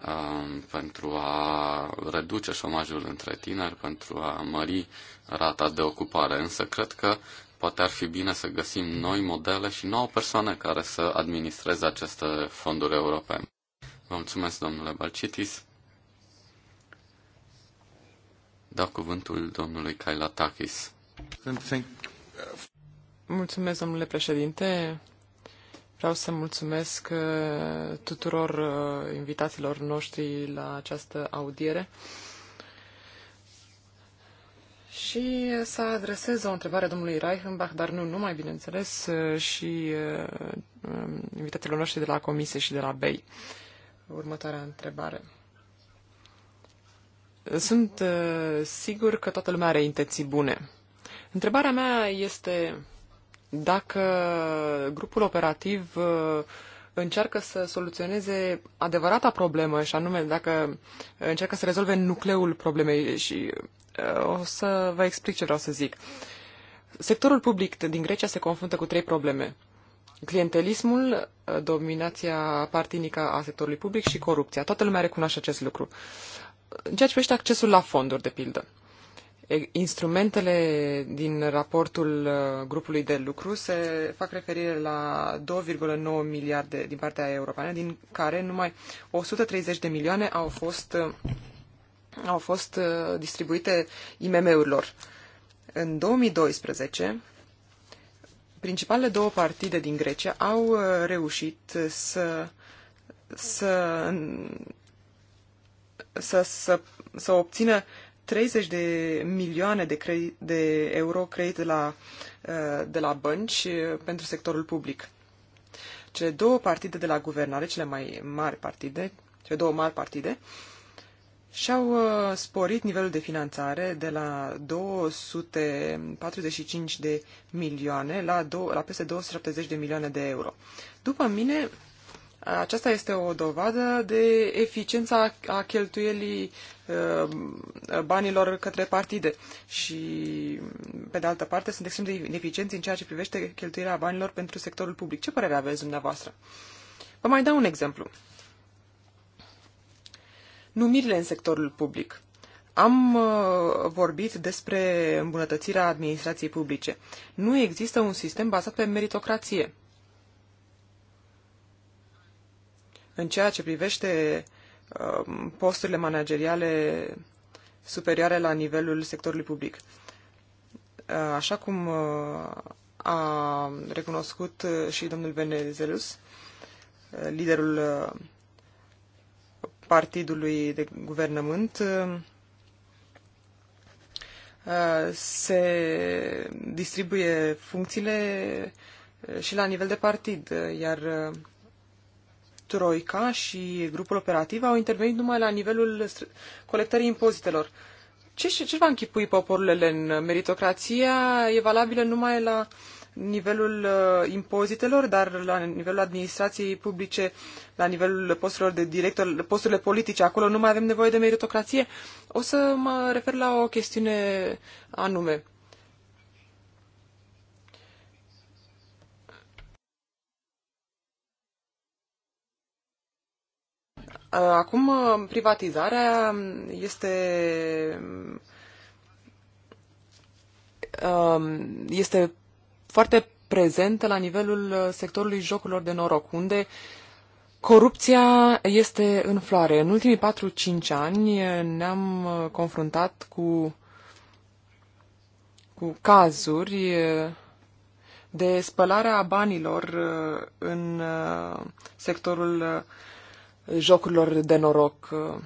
[SPEAKER 1] um, pentru a reduce șomajul între tineri, pentru a mări rata de ocupare. Însă cred că poate ar fi bine să găsim noi modele și nouă persoane care să administreze aceste fonduri europene. Vă mulțumesc, domnule Balcitis. Dau cuvântul domnului Kailatakis.
[SPEAKER 3] Mulțumesc, domnule președinte. Vreau să mulțumesc uh, tuturor uh, invitaților noștri la această audiere și să adresez o întrebare domnului Reichenbach, dar nu numai, bineînțeles, uh, și um, invitațiilor noștri de la Comisie și de la BEI. Următoarea întrebare. Sunt sigur că toată lumea are intenții bune. Întrebarea mea este dacă grupul operativ uh, încearcă să soluționeze adevărata problemă, și anume dacă încearcă să rezolve nucleul problemei și uh, o să vă explic ce vreau să zic. Sectorul public din Grecia se confruntă cu trei probleme. Clientelismul, uh, dominația partinică a sectorului public și corupția. Toată lumea recunoaște acest lucru. În ceea ce privește accesul la fonduri, de pildă instrumentele din raportul uh, grupului de lucru se fac referire la 2,9 miliarde din partea europeană, din care numai 130 de milioane au fost, uh, au fost uh, distribuite IMM-urilor. În 2012, principalele două partide din Grecia au reușit să, să, să, să, să obțină 30 de milioane de, cre- de euro credit de la, uh, de la bănci uh, pentru sectorul public. Cele două partide de la guvernare, cele mai mari partide, cele două mari partide, și-au uh, sporit nivelul de finanțare de la 245 de milioane la, do- la peste 270 de milioane de euro. După mine, aceasta este o dovadă de eficiența a cheltuielii uh, uh, banilor către partide și, pe de altă parte, sunt extrem de eficienți în ceea ce privește cheltuirea banilor pentru sectorul public. Ce părere aveți dumneavoastră? Vă mai dau un exemplu. Numirile în sectorul public. Am uh, vorbit despre îmbunătățirea administrației publice. Nu există un sistem bazat pe meritocrație. În ceea ce privește um, posturile manageriale superioare la nivelul sectorului public. Uh, așa cum uh, a recunoscut și domnul Venezelus, uh, liderul partidului de guvernământ, se distribuie funcțiile și la nivel de partid, iar Troica și grupul operativ au intervenit numai la nivelul colectării impozitelor. Ce, ce va închipui poporul în Meritocrația e valabilă numai la nivelul uh, impozitelor, dar la nivelul administrației publice, la nivelul posturilor de director, posturile politice, acolo nu mai avem nevoie de meritocrație. O să mă refer la o chestiune anume. Uh, acum, uh, privatizarea este um, este foarte prezentă la nivelul sectorului jocurilor de noroc, unde corupția este în floare. În ultimii 4-5 ani ne-am uh, confruntat cu, cu cazuri de spălarea banilor în sectorul jocurilor de noroc, uh,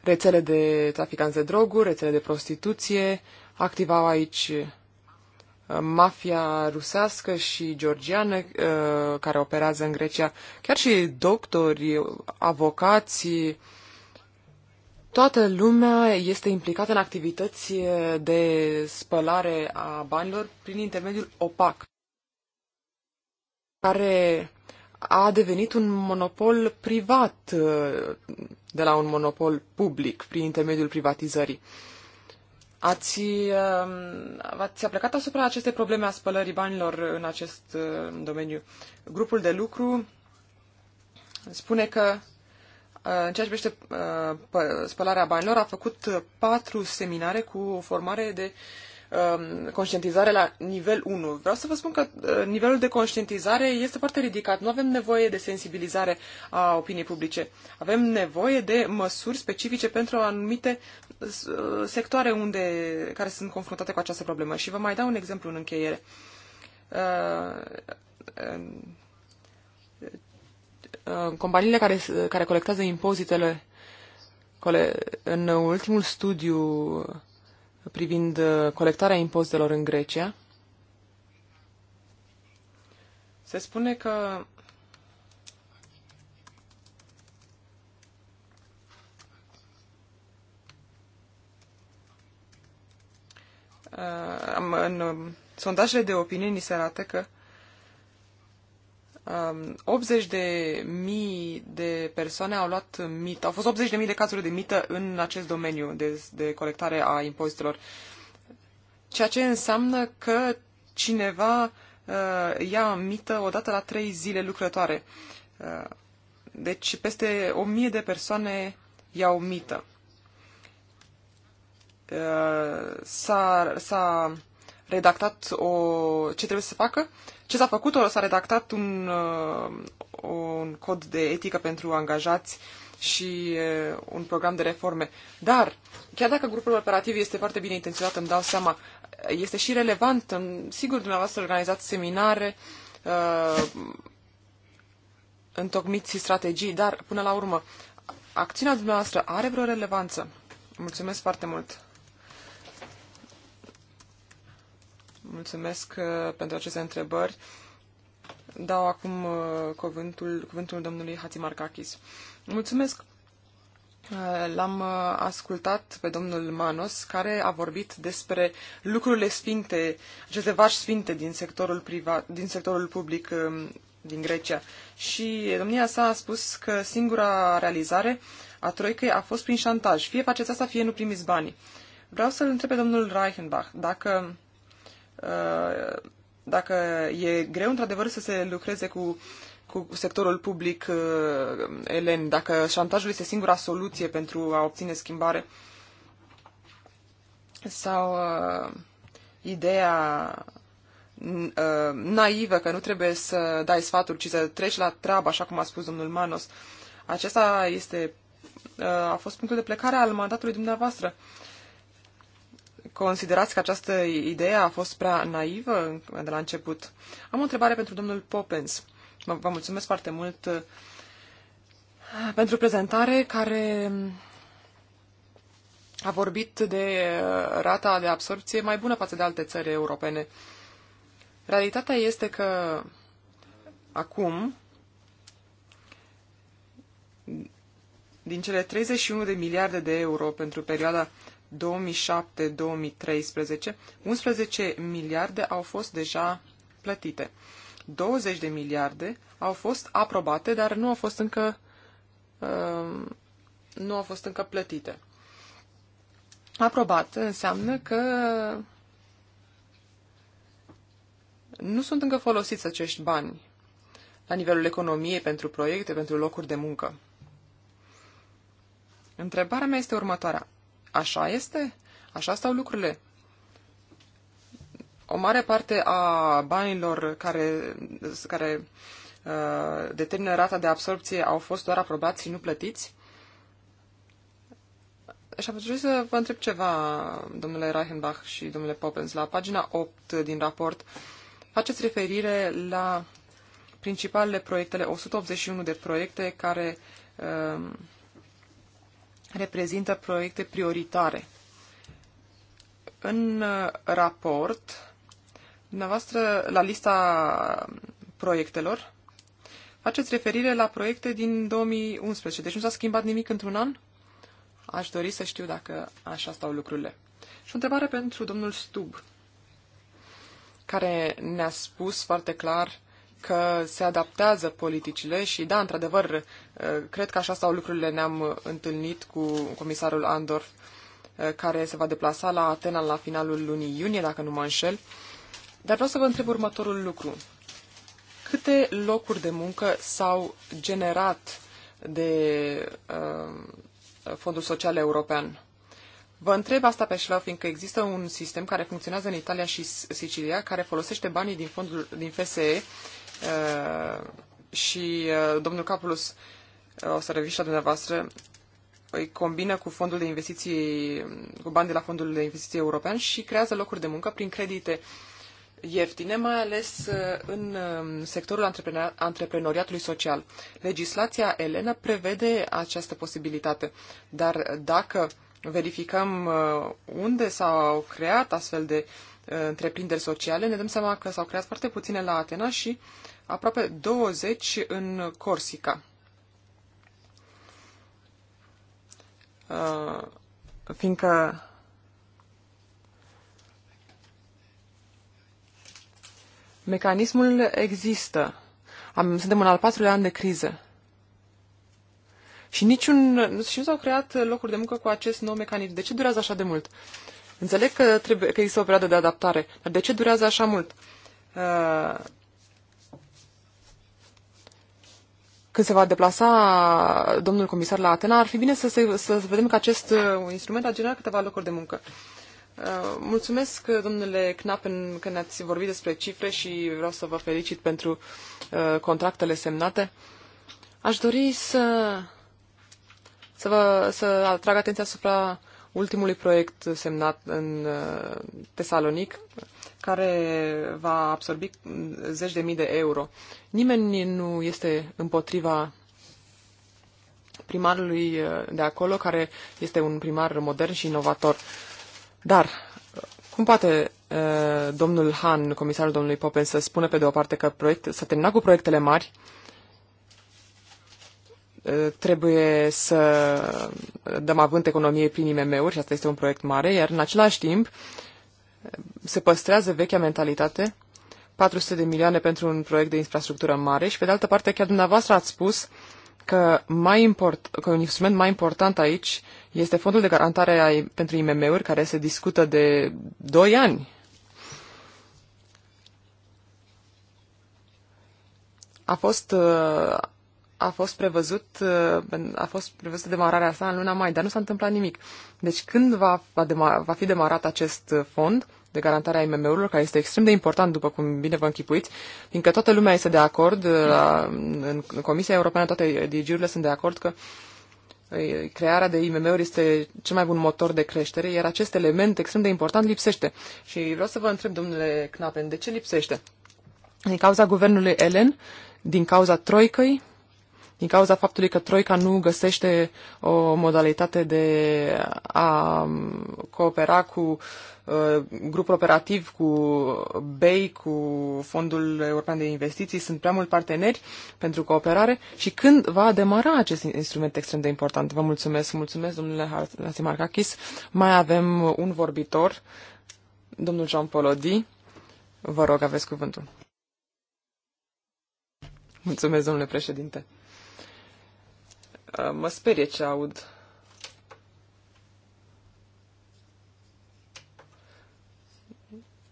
[SPEAKER 3] rețele de traficanți de droguri, rețele de prostituție, activau aici uh, mafia rusească și georgiană uh, care operează în Grecia, chiar și doctori, avocați, toată lumea este implicată în activități de spălare a banilor prin intermediul OPAC, care a devenit un monopol privat de la un monopol public prin intermediul privatizării. Ați, um, ați aplicat asupra acestei probleme a spălării banilor în acest uh, domeniu. Grupul de lucru spune că uh, în ceea ce privește uh, spălarea banilor a făcut patru seminare cu o formare de Um, conștientizare la nivel 1. Vreau să vă spun că uh, nivelul de conștientizare este foarte ridicat. Nu avem nevoie de sensibilizare a opiniei publice. Avem nevoie de măsuri specifice pentru anumite uh, sectoare unde, care sunt confruntate cu această problemă. Și vă mai dau un exemplu în încheiere. Uh, companiile care, care colectează impozitele în ultimul studiu privind uh, colectarea impozitelor în Grecia, se spune că uh, în um, sondajele de opinie ni se arată că 80 um, de mii de persoane au luat mită, au fost 80 de mii de cazuri de mită în acest domeniu de, de colectare a impozitelor. Ceea ce înseamnă că cineva uh, ia mită odată la trei zile lucrătoare. Uh, deci peste 1000 de persoane iau mită. Uh, s-a, redactat o, ce trebuie să facă. Uh, ce s-a făcut? S-a redactat un, uh, un cod de etică pentru angajați și uh, un program de reforme. Dar, chiar dacă grupul operativ este foarte bine intenționat, îmi dau seama, este și relevant. Sigur, dumneavoastră organizați seminare, uh, întocmiți strategii, dar, până la urmă, acțiunea dumneavoastră are vreo relevanță? Mulțumesc foarte mult! Mulțumesc uh, pentru aceste întrebări. Dau acum uh, cuvântul, cuvântul domnului Hatzimarkakis. Mulțumesc. Uh, l-am ascultat pe domnul Manos, care a vorbit despre lucrurile sfinte, aceste vași sfinte din sectorul, privat, din sectorul public um, din Grecia. Și domnia sa a spus că singura realizare a Troicăi a fost prin șantaj. Fie faceți asta, fie nu primiți banii. Vreau să-l întreb pe domnul Reichenbach dacă Uh, dacă e greu într-adevăr să se lucreze cu, cu sectorul public uh, elen, dacă șantajul este singura soluție pentru a obține schimbare, sau uh, ideea uh, naivă că nu trebuie să dai sfaturi, ci să treci la treabă, așa cum a spus domnul Manos. Acesta este, uh, a fost punctul de plecare al mandatului dumneavoastră. Uh, Considerați că această idee a fost prea naivă de la început? Am o întrebare pentru domnul Popens. Vă mulțumesc foarte mult uh, pentru prezentare care um, a vorbit de uh, rata de absorpție mai bună față de alte țări europene. Realitatea este că acum, din cele 31 de miliarde de euro pentru perioada 2007-2013, 11 miliarde au fost deja plătite. 20 de miliarde au fost aprobate, dar nu au fost încă, uh, nu au fost încă plătite. Aprobat înseamnă că nu sunt încă folosiți acești bani la nivelul economiei pentru proiecte, pentru locuri de muncă. Întrebarea mea este următoarea. Așa este? Așa stau lucrurile. O mare parte a banilor care, care uh, determină rata de absorpție au fost doar aprobați și nu plătiți? Și am să vă întreb ceva, domnule Reichenbach și domnule Popens. La pagina 8 din raport faceți referire la principalele proiectele, 181 de proiecte care uh, reprezintă proiecte prioritare. În uh, raport, dumneavoastră, la lista proiectelor, faceți referire la proiecte din 2011. Deci nu s-a schimbat nimic într-un an? Aș dori să știu dacă așa stau lucrurile. Și o întrebare pentru domnul Stub, care ne-a spus foarte clar că se adaptează politicile și, da, într-adevăr, Cred că așa stau lucrurile. Ne-am întâlnit cu comisarul Andorf, eh, care se va deplasa la Atena la finalul lunii iunie, dacă nu mă înșel. Dar vreau să vă întreb următorul lucru. Câte locuri de muncă s-au generat de uh, Fondul Social European? Vă întreb asta pe șlau, fiindcă există un sistem care funcționează în Italia și Sicilia, care folosește banii din fondul din FSE uh, eh, și uh, domnul Capulus o să revin și la dumneavoastră, îi combină cu fondul de investiții, cu bani de la fondul de investiții european și creează locuri de muncă prin credite ieftine, mai ales uh, în um, sectorul antreprenoriatului social. Legislația Elena prevede această posibilitate, dar dacă verificăm uh, unde s-au creat astfel de uh, întreprinderi sociale, ne dăm seama că s-au creat foarte puține la Atena și aproape 20 în Corsica. Uh, fiindcă mecanismul există. Am, suntem în al patrulea an de criză. Și niciun, și nu s-au creat locuri de muncă cu acest nou mecanism. De ce durează așa de mult? Înțeleg că, trebuie, că există o perioadă de adaptare, dar de ce durează așa mult? Uh, când se va deplasa domnul comisar la Atena, ar fi bine să, se, să vedem că acest uh, instrument a generat câteva locuri de muncă. Uh, mulțumesc, domnule Knappen, că ne-ați vorbit despre cifre și vreau să vă felicit pentru uh, contractele semnate. Aș dori să, să, vă, să atrag atenția asupra ultimului proiect semnat în uh, Tesalonic, care va absorbi zeci de mii de euro. Nimeni nu este împotriva primarului uh, de acolo, care este un primar modern și inovator. Dar uh, cum poate domnul Han, comisarul domnului Popen, să spună pe de o parte că proiect, s-a terminat cu proiectele mari, trebuie să dăm avânt economiei prin IMM-uri și asta este un proiect mare, iar în același timp se păstrează vechea mentalitate, 400 de milioane pentru un proiect de infrastructură mare și pe de altă parte chiar dumneavoastră ați spus că, mai import, că un instrument mai important aici este fondul de garantare a, pentru IMM-uri care se discută de 2 ani. A fost, uh, a fost prevăzut, uh, a fost prevăzut demararea sa în luna mai, dar nu s-a întâmplat nimic. Deci când va, va, demara, va fi demarat acest uh, fond de garantare a IMM-urilor, care este extrem de important, după cum bine vă închipuiți, fiindcă toată lumea este de acord, uh, la, în Comisia Europeană toate digiurile sunt de acord că crearea de IMM-uri este cel mai bun motor de creștere, iar acest element extrem de important lipsește. Și vreau să vă întreb, domnule Knapen, de ce lipsește? Din cauza guvernului Ellen, din cauza Troicăi, din cauza faptului că Troica nu găsește o modalitate de a coopera cu uh, grupul operativ, cu BEI, cu Fondul European de Investiții, sunt prea mulți parteneri pentru cooperare și când va demara acest instrument extrem de important? Vă mulțumesc, mulțumesc domnule Hasimarkakis. Mai avem un vorbitor, domnul Jean Polodi. Vă rog, aveți cuvântul. Mulțumesc, domnule președinte. Uh, mă sperie ce aud.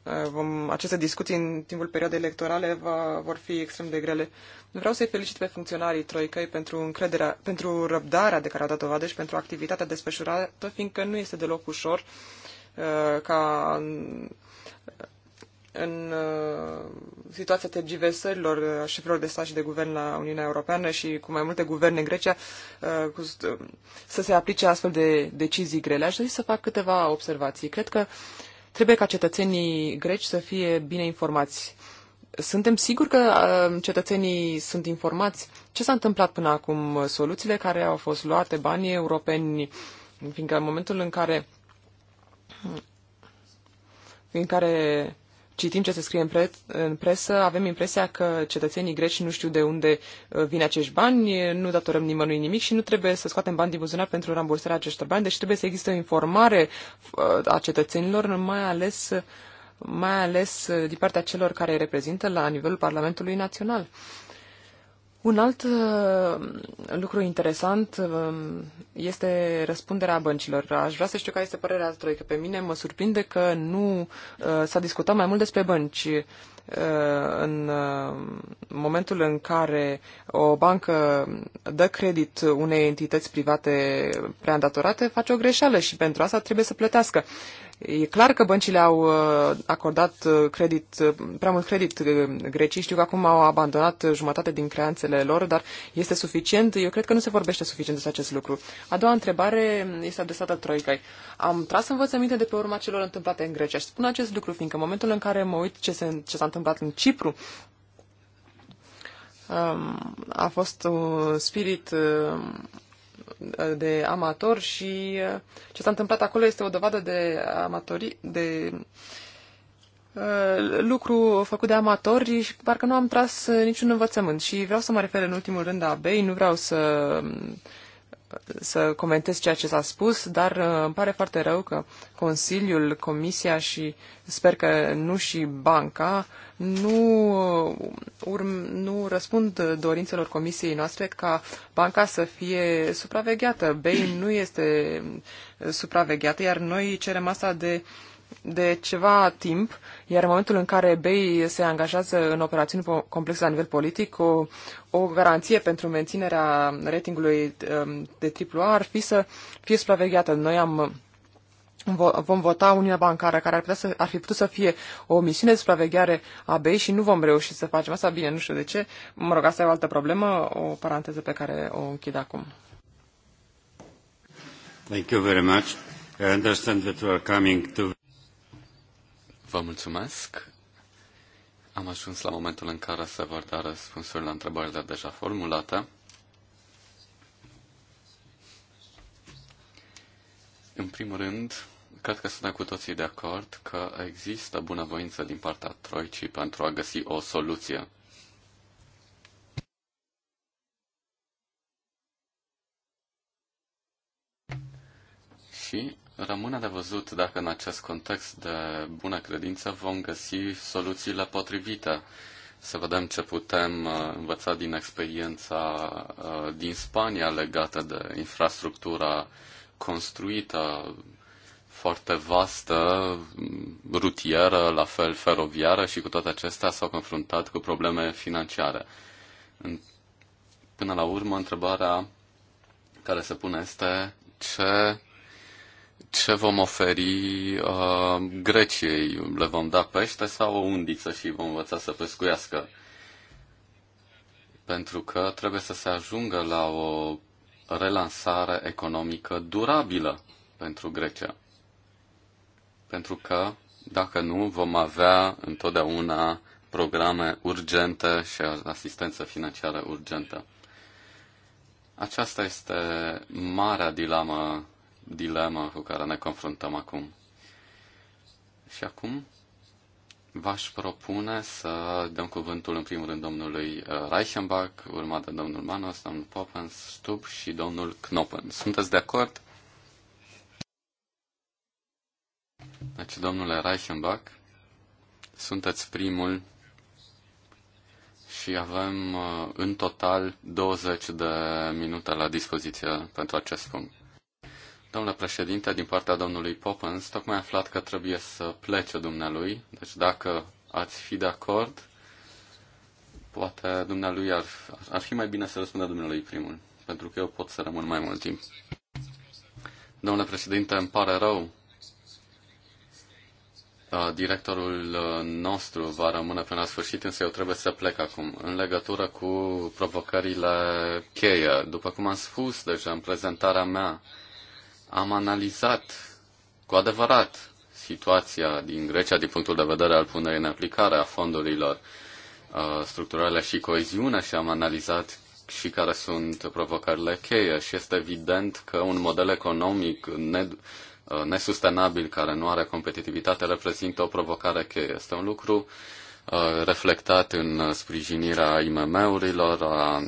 [SPEAKER 3] Uh, vom, aceste discuții în timpul perioadei electorale va, vor fi extrem de grele. Vreau să-i felicit pe funcționarii Troicăi pentru, încrederea, pentru răbdarea de care au dat dovadă și pentru activitatea desfășurată, fiindcă nu este deloc ușor uh, ca în uh, situația tergiversărilor uh, șefilor de stat și de guvern la Uniunea Europeană și cu mai multe guverne în Grecia uh, cu, să se aplice astfel de decizii grele. Aș dori să fac câteva observații. Cred că trebuie ca cetățenii greci să fie bine informați. Suntem siguri că cetățenii sunt informați? Ce s-a întâmplat până acum? Soluțiile care au fost luate, banii europeni, fiindcă în momentul în care în care citim ce se scrie în, pre- în presă, avem impresia că cetățenii greci nu știu de unde uh, vin acești bani, nu datorăm nimănui nimic și nu trebuie să scoatem bani din buzunar pentru rambursarea acestor bani, deci trebuie să existe o informare uh, a cetățenilor, mai ales mai ales uh, din partea celor care îi reprezintă la nivelul Parlamentului Național. Un alt uh, lucru interesant uh, este răspunderea băncilor. Aș vrea să știu care este părerea că Pe mine mă surprinde că nu uh, s-a discutat mai mult despre bănci. În momentul în care o bancă dă credit unei entități private prea face o greșeală și pentru asta trebuie să plătească. E clar că băncile au uh, acordat uh, credit, uh, prea mult credit grecii. Știu că acum au abandonat jumătate din creanțele lor, dar este suficient? Eu cred că nu se vorbește suficient despre acest lucru. A doua întrebare este adresată Troicai. Am tras învățăminte de pe urma celor întâmplate în Grecia și spun acest lucru, fiindcă în momentul în care mă uit ce, se, ce s-a întâmplat în Cipru, um, a fost un spirit um, de amator și uh, ce s-a întâmplat acolo este o dovadă de amatori, de uh, lucru făcut de amatori și parcă nu am tras uh, niciun învățământ. Și vreau să mă refer în ultimul rând la BEI, nu vreau să să comentez ceea ce s-a spus, dar uh, îmi pare foarte rău că Consiliul, Comisia și sper că nu și Banca nu, uh, urm, nu răspund dorințelor Comisiei noastre ca Banca să fie supravegheată. BEI nu este supravegheată, iar noi cerem asta de uh, de ceva timp, iar în momentul în care BEI se angajează în operațiuni complexe la nivel politic, o, o garanție pentru menținerea ratingului um, de AAA ar fi să fie supravegheată. Noi am um, vom vota Uniunea Bancară, care ar, putea să, ar fi putut să fie o misiune de supraveghere a BEI și nu vom reuși să facem asta. Bine, nu știu de ce. Mă rog, asta e o altă problemă, o paranteză pe care o închid acum.
[SPEAKER 1] Thank you very much. I understand that we are coming to... Vă mulțumesc. Am ajuns la momentul în care se vor da răspunsuri la întrebările deja formulate. În primul rând, cred că suntem cu toții de acord că există bunăvoință din partea Troicii pentru a găsi o soluție. Și Rămâne de văzut dacă în acest context de bună credință vom găsi soluțiile potrivite. Să vedem ce putem uh, învăța din experiența uh, din Spania legată de infrastructura construită foarte vastă, rutieră, la fel feroviară și cu toate acestea s-au confruntat cu probleme financiare. Până la urmă, întrebarea care se pune este ce ce vom oferi uh, Greciei? Le vom da pește sau o undiță și vom învăța să pescuiască? Pentru că trebuie să se ajungă la o relansare economică durabilă pentru Grecia. Pentru că, dacă nu, vom avea întotdeauna programe urgente și asistență financiară urgentă. Aceasta este marea dilemă dilema cu care ne confruntăm acum. Și acum v-aș propune să dăm cuvântul în primul rând domnului uh, Reichenbach, urmat de domnul Manos, domnul Poppens, Stub și domnul Knopen. Sunteți de acord? Deci, domnule Reichenbach, sunteți primul și avem uh, în total 20 de minute la dispoziție pentru acest punct. Domnule președinte, din partea domnului Popens, tocmai aflat că trebuie să plece dumnealui, deci dacă ați fi de acord, poate dumnealui ar, ar fi mai bine să răspundă dumnealui primul, pentru că eu pot să rămân mai mult timp. Domnule președinte, îmi pare rău. Directorul nostru va rămâne până la sfârșit, însă eu trebuie să plec acum. În legătură cu provocările cheie, după cum am spus deja în prezentarea mea, am analizat cu adevărat situația din Grecia din punctul de vedere al punerii în aplicare a fondurilor uh, structurale și coeziune și am analizat și care sunt provocările cheie și este evident că un model economic uh, nesustenabil care nu are competitivitate reprezintă o provocare cheie. Este un lucru uh, Uh, reflectat în uh, sprijinirea IMM-urilor, a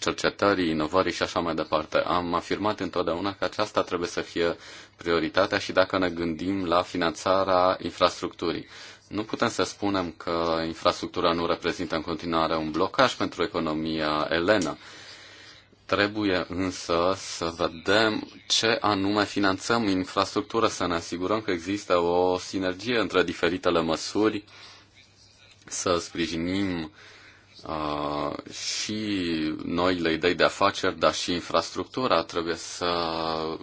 [SPEAKER 1] cercetării, inovării și așa mai departe. Am afirmat întotdeauna că aceasta trebuie să fie prioritatea și dacă ne gândim la finanțarea infrastructurii. Nu putem să spunem că infrastructura nu reprezintă în continuare un blocaj pentru economia elenă. Trebuie însă să vedem ce anume finanțăm infrastructură, să ne asigurăm că există o sinergie între diferitele măsuri să sprijinim uh, și noile idei de afaceri, dar și infrastructura. Trebuie să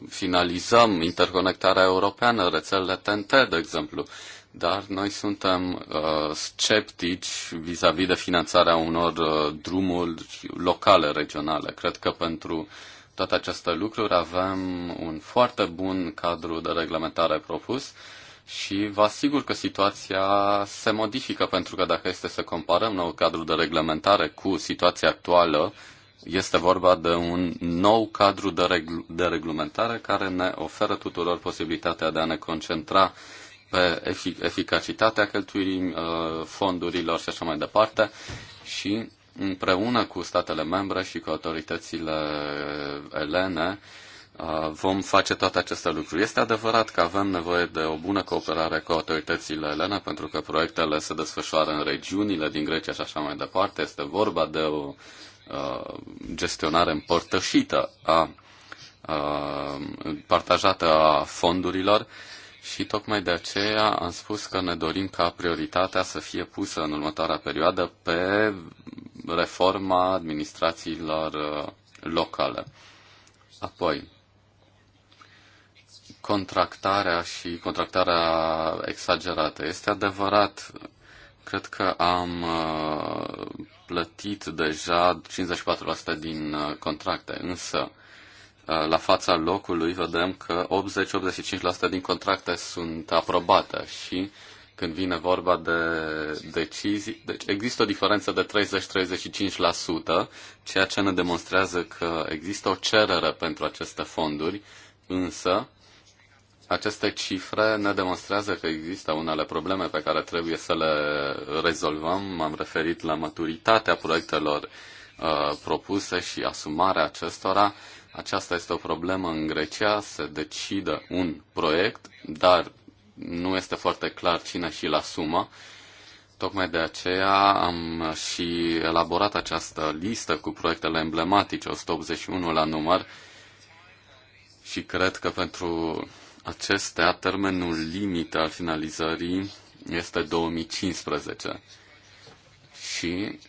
[SPEAKER 1] finalizăm interconectarea europeană, rețelele TNT, de exemplu. Dar noi suntem uh, sceptici vis-a-vis -vis de finanțarea unor uh, drumuri locale, regionale. Cred că pentru toate aceste lucruri avem un foarte bun cadru de reglementare propus. Uh, și vă asigur că situația se modifică, pentru că dacă este să comparăm nou cadru de reglementare cu situația actuală, este vorba de un nou cadru de, regl- de reglementare care ne oferă tuturor posibilitatea de a ne concentra pe efic- eficacitatea cheltuirii uh, fondurilor și așa mai departe și împreună cu statele membre și cu autoritățile elene, Uh, vom face toate aceste lucruri. Este adevărat că avem nevoie de o bună cooperare cu autoritățile elene, pentru că proiectele se desfășoară în regiunile din Grecia și așa mai departe. Este vorba de o uh, gestionare împărtășită, a, a uh, partajată a fondurilor și tocmai de aceea am spus că ne dorim ca prioritatea să fie pusă în următoarea perioadă pe reforma administrațiilor locale. Apoi, contractarea și contractarea exagerată. Este adevărat, cred că am uh, plătit deja 54% din uh, contracte, însă uh, la fața locului vedem că 80-85% din contracte sunt aprobate și când vine vorba de decizii, deci există o diferență de 30-35%, ceea ce ne demonstrează că există o cerere pentru aceste fonduri, însă aceste cifre ne demonstrează că există unele probleme pe care trebuie să le rezolvăm. M-am referit la maturitatea proiectelor uh, propuse și asumarea acestora. Aceasta este o problemă în Grecia, se decide un proiect, dar nu este foarte clar cine și la sumă. Tocmai de aceea am și elaborat această listă cu proiectele emblematice, 181 la număr, și cred că pentru acestea, termenul limită al finalizării este 2015 și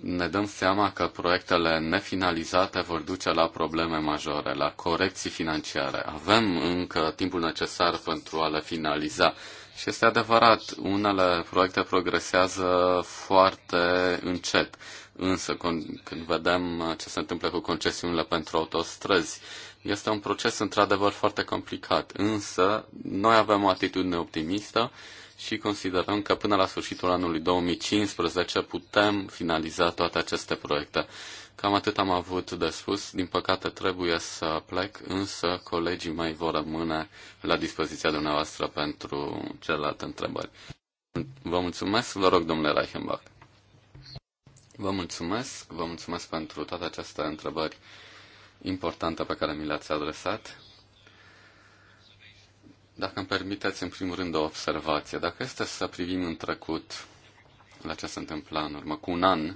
[SPEAKER 1] ne dăm seama că proiectele nefinalizate vor duce la probleme majore, la corecții financiare. Avem încă timpul necesar pentru a le finaliza. Și este adevărat, unele proiecte progresează foarte încet. Însă, când vedem ce se întâmplă cu concesiunile pentru autostrăzi, este un proces într-adevăr foarte complicat, însă noi avem o atitudine optimistă și considerăm că până la sfârșitul anului 2015 putem finaliza toate aceste proiecte. Cam atât am avut de spus. Din păcate trebuie să plec, însă colegii mei vor rămâne la dispoziția dumneavoastră pentru celelalte întrebări. Vă mulțumesc, vă rog, domnule Reichenbach. Vă mulțumesc, vă mulțumesc pentru toate aceste întrebări importantă pe care mi l ați adresat. Dacă îmi permiteți, în primul rând, o observație. Dacă este să privim în trecut la ce se întâmpla în urmă cu un an,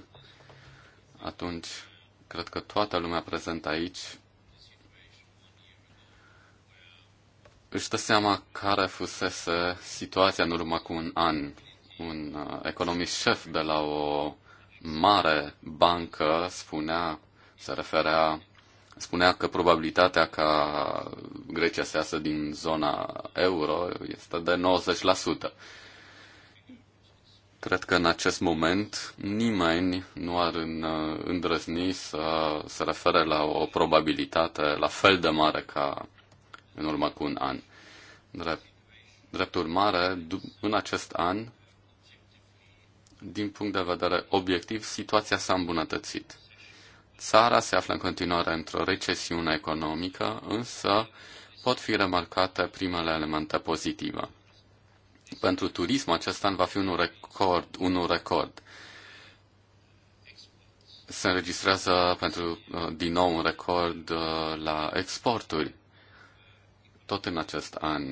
[SPEAKER 1] atunci cred că toată lumea prezentă aici își dă seama care fusese situația în urmă cu un an. Un uh, economist șef de la o mare bancă spunea, se referea spunea că probabilitatea ca Grecia să iasă din zona euro este de 90%. Cred că în acest moment nimeni nu ar îndrăzni să se refere la o probabilitate la fel de mare ca în urmă cu un an. Drept, drept urmare, în acest an, din punct de vedere obiectiv, situația s-a îmbunătățit. Țara se află în continuare într-o recesiune economică, însă pot fi remarcate primele elemente pozitive. Pentru turism, acest an va fi un record, un record. Se înregistrează pentru, uh, din nou un record uh, la exporturi. Tot în acest an,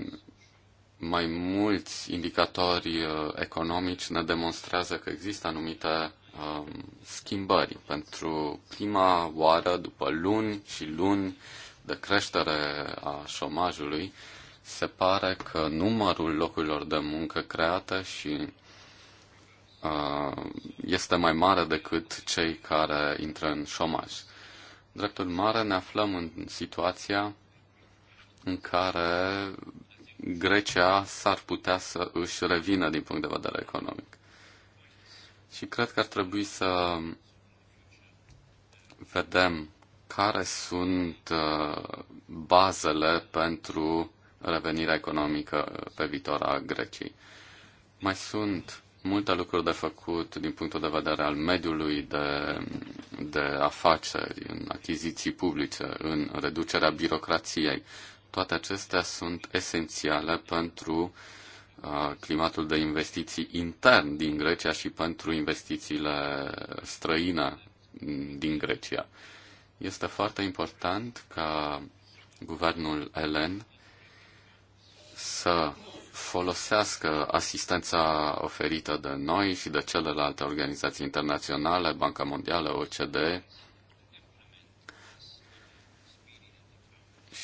[SPEAKER 1] mai mulți indicatori uh, economici ne demonstrează că există anumite um, schimbări. Pentru prima oară, după luni și luni de creștere a șomajului, se pare că numărul locurilor de muncă create și uh, este mai mare decât cei care intră în șomaj. Dreptul mare ne aflăm în situația în care Grecia s-ar putea să își revină din punct de vedere economic. Și cred că ar trebui să vedem care sunt uh, bazele pentru revenirea economică pe viitor a Greciei. Mai sunt multe lucruri de făcut din punctul de vedere al mediului de, de afaceri, în achiziții publice, în reducerea birocrației. Toate acestea sunt esențiale pentru uh, climatul de investiții intern din Grecia și pentru investițiile străine din Grecia. Este foarte important ca guvernul elen să folosească asistența oferită de noi și de celelalte organizații internaționale, Banca Mondială, OCDE,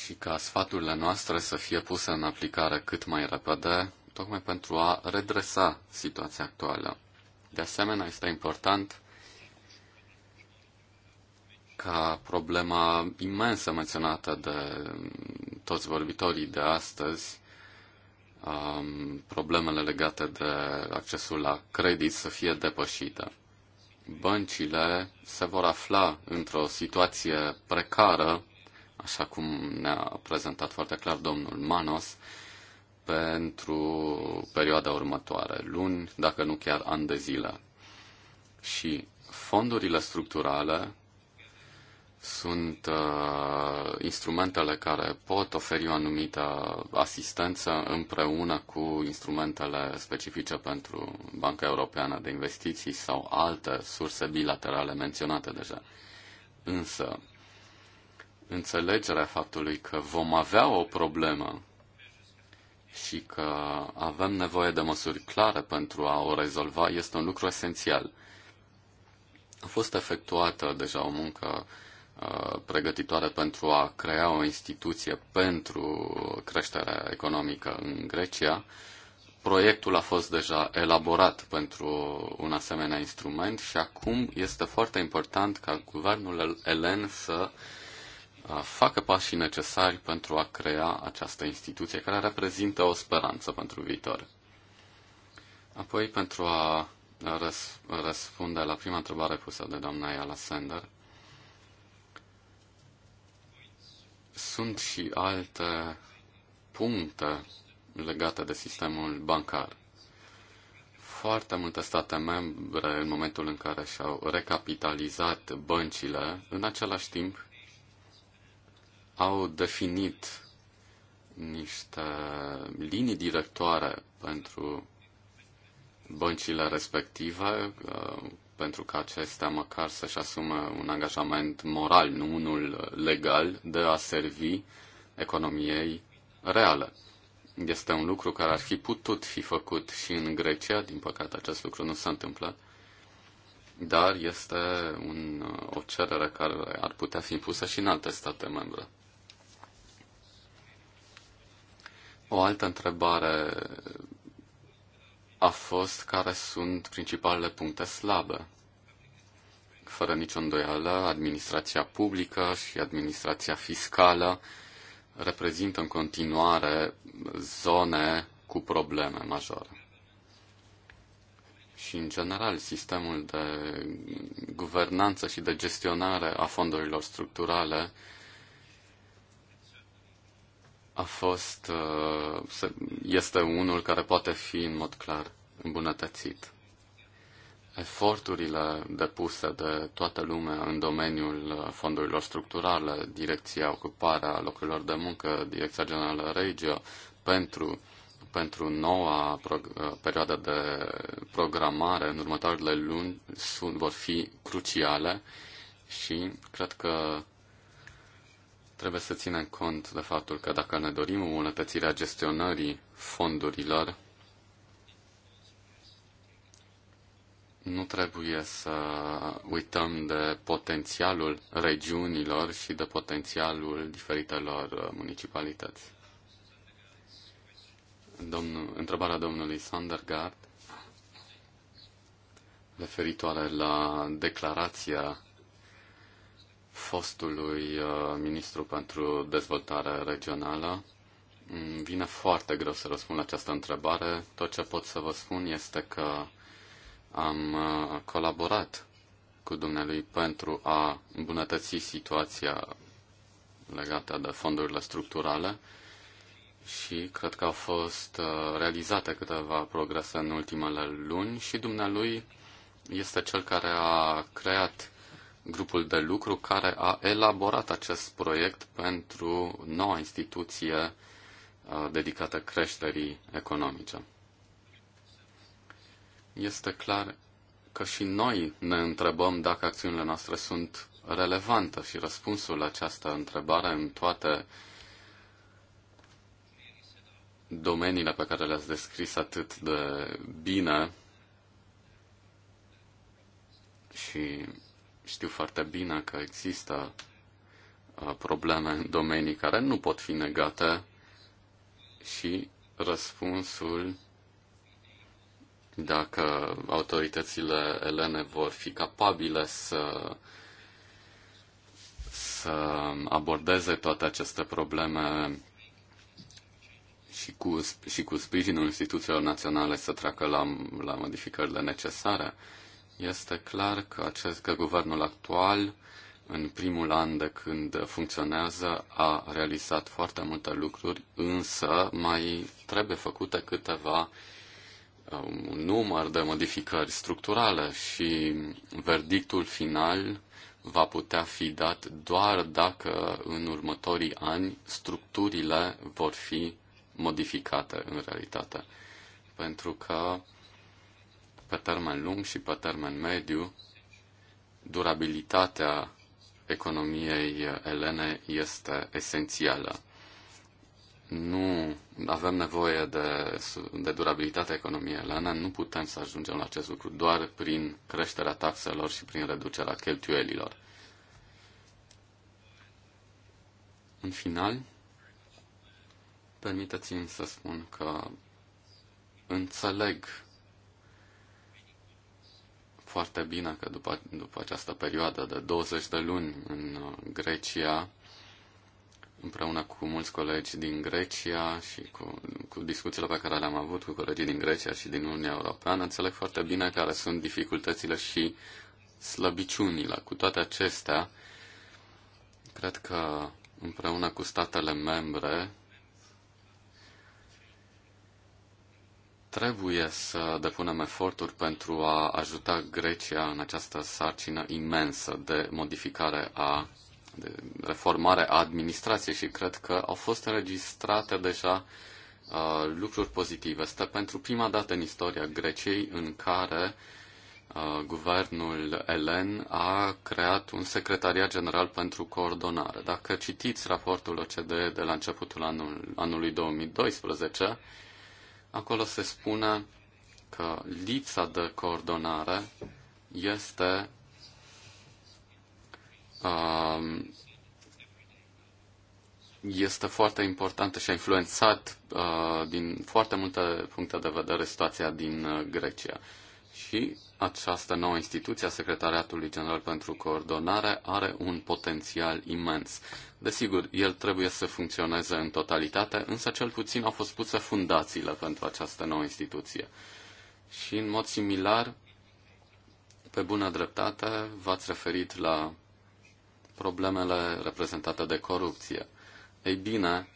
[SPEAKER 1] și ca sfaturile noastre să fie puse în aplicare cât mai repede tocmai pentru a redresa situația actuală. De asemenea, este important ca problema imensă menționată de toți vorbitorii de astăzi, um, problemele legate de accesul la credit să fie depășită. Băncile se vor afla într-o situație precară, așa cum ne-a prezentat foarte clar domnul Manos, pentru perioada următoare, luni, dacă nu chiar ani de zile. Și fondurile structurale sunt uh, instrumentele care pot oferi o anumită asistență împreună cu instrumentele specifice pentru Banca Europeană de Investiții sau alte surse bilaterale menționate deja. Însă, înțelegerea faptului că vom avea o problemă și că avem nevoie de măsuri clare pentru a o rezolva este un lucru esențial. A fost efectuată deja o muncă uh, pregătitoare pentru a crea o instituție pentru creșterea economică în Grecia. Proiectul a fost deja elaborat pentru un asemenea instrument și acum este foarte important ca guvernul elen să uh, facă pașii necesari pentru a crea această instituție care reprezintă o speranță pentru viitor. Apoi, pentru a răs- răspunde la prima întrebare pusă de doamna Iala Sender, sunt și alte puncte legate de sistemul bancar. Foarte multe state membre, în momentul în care și-au recapitalizat băncile, în același timp au definit niște linii directoare pentru băncile respective, uh, pentru că acestea măcar să-și asume un angajament moral, nu unul legal, de a servi economiei reale. Este un lucru care ar fi putut fi făcut și în Grecia, din păcate acest lucru nu s-a întâmplat, dar este un, uh, o cerere care ar putea fi impusă și în alte state membre. O altă întrebare a fost care sunt principalele puncte slabe. Fără nicio îndoială, administrația publică și administrația fiscală reprezintă în continuare zone cu probleme majore. Și, în general, sistemul de guvernanță și de gestionare a fondurilor structurale a fost, uh, este unul care poate fi în mod clar îmbunătățit. Eforturile depuse de toată lumea în domeniul fondurilor structurale, Direcția Ocuparea Locurilor de Muncă, Direcția Generală Regio, pentru, pentru noua uh, perioadă de programare în următoarele luni sunt, vor fi cruciale și cred că Trebuie să ținem cont de faptul că dacă ne dorim îmbunătățirea gestionării fondurilor, nu trebuie să uităm de potențialul regiunilor și de potențialul diferitelor municipalități. Domnul, întrebarea domnului Sandergaard referitoare la declarația fostului uh, ministru pentru dezvoltare regională. Mm, vine foarte greu să răspund la această întrebare. Tot ce pot să vă spun este că am uh, colaborat cu dumnealui pentru a îmbunătăți situația legată de fondurile structurale și cred că au fost uh, realizate câteva progrese în ultimele luni și dumnealui este cel care a creat grupul de lucru care a elaborat acest proiect pentru noua instituție uh, dedicată creșterii economice. Este clar că și noi ne întrebăm dacă acțiunile noastre sunt relevante și răspunsul la această întrebare în toate domeniile pe care le-ați descris atât de bine și știu foarte bine că există uh, probleme în domenii care nu pot fi negate și răspunsul dacă autoritățile elene vor fi capabile să să abordeze toate aceste probleme și cu, și cu sprijinul instituțiilor naționale să treacă la, la modificările necesare. Este clar că acest că guvernul actual, în primul an de când funcționează, a realizat foarte multe lucruri, însă mai trebuie făcute câteva um, un număr de modificări structurale și verdictul final va putea fi dat doar dacă în următorii ani structurile vor fi modificate în realitate. Pentru că pe termen lung și pe termen mediu, durabilitatea economiei elene este esențială. Nu avem nevoie de, de durabilitatea economiei elene, nu putem să ajungem la acest lucru doar prin creșterea taxelor și prin reducerea cheltuielilor. În final, permiteți-mi să spun că înțeleg foarte bine că după, după această perioadă de 20 de luni în uh, Grecia, împreună cu mulți colegi din Grecia și cu, cu discuțiile pe care le-am avut cu colegii din Grecia și din Uniunea Europeană, înțeleg foarte bine care sunt dificultățile și slăbiciunile. Cu toate acestea, cred că împreună cu statele membre Trebuie să depunem eforturi pentru a ajuta Grecia în această sarcină imensă de modificare a de reformare a administrației și cred că au fost înregistrate deja uh, lucruri pozitive. Este pentru prima dată în istoria Greciei în care uh, guvernul Elen a creat un secretariat general pentru coordonare. Dacă citiți raportul OCDE de la începutul anul, anului 2012, Acolo se spune că lipsa de coordonare este um, este foarte importantă și a influențat uh, din foarte multe puncte de vedere situația din uh, Grecia. Și această nouă instituție a Secretariatului General pentru Coordonare are un potențial imens. Desigur, el trebuie să funcționeze în totalitate, însă cel puțin au fost puse fundațiile pentru această nouă instituție. Și în mod similar, pe bună dreptate, v-ați referit la problemele reprezentate de corupție. Ei bine,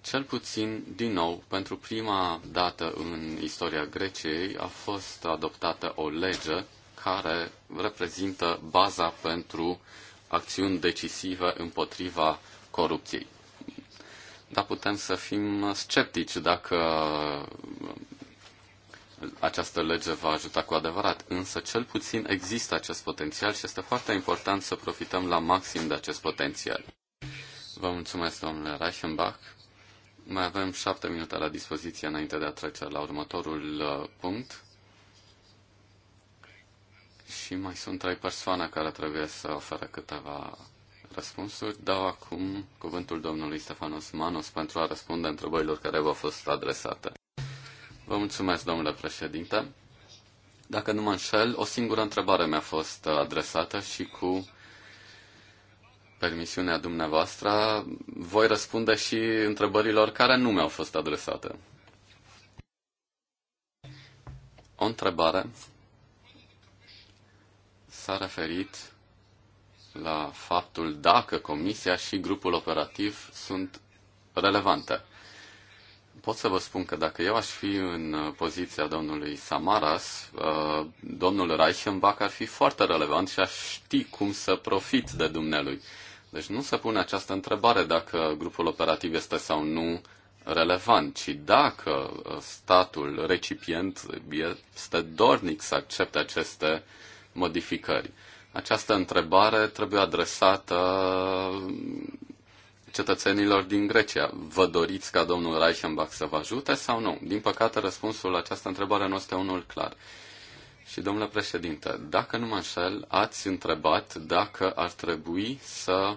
[SPEAKER 1] cel puțin, din nou, pentru prima dată în istoria Greciei a fost adoptată o lege care reprezintă baza pentru acțiuni decisive împotriva corupției. Dar putem să fim sceptici dacă această lege va ajuta cu adevărat, însă cel puțin există acest potențial și este foarte important să profităm la maxim de acest potențial. Vă mulțumesc, domnule Reichenbach. Mai avem șapte minute la dispoziție înainte de a trece la următorul uh, punct. Și mai sunt trei persoane care trebuie să ofere câteva răspunsuri. Dau acum cuvântul domnului Stefanos Manos pentru a răspunde întrebărilor care v-au fost adresate. Vă mulțumesc, domnule președinte. Dacă nu mă înșel, o singură întrebare mi-a fost adresată și cu permisiunea dumneavoastră, voi răspunde și întrebărilor care nu mi-au fost adresate. O întrebare s-a referit la faptul dacă comisia și grupul operativ sunt relevante. Pot să vă spun că dacă eu aș fi în poziția domnului Samaras, uh, domnul Reichenbach ar fi foarte relevant și aș ști cum să profit de dumnealui. Deci nu se pune această întrebare dacă grupul operativ este sau nu relevant, ci dacă uh, statul recipient este dornic să accepte aceste modificări. Această întrebare trebuie adresată uh, cetățenilor din Grecia. Vă doriți ca domnul Reichenbach să vă ajute sau nu? Din păcate, răspunsul la această întrebare nu este unul clar. Și, domnule președinte, dacă nu mă înșel, ați întrebat dacă ar trebui să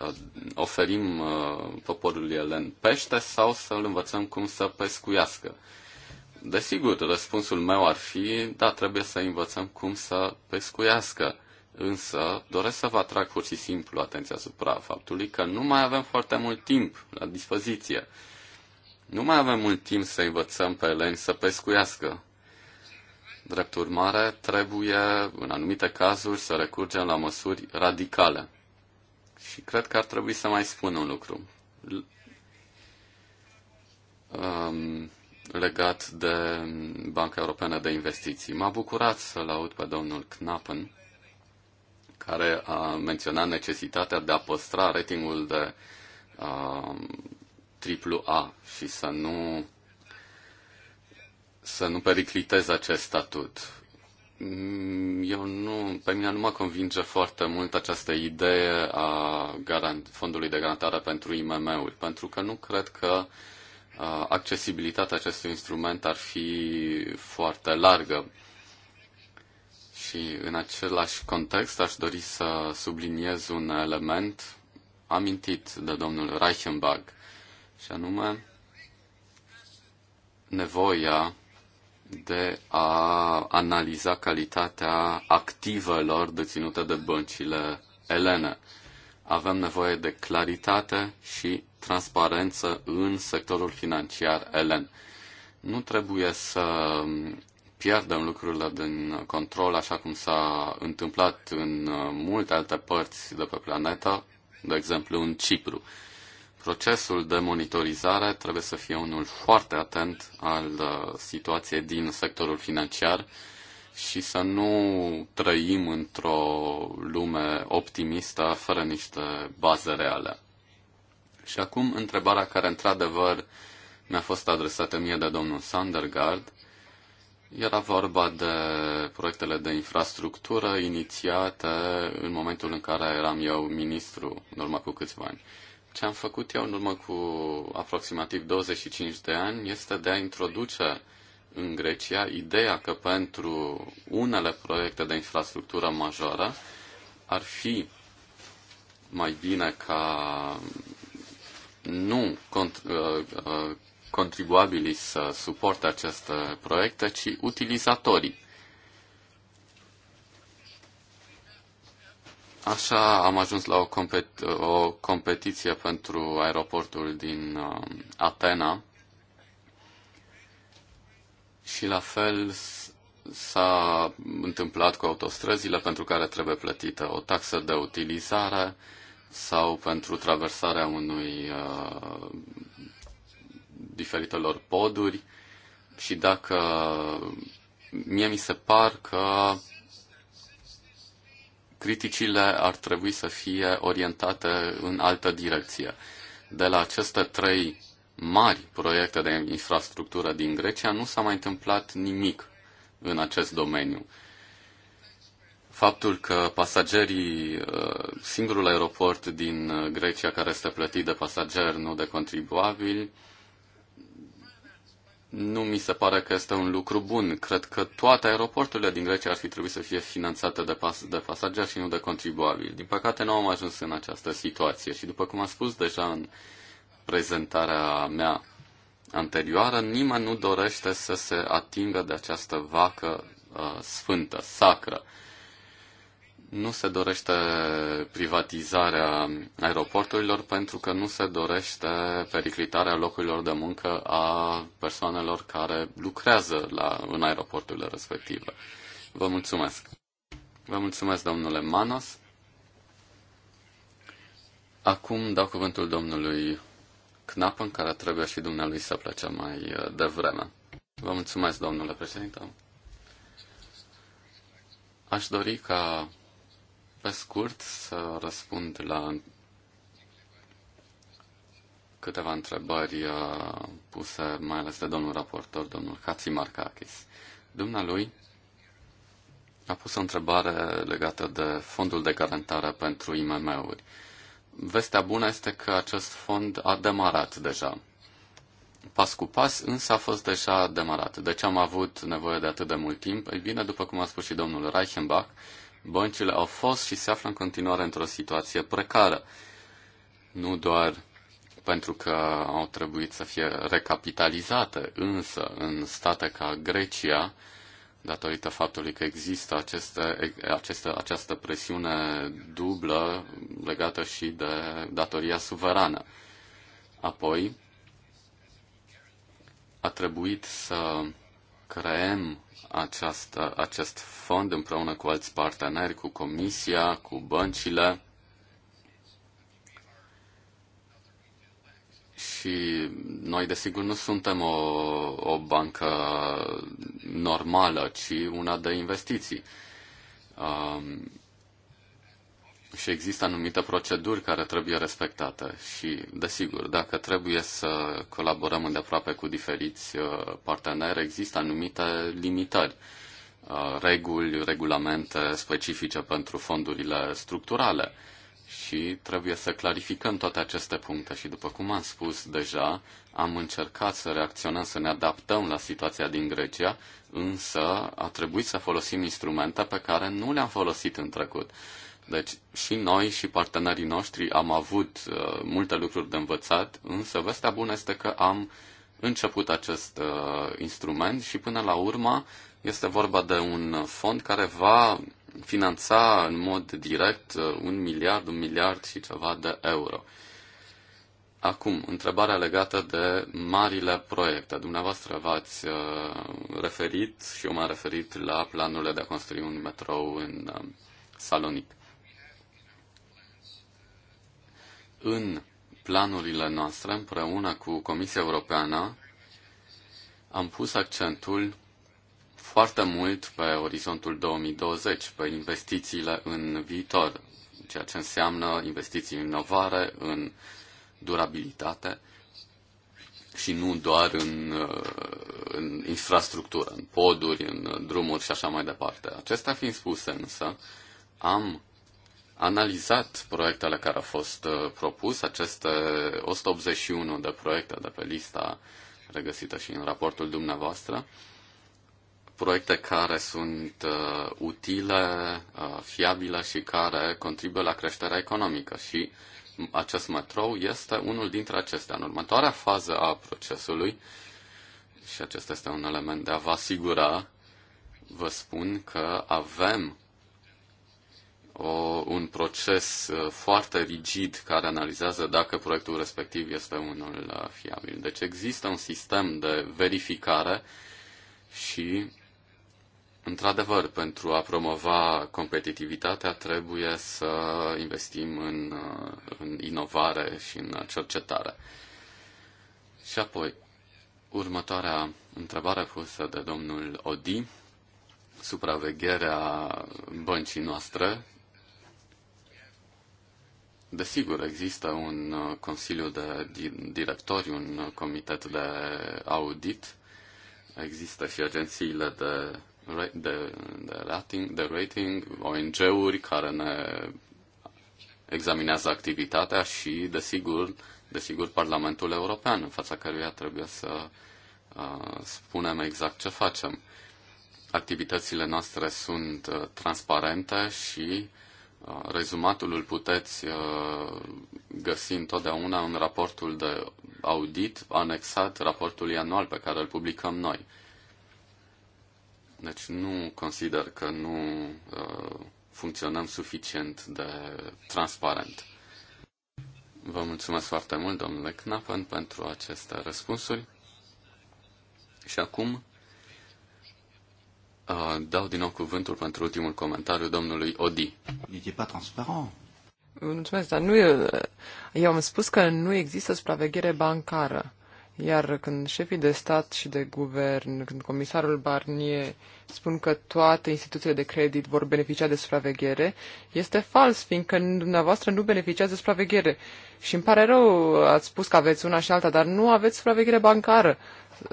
[SPEAKER 1] uh, oferim uh, poporului elen pește sau să îl învățăm cum să pescuiască. Desigur, răspunsul meu ar fi, da, trebuie să învățăm cum să pescuiască, însă doresc să vă atrag pur și simplu atenția asupra faptului că nu mai avem foarte mult timp la dispoziție. Nu mai avem mult timp să învățăm pe eleni să pescuiască. Drept urmare, trebuie, în anumite cazuri, să recurgem la măsuri radicale. Și cred că ar trebui să mai spun un lucru um, legat de Banca Europeană de Investiții. M-a bucurat să-l aud pe domnul Knappen, care a menționat necesitatea de a păstra ratingul de uh, um, AAA și să nu să nu periclitez acest statut. Mm, eu nu, pe mine nu mă convinge foarte mult această idee a garant, fondului de garantare pentru IMM-uri, pentru că nu cred că accesibilitatea acestui instrument ar fi foarte largă. Și în același context aș dori să subliniez un element amintit de domnul Reichenbach, și anume nevoia de a analiza calitatea activelor deținute de băncile elene. Avem nevoie de claritate și transparență în sectorul financiar elen. Nu trebuie să pierdem lucrurile din control, așa cum s-a întâmplat în multe alte părți de pe planetă, de exemplu în Cipru. Procesul de monitorizare trebuie să fie unul foarte atent al uh, situației din sectorul financiar și să nu trăim într-o lume optimistă fără niște baze reale. Și acum întrebarea care într-adevăr mi-a fost adresată mie de domnul Sandergaard era vorba de proiectele de infrastructură inițiate în momentul în care eram eu ministru, în urmă cu câțiva ani. Ce am făcut eu în urmă cu aproximativ 25 de ani este de a introduce în Grecia ideea că pentru unele proiecte de infrastructură majoră ar fi mai bine ca nu cont, ă, ă, contribuabilii să suporte aceste proiecte, ci utilizatorii. Așa am ajuns la o, compet- o competiție pentru aeroportul din uh, Atena și la fel s-a întâmplat cu autostrăzile pentru care trebuie plătită o taxă de utilizare sau pentru traversarea unui uh, diferitelor poduri și dacă mie mi se par că criticile ar trebui să fie orientate în altă direcție. De la aceste trei mari proiecte de infrastructură din Grecia nu s-a mai întâmplat nimic în acest domeniu. Faptul că pasagerii, singurul aeroport din Grecia care este plătit de pasager, nu de contribuabil, nu mi se pare că este un lucru bun. Cred că toate aeroporturile din Grecia ar fi trebuit să fie finanțate de, pas- de pasageri și nu de contribuabili. Din păcate nu am ajuns în această situație și după cum am spus deja în prezentarea mea anterioară, nimeni nu dorește să se atingă de această vacă uh, sfântă, sacră. Uh, nu se dorește privatizarea aeroporturilor pentru că nu se dorește periclitarea locurilor de muncă a persoanelor care lucrează la, în aeroporturile respective. Vă mulțumesc. Vă mulțumesc, domnule Manos. Acum dau cuvântul domnului în care trebuie și dumnealui să plece mai devreme. Vă mulțumesc, domnule președinte. Aș dori ca pe scurt să răspund la câteva întrebări uh, puse mai ales de domnul raportor, domnul Hatzi Markakis. Dumnealui a pus o întrebare legată de fondul de garantare pentru IMM-uri. Vestea bună este că acest fond a demarat deja. Pas cu pas, însă a fost deja demarat. De ce am avut nevoie de atât de mult timp? Ei bine, după cum a spus și domnul Reichenbach, Băncile au fost și se află în continuare într-o situație precară. Nu doar pentru că au trebuit să fie recapitalizate, însă în state ca Grecia, datorită faptului că există aceste, aceste, această presiune dublă legată și de datoria suverană. Apoi, a trebuit să creăm această, acest fond împreună cu alți parteneri, cu Comisia, cu băncile. Și noi, desigur, nu suntem o, o bancă normală, ci una de investiții. Um, și există anumite proceduri care trebuie respectate și, desigur, dacă trebuie să colaborăm îndeaproape cu diferiți uh, parteneri, există anumite limitări, uh, reguli, regulamente specifice pentru fondurile structurale și trebuie să clarificăm toate aceste puncte și, după cum am spus deja, am încercat să reacționăm, să ne adaptăm la situația din Grecia, însă a trebuit să folosim instrumente pe care nu le-am folosit în trecut. Deci și noi și partenerii noștri am avut uh, multe lucruri de învățat, însă vestea bună este că am început acest uh, instrument și până la urmă este vorba de un fond care va finanța în mod direct uh, un miliard, un miliard și ceva de euro. Acum, întrebarea legată de marile proiecte. Dumneavoastră v-ați uh, referit și eu m-am referit la planurile de a construi un metrou în uh, Salonic. În planurile noastre, împreună cu Comisia Europeană, am pus accentul foarte mult pe orizontul 2020, pe investițiile în viitor, ceea ce înseamnă investiții în inovare, în durabilitate și nu doar în, uh, în infrastructură, în poduri, în drumuri și așa mai departe. Acestea fiind spuse însă, am analizat proiectele care au fost uh, propuse, aceste 181 de proiecte de pe lista regăsită și în raportul dumneavoastră, proiecte care sunt uh, utile, uh, fiabile și care contribuie la creșterea economică și acest metrou este unul dintre acestea. În următoarea fază a procesului, și acesta este un element de a vă asigura, vă spun că avem o, un proces uh, foarte rigid care analizează dacă proiectul respectiv este unul uh, fiabil. Deci există un sistem de verificare și, într-adevăr, pentru a promova competitivitatea trebuie să investim în, uh, în inovare și în cercetare. Și apoi, următoarea întrebare pusă de domnul Odi, supravegherea băncii noastre Desigur, există un uh, consiliu de directori, un uh, comitet de audit, există și agențiile de, de, de rating, de rating ONG-uri care ne examinează activitatea și, desigur, desigur Parlamentul European, în fața căruia trebuie să uh, spunem exact ce facem. Activitățile noastre sunt uh, transparente și uh, Uh, rezumatul îl puteți uh, găsi întotdeauna în raportul de audit anexat raportului anual pe care îl publicăm noi. Deci nu consider că nu uh, funcționăm suficient de transparent. Vă mulțumesc foarte mult, domnule Knappen, pentru aceste răspunsuri. Și acum Uh, dau din nou cuvântul pentru ultimul comentariu domnului Odi.
[SPEAKER 3] Mulțumesc, dar nu e, eu am spus că nu există supraveghere bancară. Iar când șefii de stat și de guvern, când comisarul Barnier spun că toate instituțiile de credit vor beneficia de supraveghere, este fals, fiindcă dumneavoastră nu beneficiați de supraveghere. Și îmi pare rău, ați spus că aveți una și alta, dar nu aveți supraveghere bancară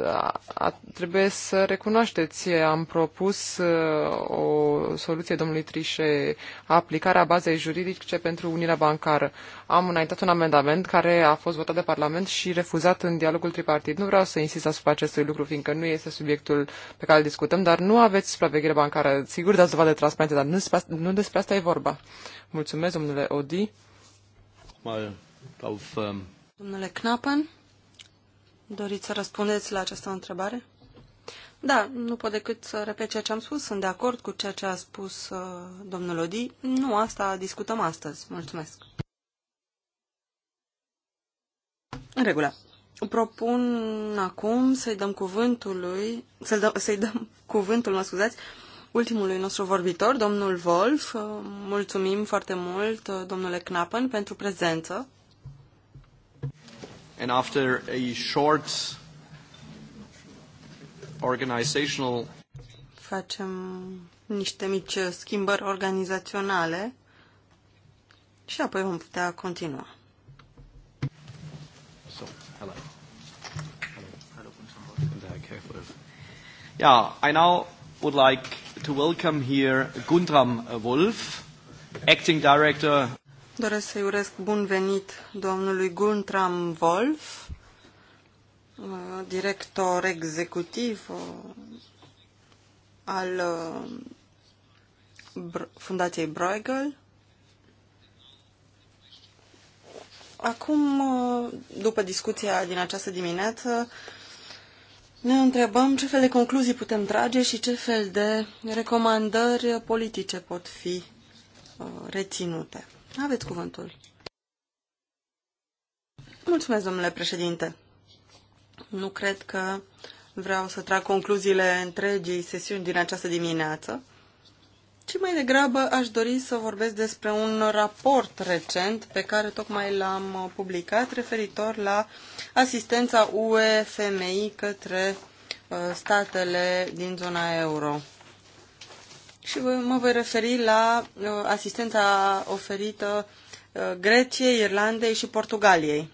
[SPEAKER 3] a, a, trebuie să recunoașteți, am propus uh, o soluție domnului Trișe, aplicarea bazei juridice pentru unirea bancară. Am înaintat un amendament care a fost votat de Parlament și refuzat în dialogul tripartit. Nu vreau să insist asupra acestui lucru, fiindcă nu este subiectul pe care îl discutăm, dar nu aveți supraveghere bancară. Sigur, dați dovadă de transparență, dar nu despre, asta, nu despre asta e vorba. Mulțumesc, domnule Odi. Um,
[SPEAKER 2] domnule Knappen. Doriți să răspundeți la această întrebare? Da, nu pot decât să repet ceea ce am spus. Sunt de acord cu ceea ce a spus uh, domnul Odi. Nu asta discutăm astăzi. Mulțumesc. În regulă. Propun acum să-i dăm cuvântul lui, să-i dăm, să dăm cuvântul, mă scuzați, ultimului nostru vorbitor, domnul Wolf. Uh, mulțumim foarte mult, uh, domnule Knappen, pentru prezență.
[SPEAKER 1] And after
[SPEAKER 3] a short organizational
[SPEAKER 2] facem niște mici schimbări organizaționale și apoi vom putea continua. So, hello. Hello. Hello,
[SPEAKER 1] yeah, I now would like to welcome here Guntram Wolf, acting director
[SPEAKER 2] Doresc să-i urez bun venit domnului Guntram Wolf, director executiv uh, al uh, Fundației Bruegel. Acum, uh, după discuția din această dimineață, ne întrebăm ce fel de concluzii putem trage și ce fel de recomandări politice pot fi reținute. Aveți cuvântul. Mulțumesc, domnule președinte. Nu cred că vreau să trag concluziile întregii sesiuni din această dimineață, ci mai degrabă aș dori să vorbesc despre un raport recent pe care tocmai l-am publicat referitor la asistența UE fmi către uh, statele din zona euro și mă voi referi la uh, asistența oferită uh, Greciei, Irlandei și Portugaliei.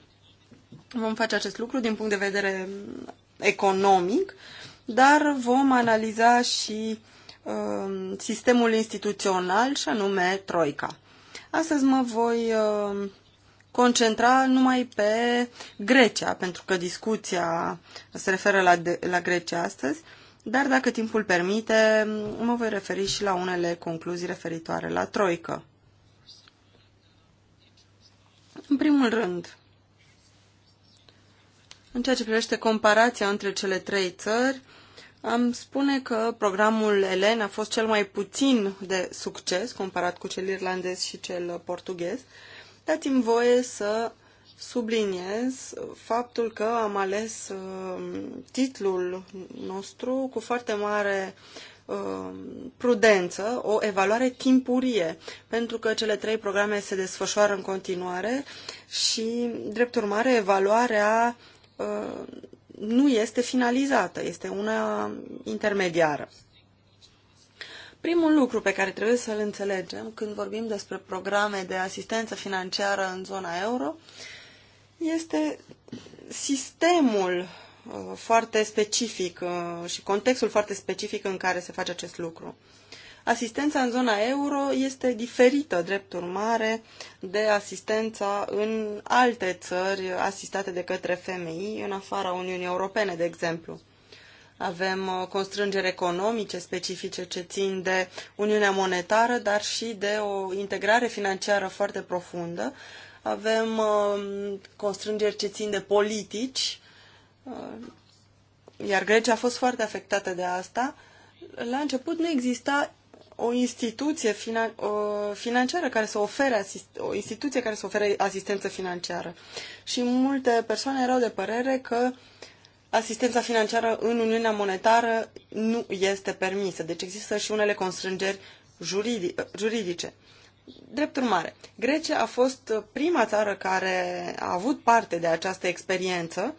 [SPEAKER 2] Vom face acest lucru din punct de vedere mm, economic, dar vom analiza și uh, sistemul instituțional și anume Troica. Astăzi mă voi uh, concentra numai pe Grecia, pentru că discuția se referă la, de, la Grecia astăzi. Uh, dar dacă timpul permite, mă voi referi și la unele concluzii referitoare la Troică. În primul rând, în ceea ce privește comparația între cele trei țări, am spune că programul Elen a fost cel mai puțin de succes comparat cu cel irlandez și cel portughez. Dați-mi voie să subliniez faptul că am ales um, titlul nostru cu foarte mare um, prudență, o evaluare timpurie, pentru că cele trei programe se desfășoară în continuare și, drept urmare, evaluarea uh, nu este finalizată, este una intermediară. Primul lucru pe care trebuie să-l înțelegem când vorbim despre programe de asistență financiară în zona euro este sistemul uh, foarte specific uh, și contextul foarte specific în care se face acest lucru. Asistența în zona euro este diferită, drept urmare, de asistența în alte țări asistate de către femei, în afara Uniunii Europene, de exemplu. Avem uh, constrângeri economice specifice ce țin de Uniunea Monetară, dar și de o integrare financiară foarte profundă, avem uh, constrângeri ce țin de politici, uh, iar Grecia a fost foarte afectată de asta. La început nu exista o instituție finan- uh, financiară care să ofere o instituție care să ofere asistență financiară. Și multe persoane erau de părere că asistența financiară în Uniunea Monetară nu este permisă. Deci există și unele constrângeri juridice. Drept urmare, Grecia a fost uh, prima țară care a avut parte de această experiență,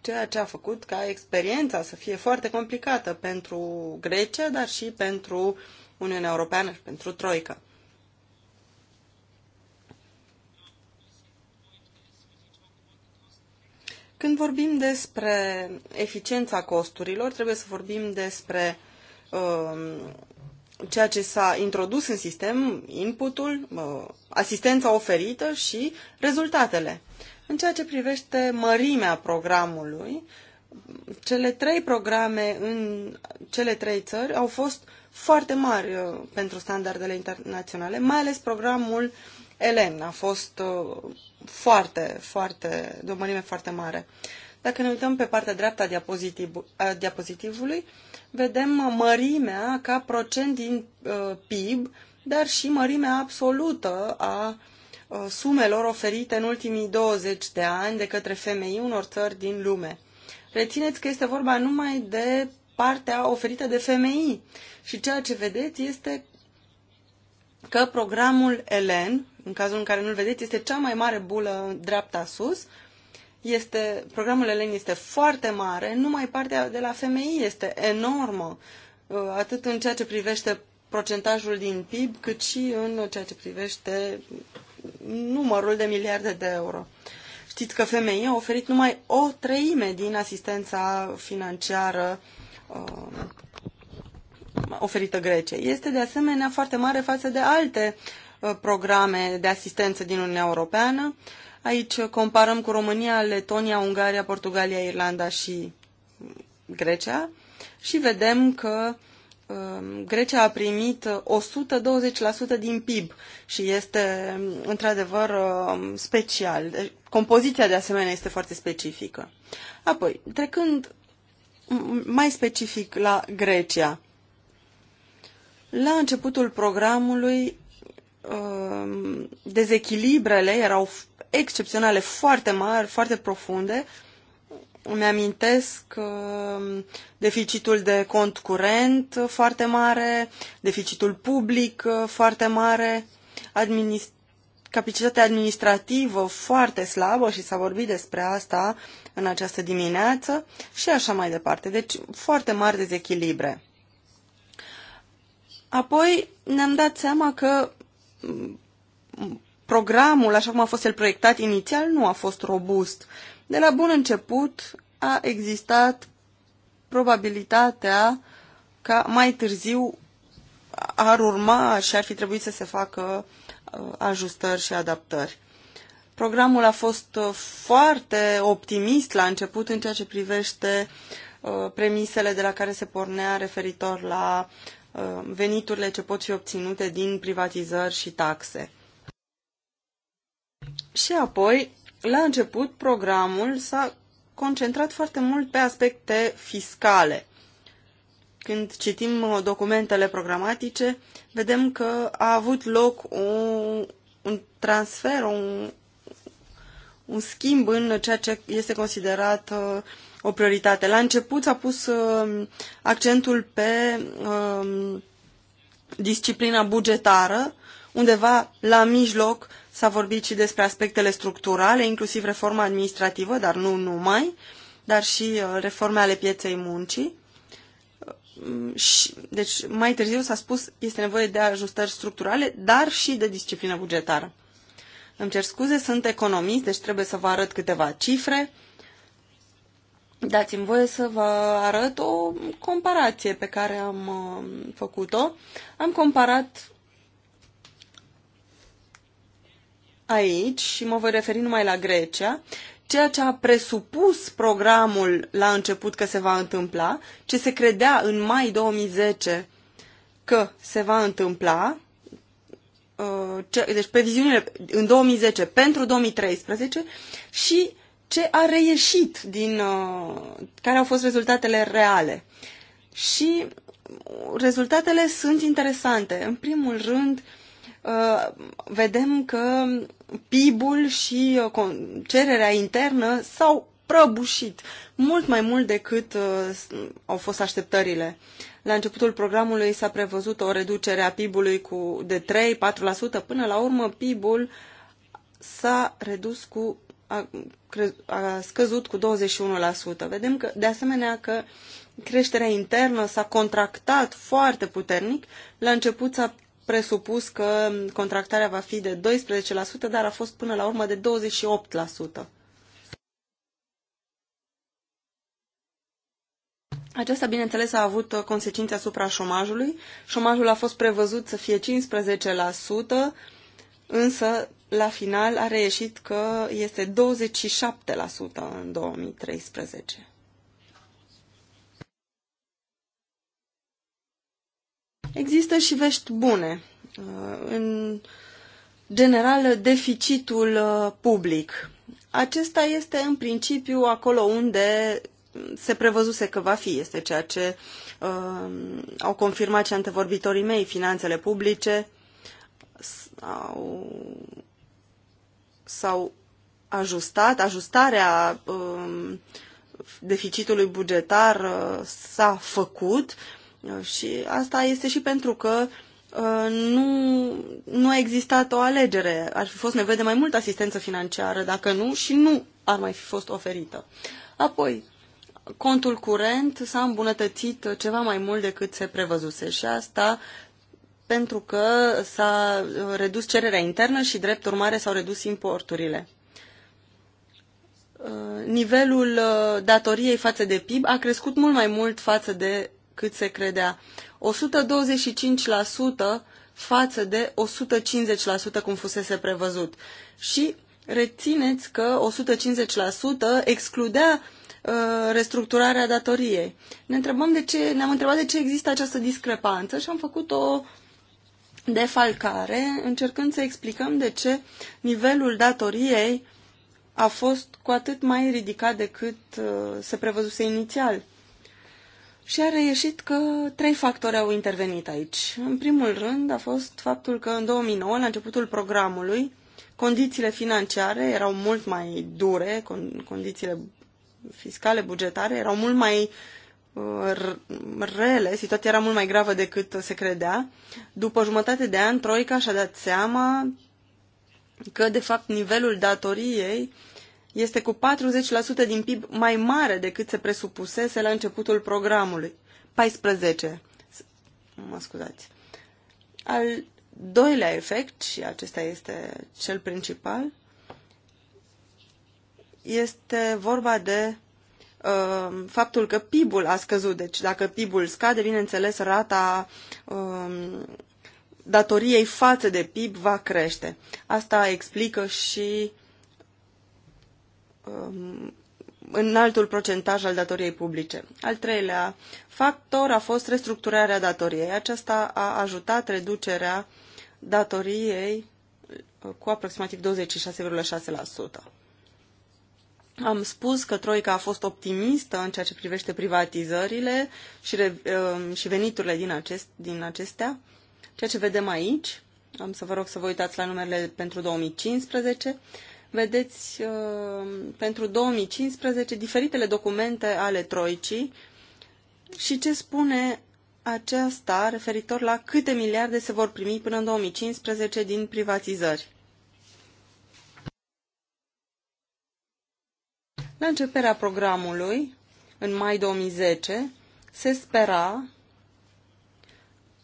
[SPEAKER 2] ceea ce a făcut ca experiența să fie foarte complicată pentru Grecia, dar și pentru Uniunea Europeană și pentru Troică. Când vorbim despre eficiența costurilor, trebuie să vorbim despre uh, ceea ce s-a introdus în sistem, inputul, asistența oferită și rezultatele. În ceea ce privește mărimea programului, cele trei programe în cele trei țări au fost foarte mari uh, pentru standardele internaționale, mai ales programul Elen a fost uh, foarte, foarte, de o mărime foarte mare. Dacă ne uităm pe partea dreaptă a, diapozitiv, a diapozitivului, vedem mărimea ca procent din uh, PIB, dar și mărimea absolută a uh, sumelor oferite în ultimii 20 de ani de către femei unor țări din lume. Rețineți că este vorba numai de partea oferită de femei și ceea ce vedeți este că programul ELEN, în cazul în care nu-l vedeți, este cea mai mare bulă dreapta sus, este, programul Elen este foarte mare, numai partea de la femei este enormă, uh, atât în ceea ce privește procentajul din PIB, cât și în ceea ce privește numărul de miliarde de euro. Știți că femeii au oferit numai o treime din asistența financiară uh, oferită Greciei. Este de asemenea foarte mare față de alte uh, programe de asistență din Uniunea Europeană. Uh, Aici comparăm cu România, Letonia, Ungaria, Portugalia, Irlanda și Grecia și vedem că um, Grecia a primit 120% din PIB și este într-adevăr um, special. Deci, compoziția de asemenea este foarte specifică. Apoi, trecând mai specific la Grecia. La începutul programului, um, dezechilibrele erau excepționale, foarte mari, foarte profunde. Îmi amintesc uh, deficitul de cont curent uh, foarte mare, deficitul public uh, foarte mare, administ- capacitatea administrativă foarte slabă și s-a vorbit despre asta în această dimineață și așa mai departe. Deci foarte mari dezechilibre. Apoi ne-am dat seama că mm, programul, așa cum a fost el proiectat inițial, nu a fost robust. De la bun început a existat probabilitatea ca mai târziu ar urma și ar fi trebuit să se facă uh, ajustări și adaptări. Programul a fost uh, foarte optimist la început în ceea ce privește uh, premisele de la care se pornea referitor la veniturile ce pot fi obținute din privatizări și taxe. Și apoi, la început, programul s-a concentrat foarte mult pe aspecte fiscale. Când citim documentele programatice, vedem că a avut loc un, un transfer, un, un schimb în ceea ce este considerat uh, o prioritate. La început s-a pus uh, accentul pe uh, disciplina bugetară, undeva la mijloc S-a vorbit și despre aspectele structurale, inclusiv reforma administrativă, dar nu numai, dar și uh, reforme ale pieței muncii. Uh, deci, mai târziu s-a spus, este nevoie de ajustări structurale, dar și de disciplină bugetară. Îmi cer scuze, sunt economist, deci trebuie să vă arăt câteva cifre. Dați-mi voie să vă arăt o comparație pe care am uh, făcut-o. Am comparat aici, și mă voi referi numai la Grecia, ceea ce a presupus programul la început că se va întâmpla, ce se credea în mai 2010 că se va întâmpla, uh, deci previziunile în 2010 pentru 2013 și ce a reieșit din uh, care au fost rezultatele reale. Și rezultatele sunt interesante. În primul rând, uh, Uh, vedem că PIB-ul și uh, cererea internă s-au prăbușit mult mai mult decât uh, au fost așteptările. La începutul programului s-a prevăzut o reducere a PIB-ului cu de 3-4%, până la urmă PIB-ul s-a redus cu a, a scăzut cu 21%. Vedem că, de asemenea că creșterea internă s-a contractat foarte puternic. La început s-a presupus că contractarea va fi de 12%, dar a fost până la urmă de 28%. Aceasta, bineînțeles, a avut consecințe asupra șomajului. Șomajul a fost prevăzut să fie 15%, însă la final a reieșit că este 27% în 2013. Există și vești bune. Uh, în general, deficitul uh, public. Acesta este în principiu acolo unde se prevăzuse că va fi. Este ceea ce uh, au confirmat și antevorbitorii mei. Finanțele publice au, s-au ajustat. Ajustarea uh, deficitului bugetar uh, s-a făcut. Uh, și asta este și pentru că uh, nu, nu a existat o alegere. Ar fi fost nevoie de mai multă asistență financiară, dacă nu, și nu ar mai fi fost oferită. Apoi, contul curent s-a îmbunătățit ceva mai mult decât se prevăzuse și asta pentru că s-a uh, redus cererea internă și, drept urmare, s-au redus importurile. Uh, nivelul datoriei față de PIB a crescut mult mai mult față de cât se credea. 125% față de 150% cum fusese prevăzut. Și rețineți că 150% excludea uh, restructurarea datoriei. Ne întrebăm de ce, ne-am întrebat de ce există această discrepanță și am făcut o defalcare, încercând să explicăm de ce nivelul datoriei a fost cu atât mai ridicat decât uh, se prevăzuse inițial. Și a reieșit că trei factori au intervenit aici. În primul rând a fost faptul că în 2009, la începutul programului, condițiile financiare erau mult mai dure, condițiile fiscale, bugetare, erau mult mai uh, rele, situația era mult mai gravă decât se credea. După jumătate de an, Troica și-a dat seama că, de fapt, nivelul datoriei este cu 40% din PIB mai mare decât se presupusese la începutul programului. 14. Mă scuzați. Al doilea efect, și acesta este cel principal, este vorba de uh, faptul că PIB-ul a scăzut. Deci dacă PIB-ul scade, bineînțeles, rata uh, datoriei față de PIB va crește. Asta explică și um, înaltul procentaj al datoriei publice. Al treilea factor a fost restructurarea datoriei. Aceasta a ajutat reducerea datoriei uh, cu aproximativ 26,6%. Am spus că Troica a fost optimistă în ceea ce privește privatizările și, re, um, și veniturile din, acest, din acestea. Ceea ce vedem aici, am să vă rog să vă uitați la numerele pentru 2015, vedeți uh, pentru 2015 diferitele documente ale Troicii și ce spune aceasta referitor la câte miliarde se vor primi până în 2015 din privatizări. La începerea programului, în mai 2010, se spera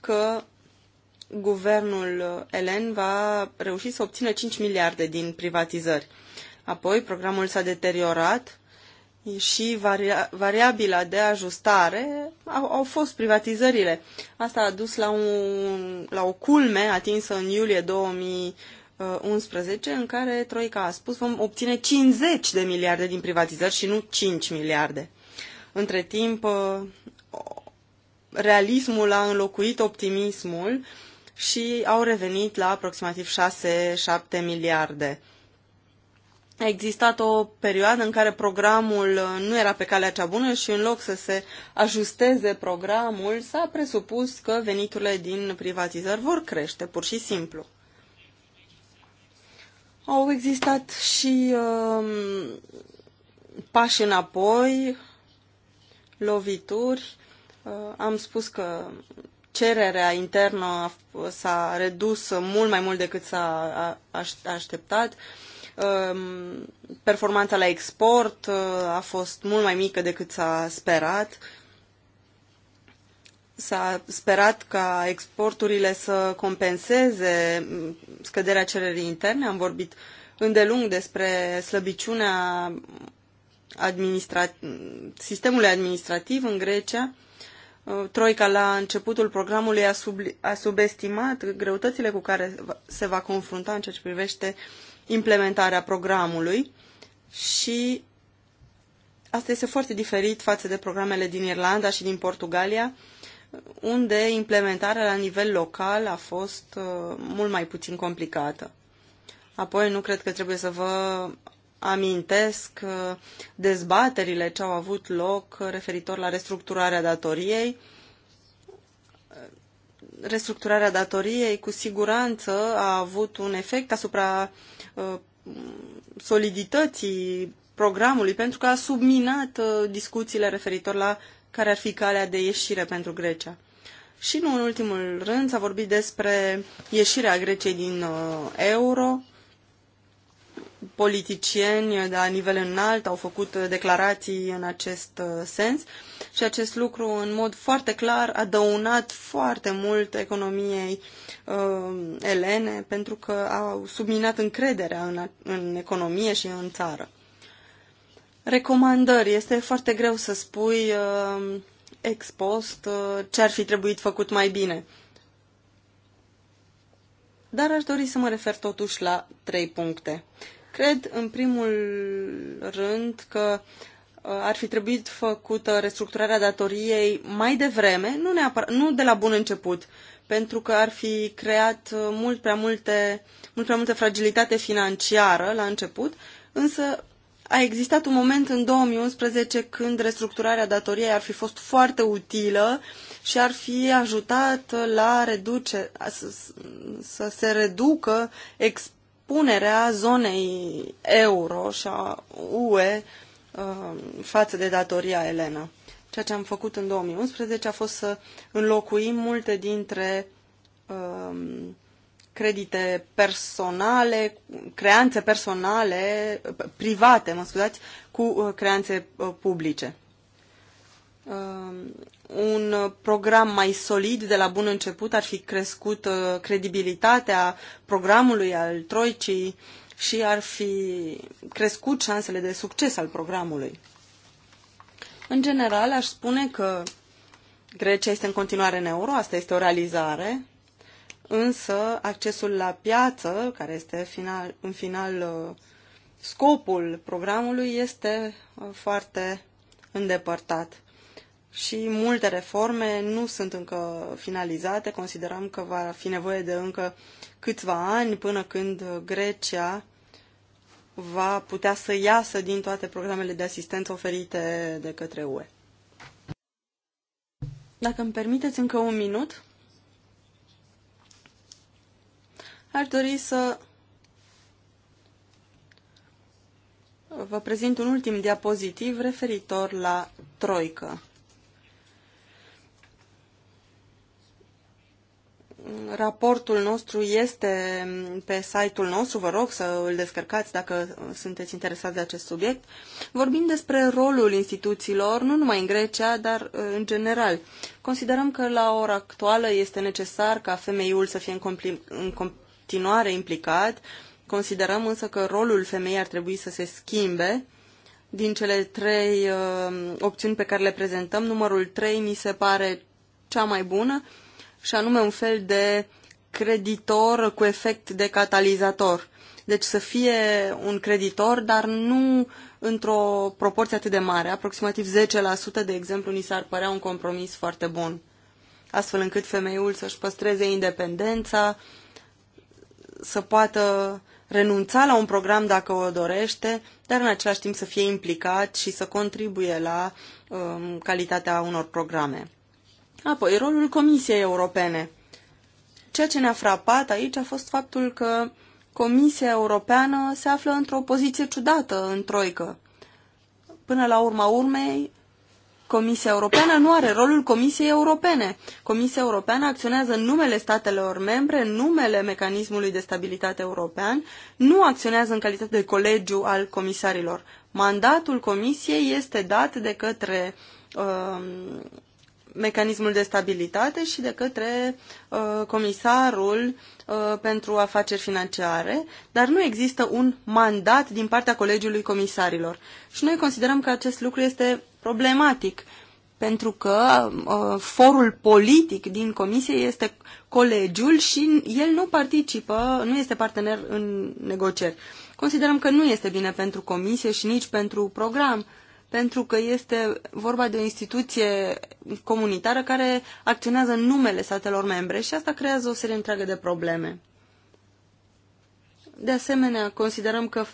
[SPEAKER 2] că guvernul uh, elen va reuși să obțină 5 miliarde din privatizări. Apoi, programul s-a deteriorat și varia, variabila de ajustare au, au fost privatizările. Asta a dus la, un, la o culme atinsă în iulie 2011, în care Troica a spus vom obține 50 de miliarde din privatizări și nu 5 miliarde. Între timp, uh, realismul a înlocuit optimismul și au revenit la aproximativ 6-7 miliarde. A existat o perioadă în care programul nu era pe calea cea bună și în loc să se ajusteze programul, s-a presupus că veniturile din privatizări vor crește, pur și simplu. Au existat și uh, pași înapoi, lovituri. Uh, am spus că cererea internă s-a redus mult mai mult decât s-a așteptat. Ehm, performanța la export uh, a fost mult mai mică decât s-a sperat. S-a sperat ca exporturile să compenseze mm, scăderea cererii interne. Am vorbit îndelung despre slăbiciunea administrat- sistemului administrativ în Grecia Uh, Troica la începutul programului a, sub, a subestimat greutățile cu care se va confrunta în ceea ce privește implementarea programului și asta este foarte diferit față de programele din Irlanda și din Portugalia, unde implementarea la nivel local a fost uh, mult mai puțin complicată. Apoi nu cred că trebuie să vă amintesc uh, dezbaterile ce au avut loc referitor la restructurarea datoriei. Uh, restructurarea datoriei cu siguranță a avut un efect asupra uh, solidității programului pentru că a subminat discuțiile referitor la care ar fi calea de ieșire pentru Grecia. Și nu în ultimul rând s-a vorbit despre ieșirea Greciei din euro, politicieni de la nivel înalt au făcut uh, declarații în acest uh, sens și acest lucru în mod foarte clar a dăunat foarte mult economiei uh, elene pentru că au subminat încrederea în, în economie și în țară. Recomandări. Este foarte greu să spui uh, ex post uh, ce ar fi trebuit făcut mai bine. Dar aș dori să mă refer totuși la trei puncte. Cred, în primul rând, că uh, ar fi trebuit făcută restructurarea datoriei mai devreme, nu, neapărat, nu de la bun început, pentru că ar fi creat uh, mult prea, multe, mult prea multe fragilitate financiară la început, însă a existat un moment în 2011 când restructurarea datoriei ar fi fost foarte utilă și ar fi ajutat la reduce, să, să se reducă exp- punerea zonei euro și a UE uh, față de datoria Elena. Ceea ce am făcut în 2011 a fost să înlocuim multe dintre um, credite personale, creanțe personale, private, mă scuzați, cu uh, creanțe uh, publice. Um, un program mai solid de la bun început ar fi crescut uh, credibilitatea programului al Troicii și ar fi crescut șansele de succes al programului. În general, aș spune că Grecia este în continuare în euro, asta este o realizare, însă accesul la piață, care este final, în final uh, scopul programului, este uh, foarte îndepărtat și multe reforme nu sunt încă finalizate. Considerăm că va fi nevoie de încă câțiva ani până când Grecia va putea să iasă din toate programele de asistență oferite de către UE. Dacă îmi permiteți încă un minut, aș dori să vă prezint un ultim diapozitiv referitor la Troică. Raportul nostru este pe site-ul nostru, vă rog să îl descărcați dacă sunteți interesați de acest subiect. Vorbim despre rolul instituțiilor, nu numai în Grecia, dar uh, în general. Considerăm că la ora actuală este necesar ca femeiul să fie în continuare implicat, considerăm însă că rolul femeii ar trebui să se schimbe. Din cele trei uh, opțiuni pe care le prezentăm, numărul trei mi se pare cea mai bună, uh, și anume un fel de creditor cu efect de catalizator. Deci să fie un creditor, dar nu într-o proporție atât de mare. Aproximativ 10%, de exemplu, ni s-ar părea un compromis foarte bun. Astfel încât femeiul să-și păstreze independența, să poată renunța la un program dacă o dorește, dar în același timp să fie implicat și să contribuie la um, calitatea unor programe. Apoi, rolul Comisiei Europene. Ceea ce ne-a frapat aici a fost faptul că Comisia Europeană se află într-o poziție ciudată în troică. Până la urma urmei, Comisia Europeană nu are rolul Comisiei Europene. Comisia Europeană acționează în numele statelor membre, în numele mecanismului de stabilitate european, nu acționează în calitate de colegiu al comisarilor. Mandatul Comisiei este dat de către uh, mecanismul de stabilitate și de către uh, comisarul uh, pentru afaceri financiare, dar nu există un mandat din partea Colegiului Comisarilor. Și noi considerăm că acest lucru este problematic, pentru că uh, forul politic din comisie este colegiul și el nu participă, nu este partener în negocieri. Considerăm că nu este bine pentru comisie și nici pentru program. Uh, pentru că este vorba de o instituție comunitară care acționează în numele statelor membre și asta creează o serie întreagă de probleme. De asemenea, considerăm că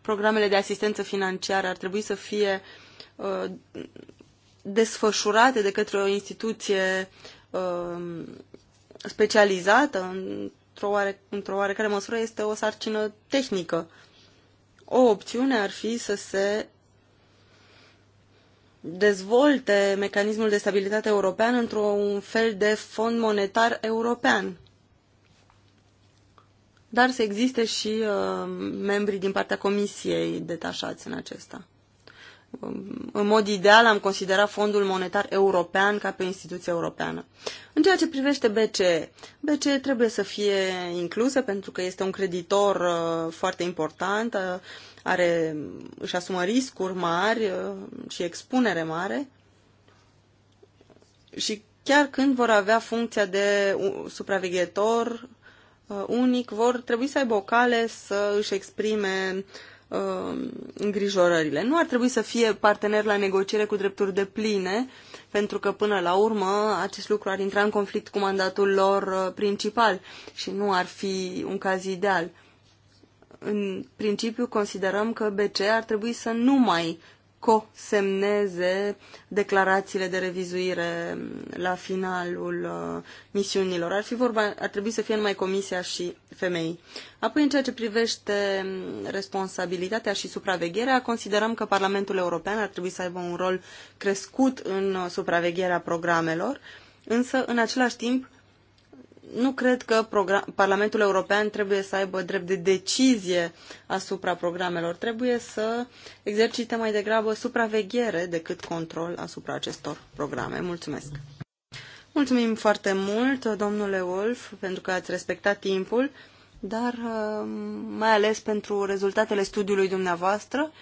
[SPEAKER 2] programele de asistență financiară ar trebui să fie uh, desfășurate de către o instituție uh, specializată, într-o, oare, într oarecare măsură este o sarcină tehnică. O opțiune ar fi să se dezvolte mecanismul de stabilitate european într-un fel de fond monetar european. Dar să existe și uh, membrii din partea Comisiei detașați în acesta. Um, în mod ideal am considerat Fondul Monetar European ca pe instituție europeană. În ceea ce privește BCE, BCE trebuie să fie inclusă pentru că este un creditor uh, foarte important, uh, are, își asumă riscuri mari uh, și expunere mare și chiar când vor avea funcția de supraveghetor uh, unic, vor trebui să aibă o cale să își exprime uh, îngrijorările. Nu ar trebui să fie partener la negociere cu drepturi de pline, pentru că până la urmă acest lucru ar intra în conflict cu mandatul lor principal și nu ar fi un caz ideal în principiu considerăm că BCE ar trebui să nu mai cosemneze declarațiile de revizuire la finalul uh, misiunilor. Ar, fi vorba, ar trebui să fie numai Comisia și femei. Apoi, în ceea ce privește um, responsabilitatea și supravegherea, considerăm că Parlamentul European ar trebui să aibă un rol crescut în uh, supravegherea programelor, însă, în același timp, nu cred că Parlamentul European trebuie să aibă drept de decizie asupra programelor. Trebuie să exercite mai degrabă supraveghere decât control asupra acestor programe. Mulțumesc! Mulțumim foarte mult, domnule Wolf, pentru că ați respectat timpul, dar uh, mai ales pentru rezultatele studiului dumneavoastră.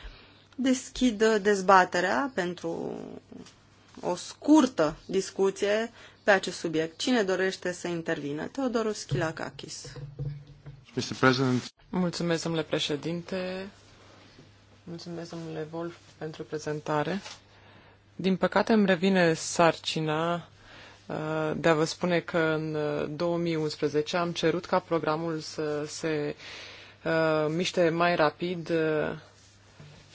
[SPEAKER 2] Deschid uh, dezbaterea pentru o scurtă discuție pe acest subiect. Cine dorește să intervină? Teodorus Schilakakis.
[SPEAKER 1] Mr. President.
[SPEAKER 3] Mulțumesc, domnule președinte. Mulțumesc, domnule Wolf, pentru prezentare. Din păcate îmi revine sarcina uh, de a vă spune că în 2011 uh, am cerut ca programul să se uh, miște mai rapid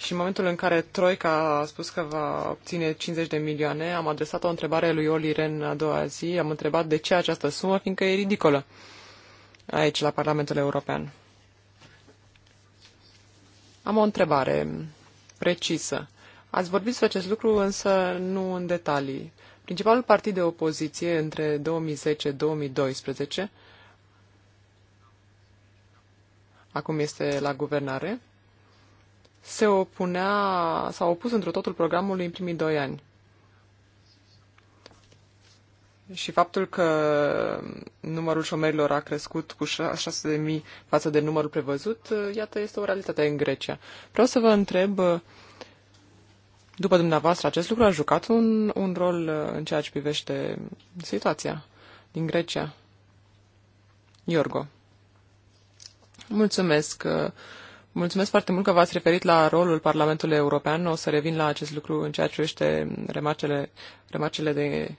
[SPEAKER 3] și în momentul în care Troica a spus că va obține 50 de milioane, am adresat o întrebare lui Oli Ren a doua zi. Am întrebat de ce această sumă, fiindcă e ridicolă aici, la Parlamentul European. Am o întrebare precisă. Ați vorbit despre acest lucru, însă nu în detalii. Principalul partid de opoziție între 2010-2012, acum este la guvernare, se opunea, s-a opus într totul programului în primii doi ani. Și faptul că numărul șomerilor a crescut cu 6.000 față de numărul prevăzut, iată, este o realitate în Grecia. Vreau să vă întreb, după dumneavoastră, acest lucru a jucat un, un rol în ceea ce privește situația din Grecia? Iorgo. Mulțumesc. Mulțumesc foarte mult că v-ați referit la rolul Parlamentului European. O să revin la acest lucru în ceea ce privește remarcele, remarcele de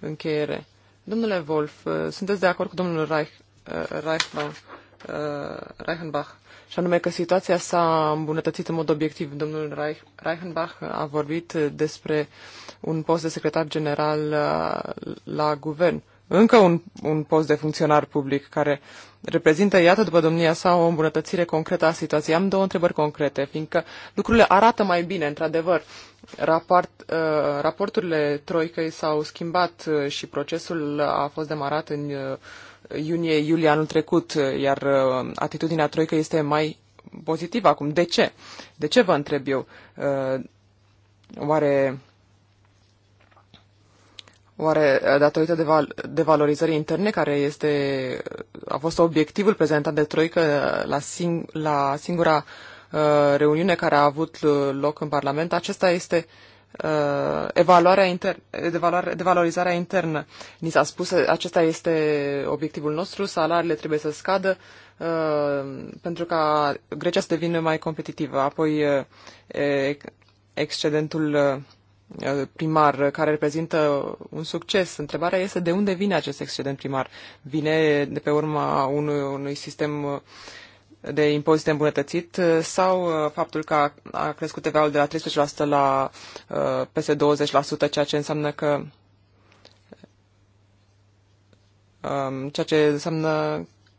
[SPEAKER 3] încheiere. Domnule Wolf, uh, sunteți de acord cu domnul Reich, uh, Reichbach, uh, Reichenbach și anume că situația s-a îmbunătățit în mod obiectiv. Domnul Reich, Reichenbach a vorbit despre un post de secretar general la, la guvern încă un, un post de funcționar public care reprezintă, iată, după domnia sa, o îmbunătățire concretă a situației. Am două întrebări concrete, fiindcă lucrurile arată mai bine, într-adevăr. Raport, uh, raporturile Troicăi s-au schimbat uh, și procesul a fost demarat în uh, iunie-iulie anul trecut, uh, iar uh, atitudinea Troică este mai pozitivă acum. De ce? De ce vă întreb eu? Uh, oare Oare eh, datorită de val- devalorizării interne, care este, a fost obiectivul prezentat de Troică eh, la, sing- la singura uh, reuniune care a avut loc în Parlament, acesta este uh, evaluarea inter- de devalorizarea internă. Ni s-a spus, acesta este obiectivul nostru, salariile trebuie să scadă uh, pentru ca Grecia să devină mai competitivă. Apoi, uh, excedentul uh, Uh, primar, uh, care reprezintă un succes. Întrebarea este de unde vine acest excedent primar? Vine de pe urma unui, unui sistem uh, de impozite îmbunătățit sau faptul că a, crescut TVA-ul de la 13% la uh, peste 20%, ceea ce înseamnă că um, ceea ce înseamnă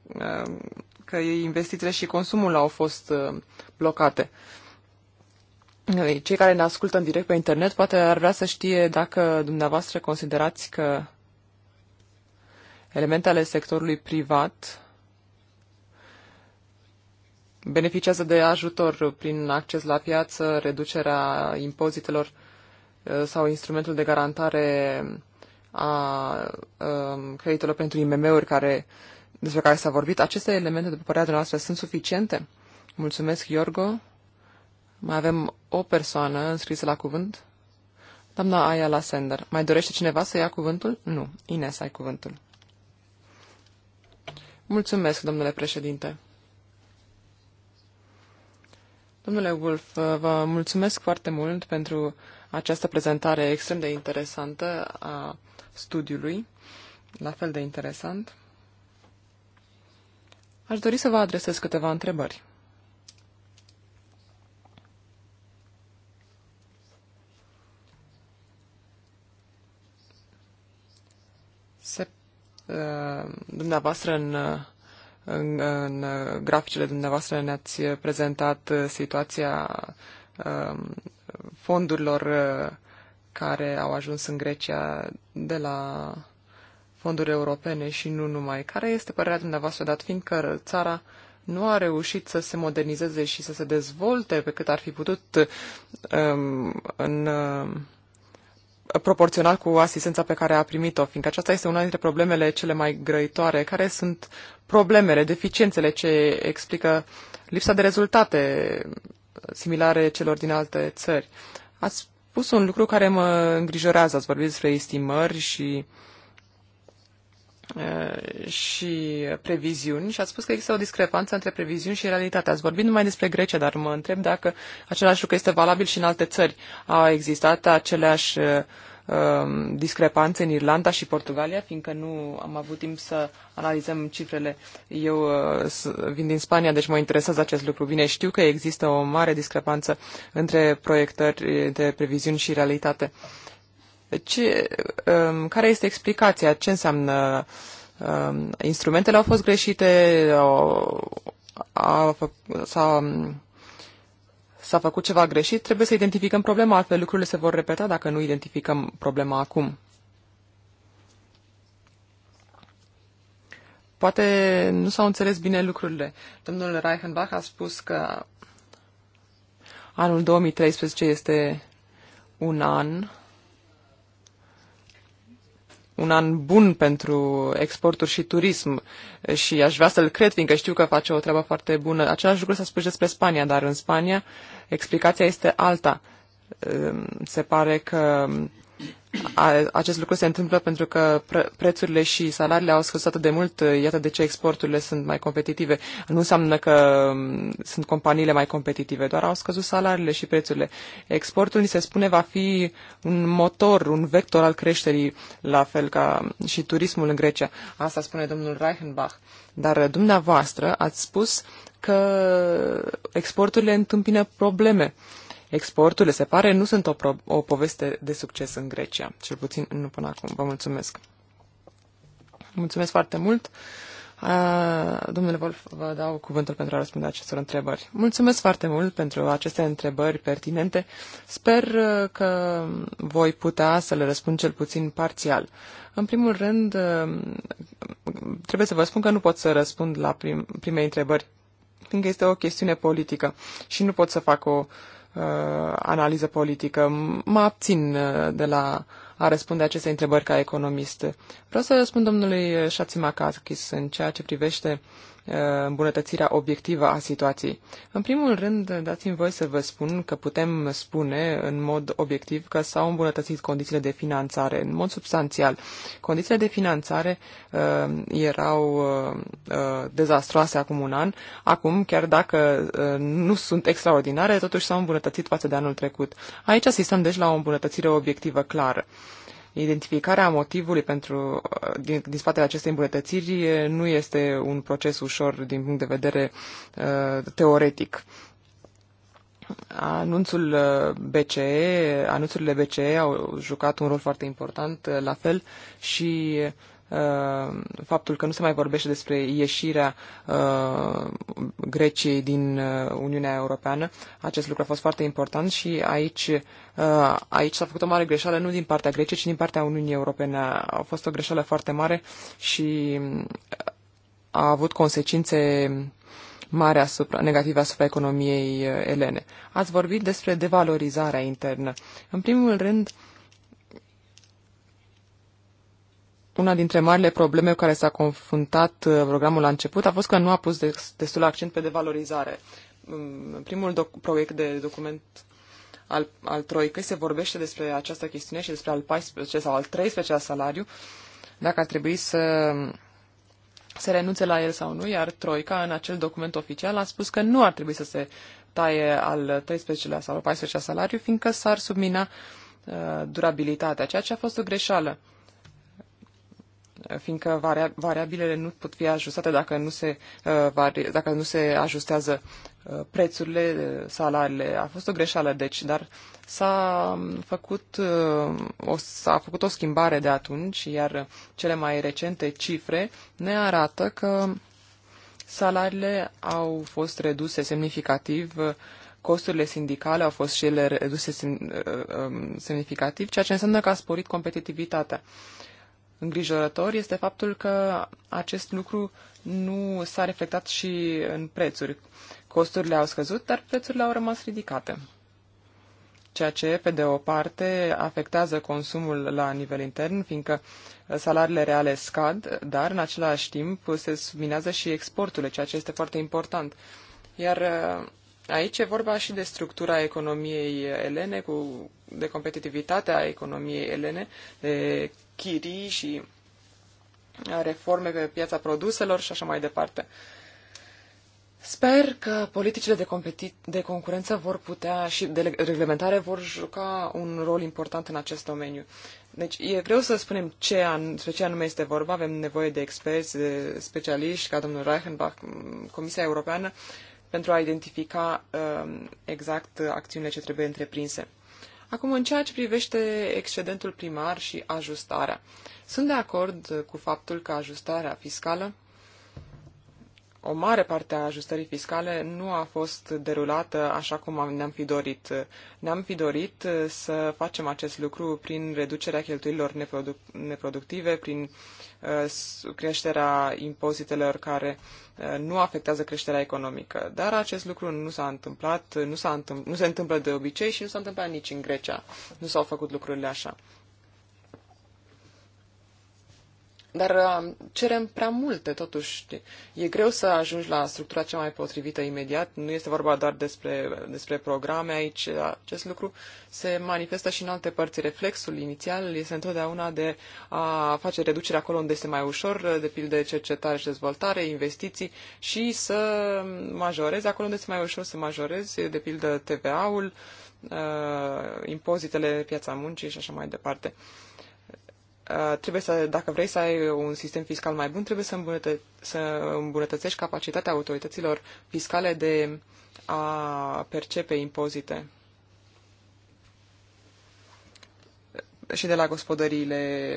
[SPEAKER 3] um, că investițiile și consumul au fost uh, blocate. Cei care ne ascultă în direct pe internet poate ar vrea să știe dacă dumneavoastră considerați că elementele sectorului privat beneficiază de ajutor prin acces la piață, reducerea impozitelor eh, sau instrumentul de garantare a ehm, creditelor pentru IMM-uri care, despre care s-a vorbit. Aceste elemente, după părerea noastră, sunt suficiente? Mulțumesc, Iorgo. Mai avem o persoană înscrisă la cuvânt. Doamna Aia la sender. Mai dorește cineva să ia cuvântul? Nu. Ines, ai cuvântul. Mulțumesc, domnule președinte. Domnule Wolf, vă mulțumesc foarte mult pentru această prezentare extrem de interesantă a studiului, la fel de interesant. Aș dori să vă adresez câteva întrebări. Uh, dumneavoastră în, uh, în, în uh, graficele dumneavoastră ne-ați prezentat situația fondurilor care au ajuns în Grecia de la fonduri europene și nu numai. Care este părerea dumneavoastră, dat fiindcă țara nu a reușit să se modernizeze și să se dezvolte pe cât ar fi putut um, în, proporțional cu asistența pe care a primit-o, fiindcă aceasta este una dintre problemele cele mai grăitoare. Care sunt problemele, deficiențele ce explică lipsa de rezultate similare celor din alte țări? Ați spus un lucru care mă îngrijorează. Ați vorbit despre estimări și uh, Eh, și previziuni și ați spus că există o discrepanță între previziuni și realitate. Ați vorbit numai despre Grecia, dar mă întreb dacă același lucru este valabil și în alte țări. A existat aceleași uh, discrepanțe în Irlanda și Portugalia, fiindcă nu am avut timp să analizăm cifrele. Eu uh, vin din Spania, deci mă interesează acest lucru. Bine, știu că există o mare discrepanță între proiectări, între previziuni și realitate. Uh, ce, um, care este explicația? Ce înseamnă um, instrumentele au fost greșite? s-a, um, s-a făcut ceva greșit? Trebuie să identificăm problema, altfel lucrurile se vor repeta dacă nu identificăm problema acum. Poate nu s-au înțeles bine lucrurile. Domnul Reichenbach a spus că anul 2013 este un an un an bun pentru exporturi și turism și aș vrea să-l cred, fiindcă știu că face o treabă foarte bună. Același lucru s-a spus despre Spania, dar în Spania explicația este alta. Se pare că acest lucru se întâmplă pentru că prețurile și salariile au scăzut atât de mult, iată de ce exporturile sunt mai competitive. Nu înseamnă că sunt companiile mai competitive, doar au scăzut salariile și prețurile. Exportul, ni se spune, va fi un motor, un vector al creșterii, la fel ca și turismul în Grecia. Asta spune domnul Reichenbach. Dar uh, dumneavoastră ați spus că exporturile întâmpină probleme. Uh, exporturile, se pare, nu sunt o, pro- o poveste de succes în Grecia, cel puțin nu până acum. Vă mulțumesc. Mulțumesc foarte mult. Uh, domnule Wolf, vă dau cuvântul pentru a răspunde acestor întrebări. Mulțumesc foarte mult pentru aceste întrebări pertinente. Sper uh, că voi putea să le răspund cel puțin parțial. În primul rând, uh, trebuie să vă spun că nu pot să răspund la prim, primei întrebări, fiindcă este o chestiune politică și nu pot să fac o uh, analiză politică. Mă abțin uh, de la a răspunde aceste întrebări ca economist. Vreau să răspund domnului Șațimacachis în ceea ce privește uh, Uh, îmbunătățirea obiectivă a situației. În primul rând, dați-mi voi să vă spun că putem spune în mod obiectiv că s-au îmbunătățit condițiile de finanțare în mod substanțial. Condițiile de finanțare uh, erau uh, uh, dezastroase acum un an. Acum, chiar dacă uh, nu sunt extraordinare, totuși s-au îmbunătățit față de anul trecut. Aici asistăm deci la o îmbunătățire obiectivă clară. Uh, Identificarea motivului pentru, uh, din, din spatele acestei îmbunătățiri uh, nu este un proces ușor din punct de vedere uh, teoretic. Anunțul uh, BCE, anunțurile BCE au jucat un rol foarte important, la fel și uh, Uh, faptul că nu se mai vorbește despre ieșirea uh, Greciei din uh, Uniunea Europeană. Acest lucru a fost foarte important și aici, aici s-a făcut o mare greșeală, nu din partea Greciei, ci din partea Uniunii Europene. A fost o greșeală foarte mare și a avut consecințe mare asupra, negative asupra economiei elene. Ați vorbit despre devalorizarea internă. În primul rând, uh, una dintre marile probleme cu care s-a confruntat uh, programul la început a fost că nu a pus destul accent pe devalorizare. Mm, în primul proiect de document al, al Troicăi se vorbește despre această chestiune și despre al 14 sau al 13 salariu, dacă ar trebui să se renunțe la el sau nu, iar Troica în acel document oficial a spus că nu ar trebui să se taie al 13-lea sau al 14-lea salariu, fiindcă s-ar submina uh, durabilitatea, ceea ce a fost o greșeală fiindcă variabilele nu pot fi ajustate dacă nu se, uh, dacă nu se ajustează uh, prețurile, uh, salariile. A fost o greșeală, deci, dar s-a um, făcut o, s-a făcut o schimbare de atunci, iar cele mai recente cifre ne arată că salariile au fost reduse semnificativ costurile sindicale au fost și ele reduse um, semnificativ, ceea ce înseamnă că a sporit competitivitatea îngrijorător este faptul că acest lucru nu s-a reflectat și în prețuri. Costurile au scăzut, dar prețurile au rămas ridicate. Ceea ce, pe de o parte, afectează consumul la nivel intern, fiindcă salariile reale scad, dar, în același timp, se subminează și exporturile, ceea ce este foarte important. Iar Aici e vorba și de structura economiei elene, cu, de competitivitatea economiei elene, de chirii și reforme pe piața produselor și așa mai departe. Sper că politicile de, competi- de concurență vor putea și de reglementare vor juca un rol important în acest domeniu. Deci e greu să spunem ce an, despre ce anume este vorba, avem nevoie de experți, de specialiști ca domnul Reichenbach, Comisia Europeană pentru a identifica um, exact acțiunile ce trebuie întreprinse. Acum, în ceea ce privește excedentul primar și ajustarea, sunt de acord cu faptul că ajustarea fiscală o mare parte a ajustării fiscale nu a fost derulată așa cum ne-am fi dorit. Ne-am fi dorit uh, să facem acest lucru prin reducerea cheltuielilor neproduc- neproductive, prin uh, creșterea impozitelor care uh, nu afectează creșterea economică. Dar acest lucru nu s-a întâmplat, nu, s-a întâmpl- nu se întâmplă de obicei și nu s-a întâmplat nici în Grecia. Nu s-au făcut lucrurile așa. Dar uh, cerem prea multe, totuși. E greu să ajungi la structura cea mai potrivită imediat. Nu este vorba doar despre, despre programe aici. Acest lucru se manifestă și în alte părți. Reflexul inițial este întotdeauna de a face reducere acolo unde este mai ușor, de pildă cercetare și dezvoltare, investiții și să majorezi acolo unde este mai ușor să majorezi, de pildă TVA-ul, uh, impozitele, piața muncii și așa mai departe. Uh, trebuie să, dacă vrei să ai un sistem fiscal mai bun, trebuie să, îmbunătă- să îmbunătățești capacitatea autorităților fiscale de a percepe impozite. și de la gospodăriile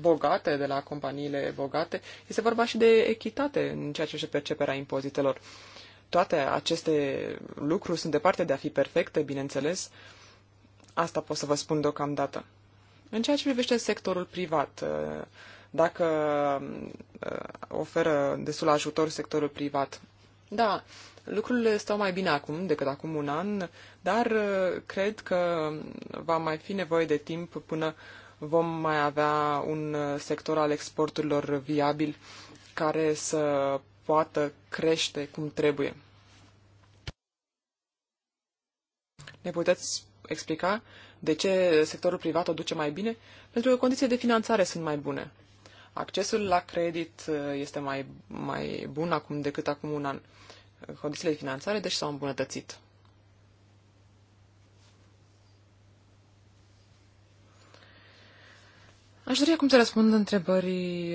[SPEAKER 3] bogate, de la companiile bogate, este vorba și de echitate în ceea ce se perceperea impozitelor. Toate aceste lucruri sunt departe de a fi perfecte, bineînțeles. Asta pot să vă spun deocamdată. În ceea ce privește sectorul privat, uh, dacă uh, oferă destul ajutor sectorul privat, da, lucrurile stau mai bine acum decât acum un an, dar uh, cred că va mai fi nevoie de timp până vom mai avea un sector al exporturilor viabil care să poată crește cum trebuie. Ne puteți explica de ce sectorul privat o duce mai bine? Pentru că condițiile de finanțare sunt mai bune. Accesul la credit uh, este mai, mai bun acum decât acum un an. Condițiile de finanțare, deci, s-au îmbunătățit. Aș dori acum să răspund întrebării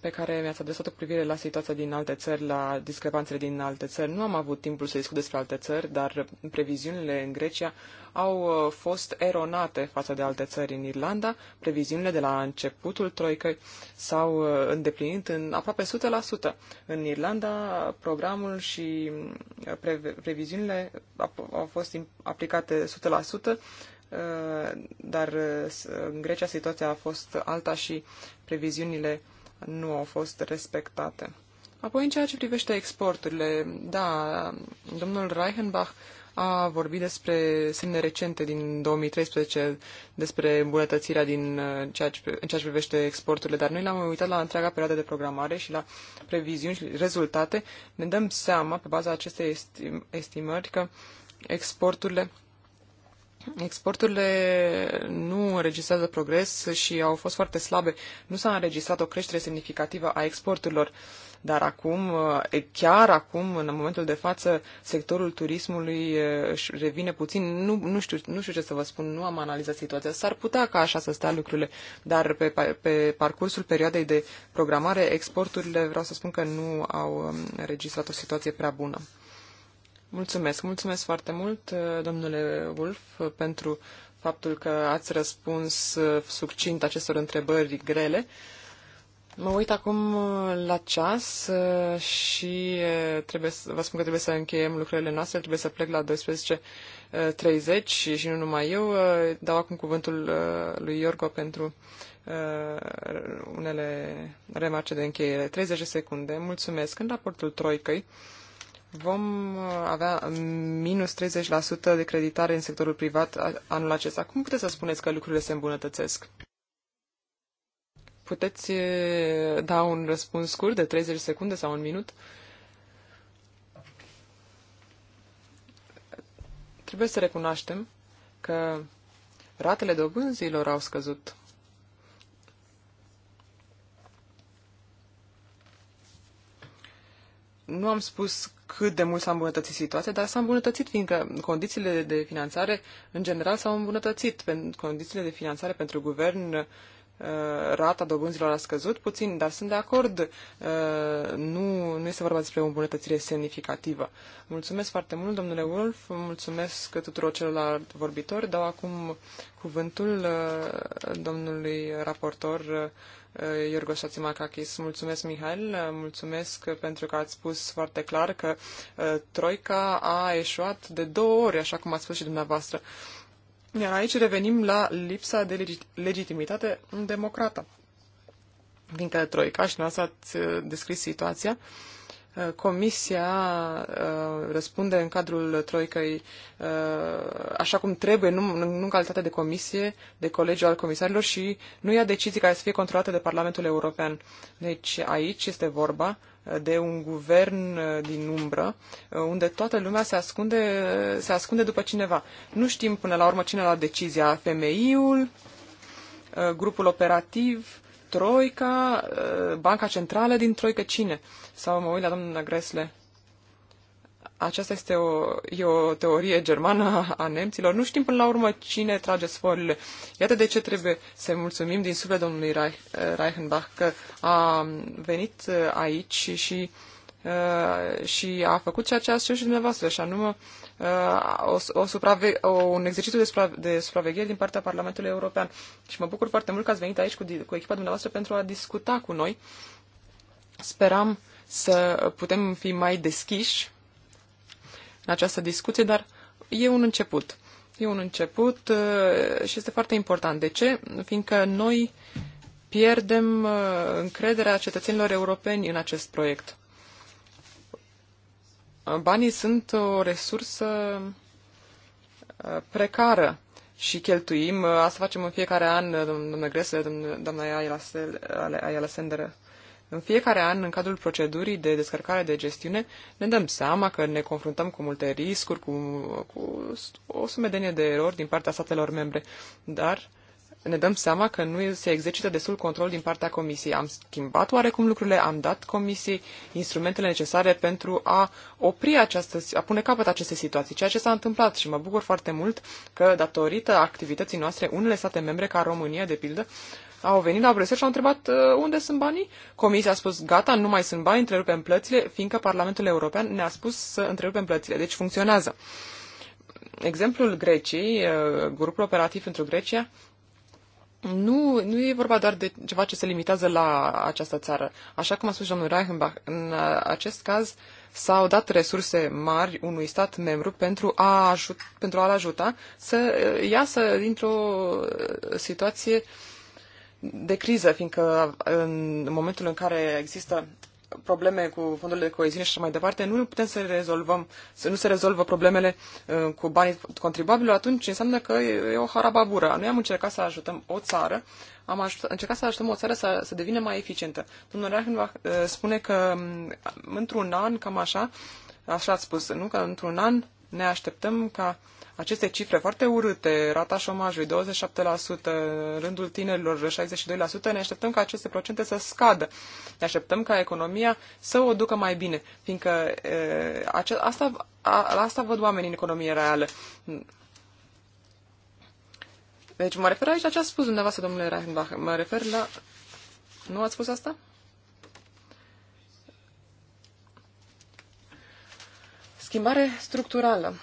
[SPEAKER 3] pe care mi-ați adresat-o cu privire la situația din alte țări, la discrepanțele din alte țări. Nu am avut timpul să discut despre alte țări, dar previziunile în Grecia au uh, fost eronate față de alte țări în Irlanda. Previziunile de la începutul troicăi s-au uh, îndeplinit în aproape 100%. În Irlanda, programul și uh, previziunile au fost aplicate 100%, dar uh, în Grecia situația a fost alta și previziunile nu au fost respectate. Apoi, în ceea ce privește exporturile, da, domnul Reichenbach a vorbit despre semne recente din 2013, despre îmbunătățirea din uh, ceea ce, în ceea ce privește exporturile, dar noi l-am uitat la întreaga perioadă de programare și la previziuni și rezultate. Ne dăm seama, pe baza acestei estim- estimări, că exporturile Exporturile nu înregistrează progres și au fost foarte slabe. Nu s-a înregistrat o creștere semnificativă a exporturilor, dar acum, chiar acum, în momentul de față, sectorul turismului își revine puțin. Nu, nu, știu, nu știu ce să vă spun, nu am analizat situația. S-ar putea ca așa să stea lucrurile, dar pe, pe parcursul perioadei de programare, exporturile, vreau să spun că nu au um, înregistrat o situație prea bună. Mulțumesc, mulțumesc foarte mult, uh, domnule Wolf, pentru faptul că ați răspuns uh, succint acestor întrebări grele. Mă uit acum uh, la ceas și trebuie să, vă spun că trebuie să încheiem lucrurile noastre, trebuie să plec la 12.30 și nu numai eu. Dau acum cuvântul lui Iorgo pentru unele remarce de încheiere. 30 de secunde. Mulțumesc. În raportul Troicăi, vom uh, avea uh, minus 30% de creditare în sectorul privat anul acesta. Cum puteți să spuneți că lucrurile se îmbunătățesc? Puteți uh, da un răspuns scurt de 30 secunde sau un minut? Trebuie să recunoaștem că ratele dobânzilor au scăzut. Nu am spus cât de mult s-a îmbunătățit situația, dar s-a îmbunătățit fiindcă condițiile de finanțare în general s-au îmbunătățit. Condițiile de finanțare pentru guvern, uh, rata dobânzilor a scăzut puțin, dar sunt de acord. Uh, nu, nu este vorba despre o îmbunătățire semnificativă. Mulțumesc foarte mult, domnule Wolf, mulțumesc tuturor celorlalți vorbitori. Dau acum cuvântul uh, domnului raportor Eh, Iorgo Șațimacachis. Mulțumesc, Mihail, mulțumesc pentru că ați spus foarte clar că eh, Troica a eșuat de două ori, așa cum ați spus și dumneavoastră. Iar aici revenim la lipsa de legit legitimitate democrată. că Troica și noastră ați eh, descris situația, uh, Uh, comisia uh, răspunde în cadrul Troicăi uh, așa cum trebuie, nu, în calitate de comisie, de colegiu al comisarilor și nu ia decizii care să fie controlate de Parlamentul European. Deci aici este vorba de un guvern din umbră, unde toată lumea se ascunde, se ascunde după cineva. Nu știm până la urmă cine a luat decizia, FMI-ul, grupul operativ, Troica, eh, Banca Centrală din Troică, cine? Sau mă uit la doamna Gresle. Aceasta este o, e o teorie germană a nemților. Nu știm până la urmă cine trage sforile. Iată de ce trebuie să mulțumim din suflet domnului eh, Reichenbach că a venit eh, aici și, și a făcut ceea ce ați cerut și dumneavoastră, și anume Uh, o, o suprave- o, un exercițiu de, supra- de supraveghere din partea Parlamentului European. Și mă bucur foarte mult că ați venit aici cu, cu echipa dumneavoastră pentru a discuta cu noi. Speram să putem fi mai deschiși în această discuție, dar e un început. E un început uh, și este foarte important. De ce? Fiindcă noi pierdem uh, încrederea cetățenilor europeni în acest proiect banii sunt o resursă uh, precară și cheltuim, uh, asta facem în fiecare an, uh, doamna Gresle, doamna Ayala Sender, în fiecare an, în cadrul procedurii de descărcare de gestiune, ne dăm seama că ne confruntăm cu multe riscuri, cu, cu o sumedenie de erori din partea statelor membre, dar ne dăm seama că nu se exercită destul control din partea comisiei. Am schimbat oarecum lucrurile, am dat comisiei instrumentele necesare pentru a opri această, a pune capăt aceste situații, ceea ce s-a întâmplat și mă bucur foarte mult că datorită activității noastre, unele state membre ca România, de pildă, au venit la Bruxelles și au întrebat uh, unde sunt banii. Comisia a spus gata, nu mai sunt bani, întrerupem plățile, fiindcă Parlamentul European ne-a spus să întrerupem plățile. Deci funcționează exemplul Greciei, uh, grupul operativ pentru Grecia, nu, nu e vorba doar de ceva ce se limitează la această țară. Așa cum a spus domnul Reichenbach, în uh, acest caz s-au dat resurse mari unui stat membru pentru, a ajut, pentru a-l ajuta să uh, iasă dintr-o uh, situație de criză, fiindcă în momentul în care există probleme cu fondurile de coeziune și așa mai departe, nu putem să rezolvăm, să nu se rezolvă problemele uh, cu banii contribuabilor, atunci înseamnă că e o harababură. Noi am încercat să ajutăm o țară, am ajutat, încercat să ajutăm o țară să, să devină mai eficientă. Domnul Rahim uh, spune că mm, într-un an, cam așa, așa ați spus, nu? Că într-un an ne așteptăm ca aceste cifre foarte urâte, rata șomajului 27%, rândul tinerilor 62%, ne așteptăm ca aceste procente să scadă. Ne așteptăm ca economia să o ducă mai bine, fiindcă e, asta, a, la asta văd oamenii în economie reală. Deci mă refer aici la ce a spus dumneavoastră, domnule Reichenbach. Mă refer la... Nu ați spus asta? Schimbare structurală.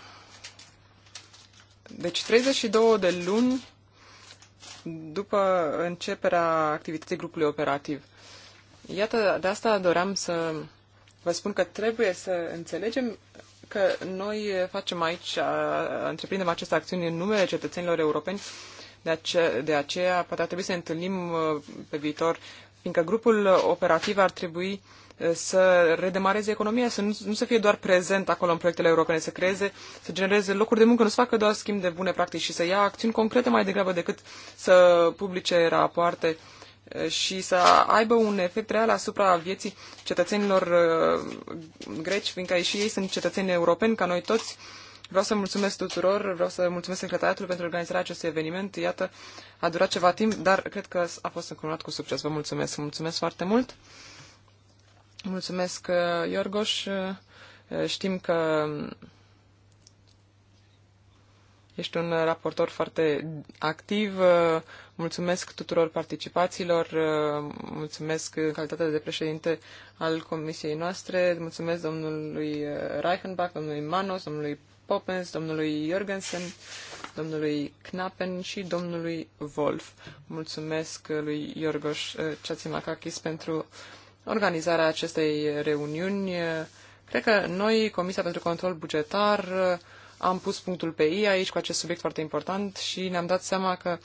[SPEAKER 3] Deci 32 de luni după începerea activității grupului operativ. Iată, de asta doream să vă spun că trebuie să înțelegem că noi facem aici, întreprindem aceste acțiuni în numele cetățenilor europeni, de, aceea, de aceea poate ar trebui să ne întâlnim uh, pe viitor, fiindcă grupul operativ ar trebui uh, să redemareze economia, să nu, nu să fie doar prezent acolo în proiectele europene, să creeze, să genereze locuri de muncă, nu să facă doar schimb de bune practici și să ia acțiuni concrete mai degrabă decât să publice rapoarte și să aibă un efect real asupra vieții cetățenilor greci, fiindcă și ei sunt cetățeni europeni ca noi toți. Vreau să mulțumesc tuturor, vreau să mulțumesc secretariatului pentru organizarea acestui eveniment. Iată, a durat ceva timp, dar cred că a fost încununat cu succes. Vă mulțumesc, mulțumesc foarte mult. Mulțumesc, uh, Iorgoș. Uh, știm că uh, ești un raportor foarte activ. Mulțumesc tuturor participaților, mulțumesc în calitate de președinte al comisiei noastre, mulțumesc domnului Reichenbach, domnului Manos, domnului Popens, domnului Jorgensen, domnului Knappen și domnului Wolf. Mulțumesc lui Iorgoș Ceațimakakis pentru organizarea acestei reuniuni. Cred că noi, Comisia pentru Control Bugetar, am pus punctul pe I aici cu acest subiect foarte important și ne-am dat seama că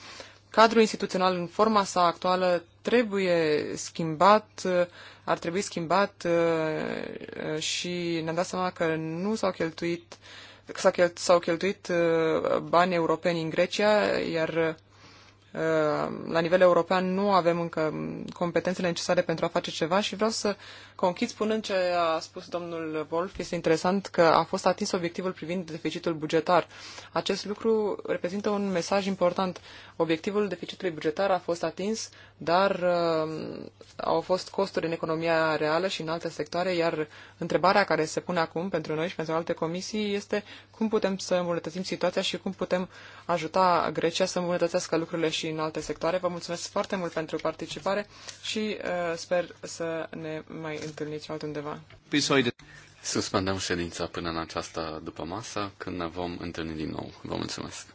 [SPEAKER 3] cadrul instituțional în forma sa actuală trebuie schimbat, ar trebui schimbat și ne-am dat seama că nu s-au cheltuit s-au cheltuit bani europeni în Grecia, iar la nivel european nu avem încă competențele necesare pentru a face ceva și vreau să conchid spunând ce a spus domnul Wolf. Este interesant că a fost atins obiectivul privind deficitul bugetar. Acest lucru reprezintă un mesaj important. Obiectivul deficitului bugetar a fost atins dar uh, au fost costuri în economia reală și în alte sectoare, iar întrebarea care se pune acum pentru noi și pentru alte comisii este cum putem să îmbunătățim situația și cum putem ajuta Grecia să îmbunătățească lucrurile și în alte sectoare. Vă mulțumesc foarte mult pentru participare și uh, sper să ne mai întâlniți altundeva.
[SPEAKER 1] Suspendăm ședința până în această după masă, când ne vom întâlni din nou. Vă mulțumesc!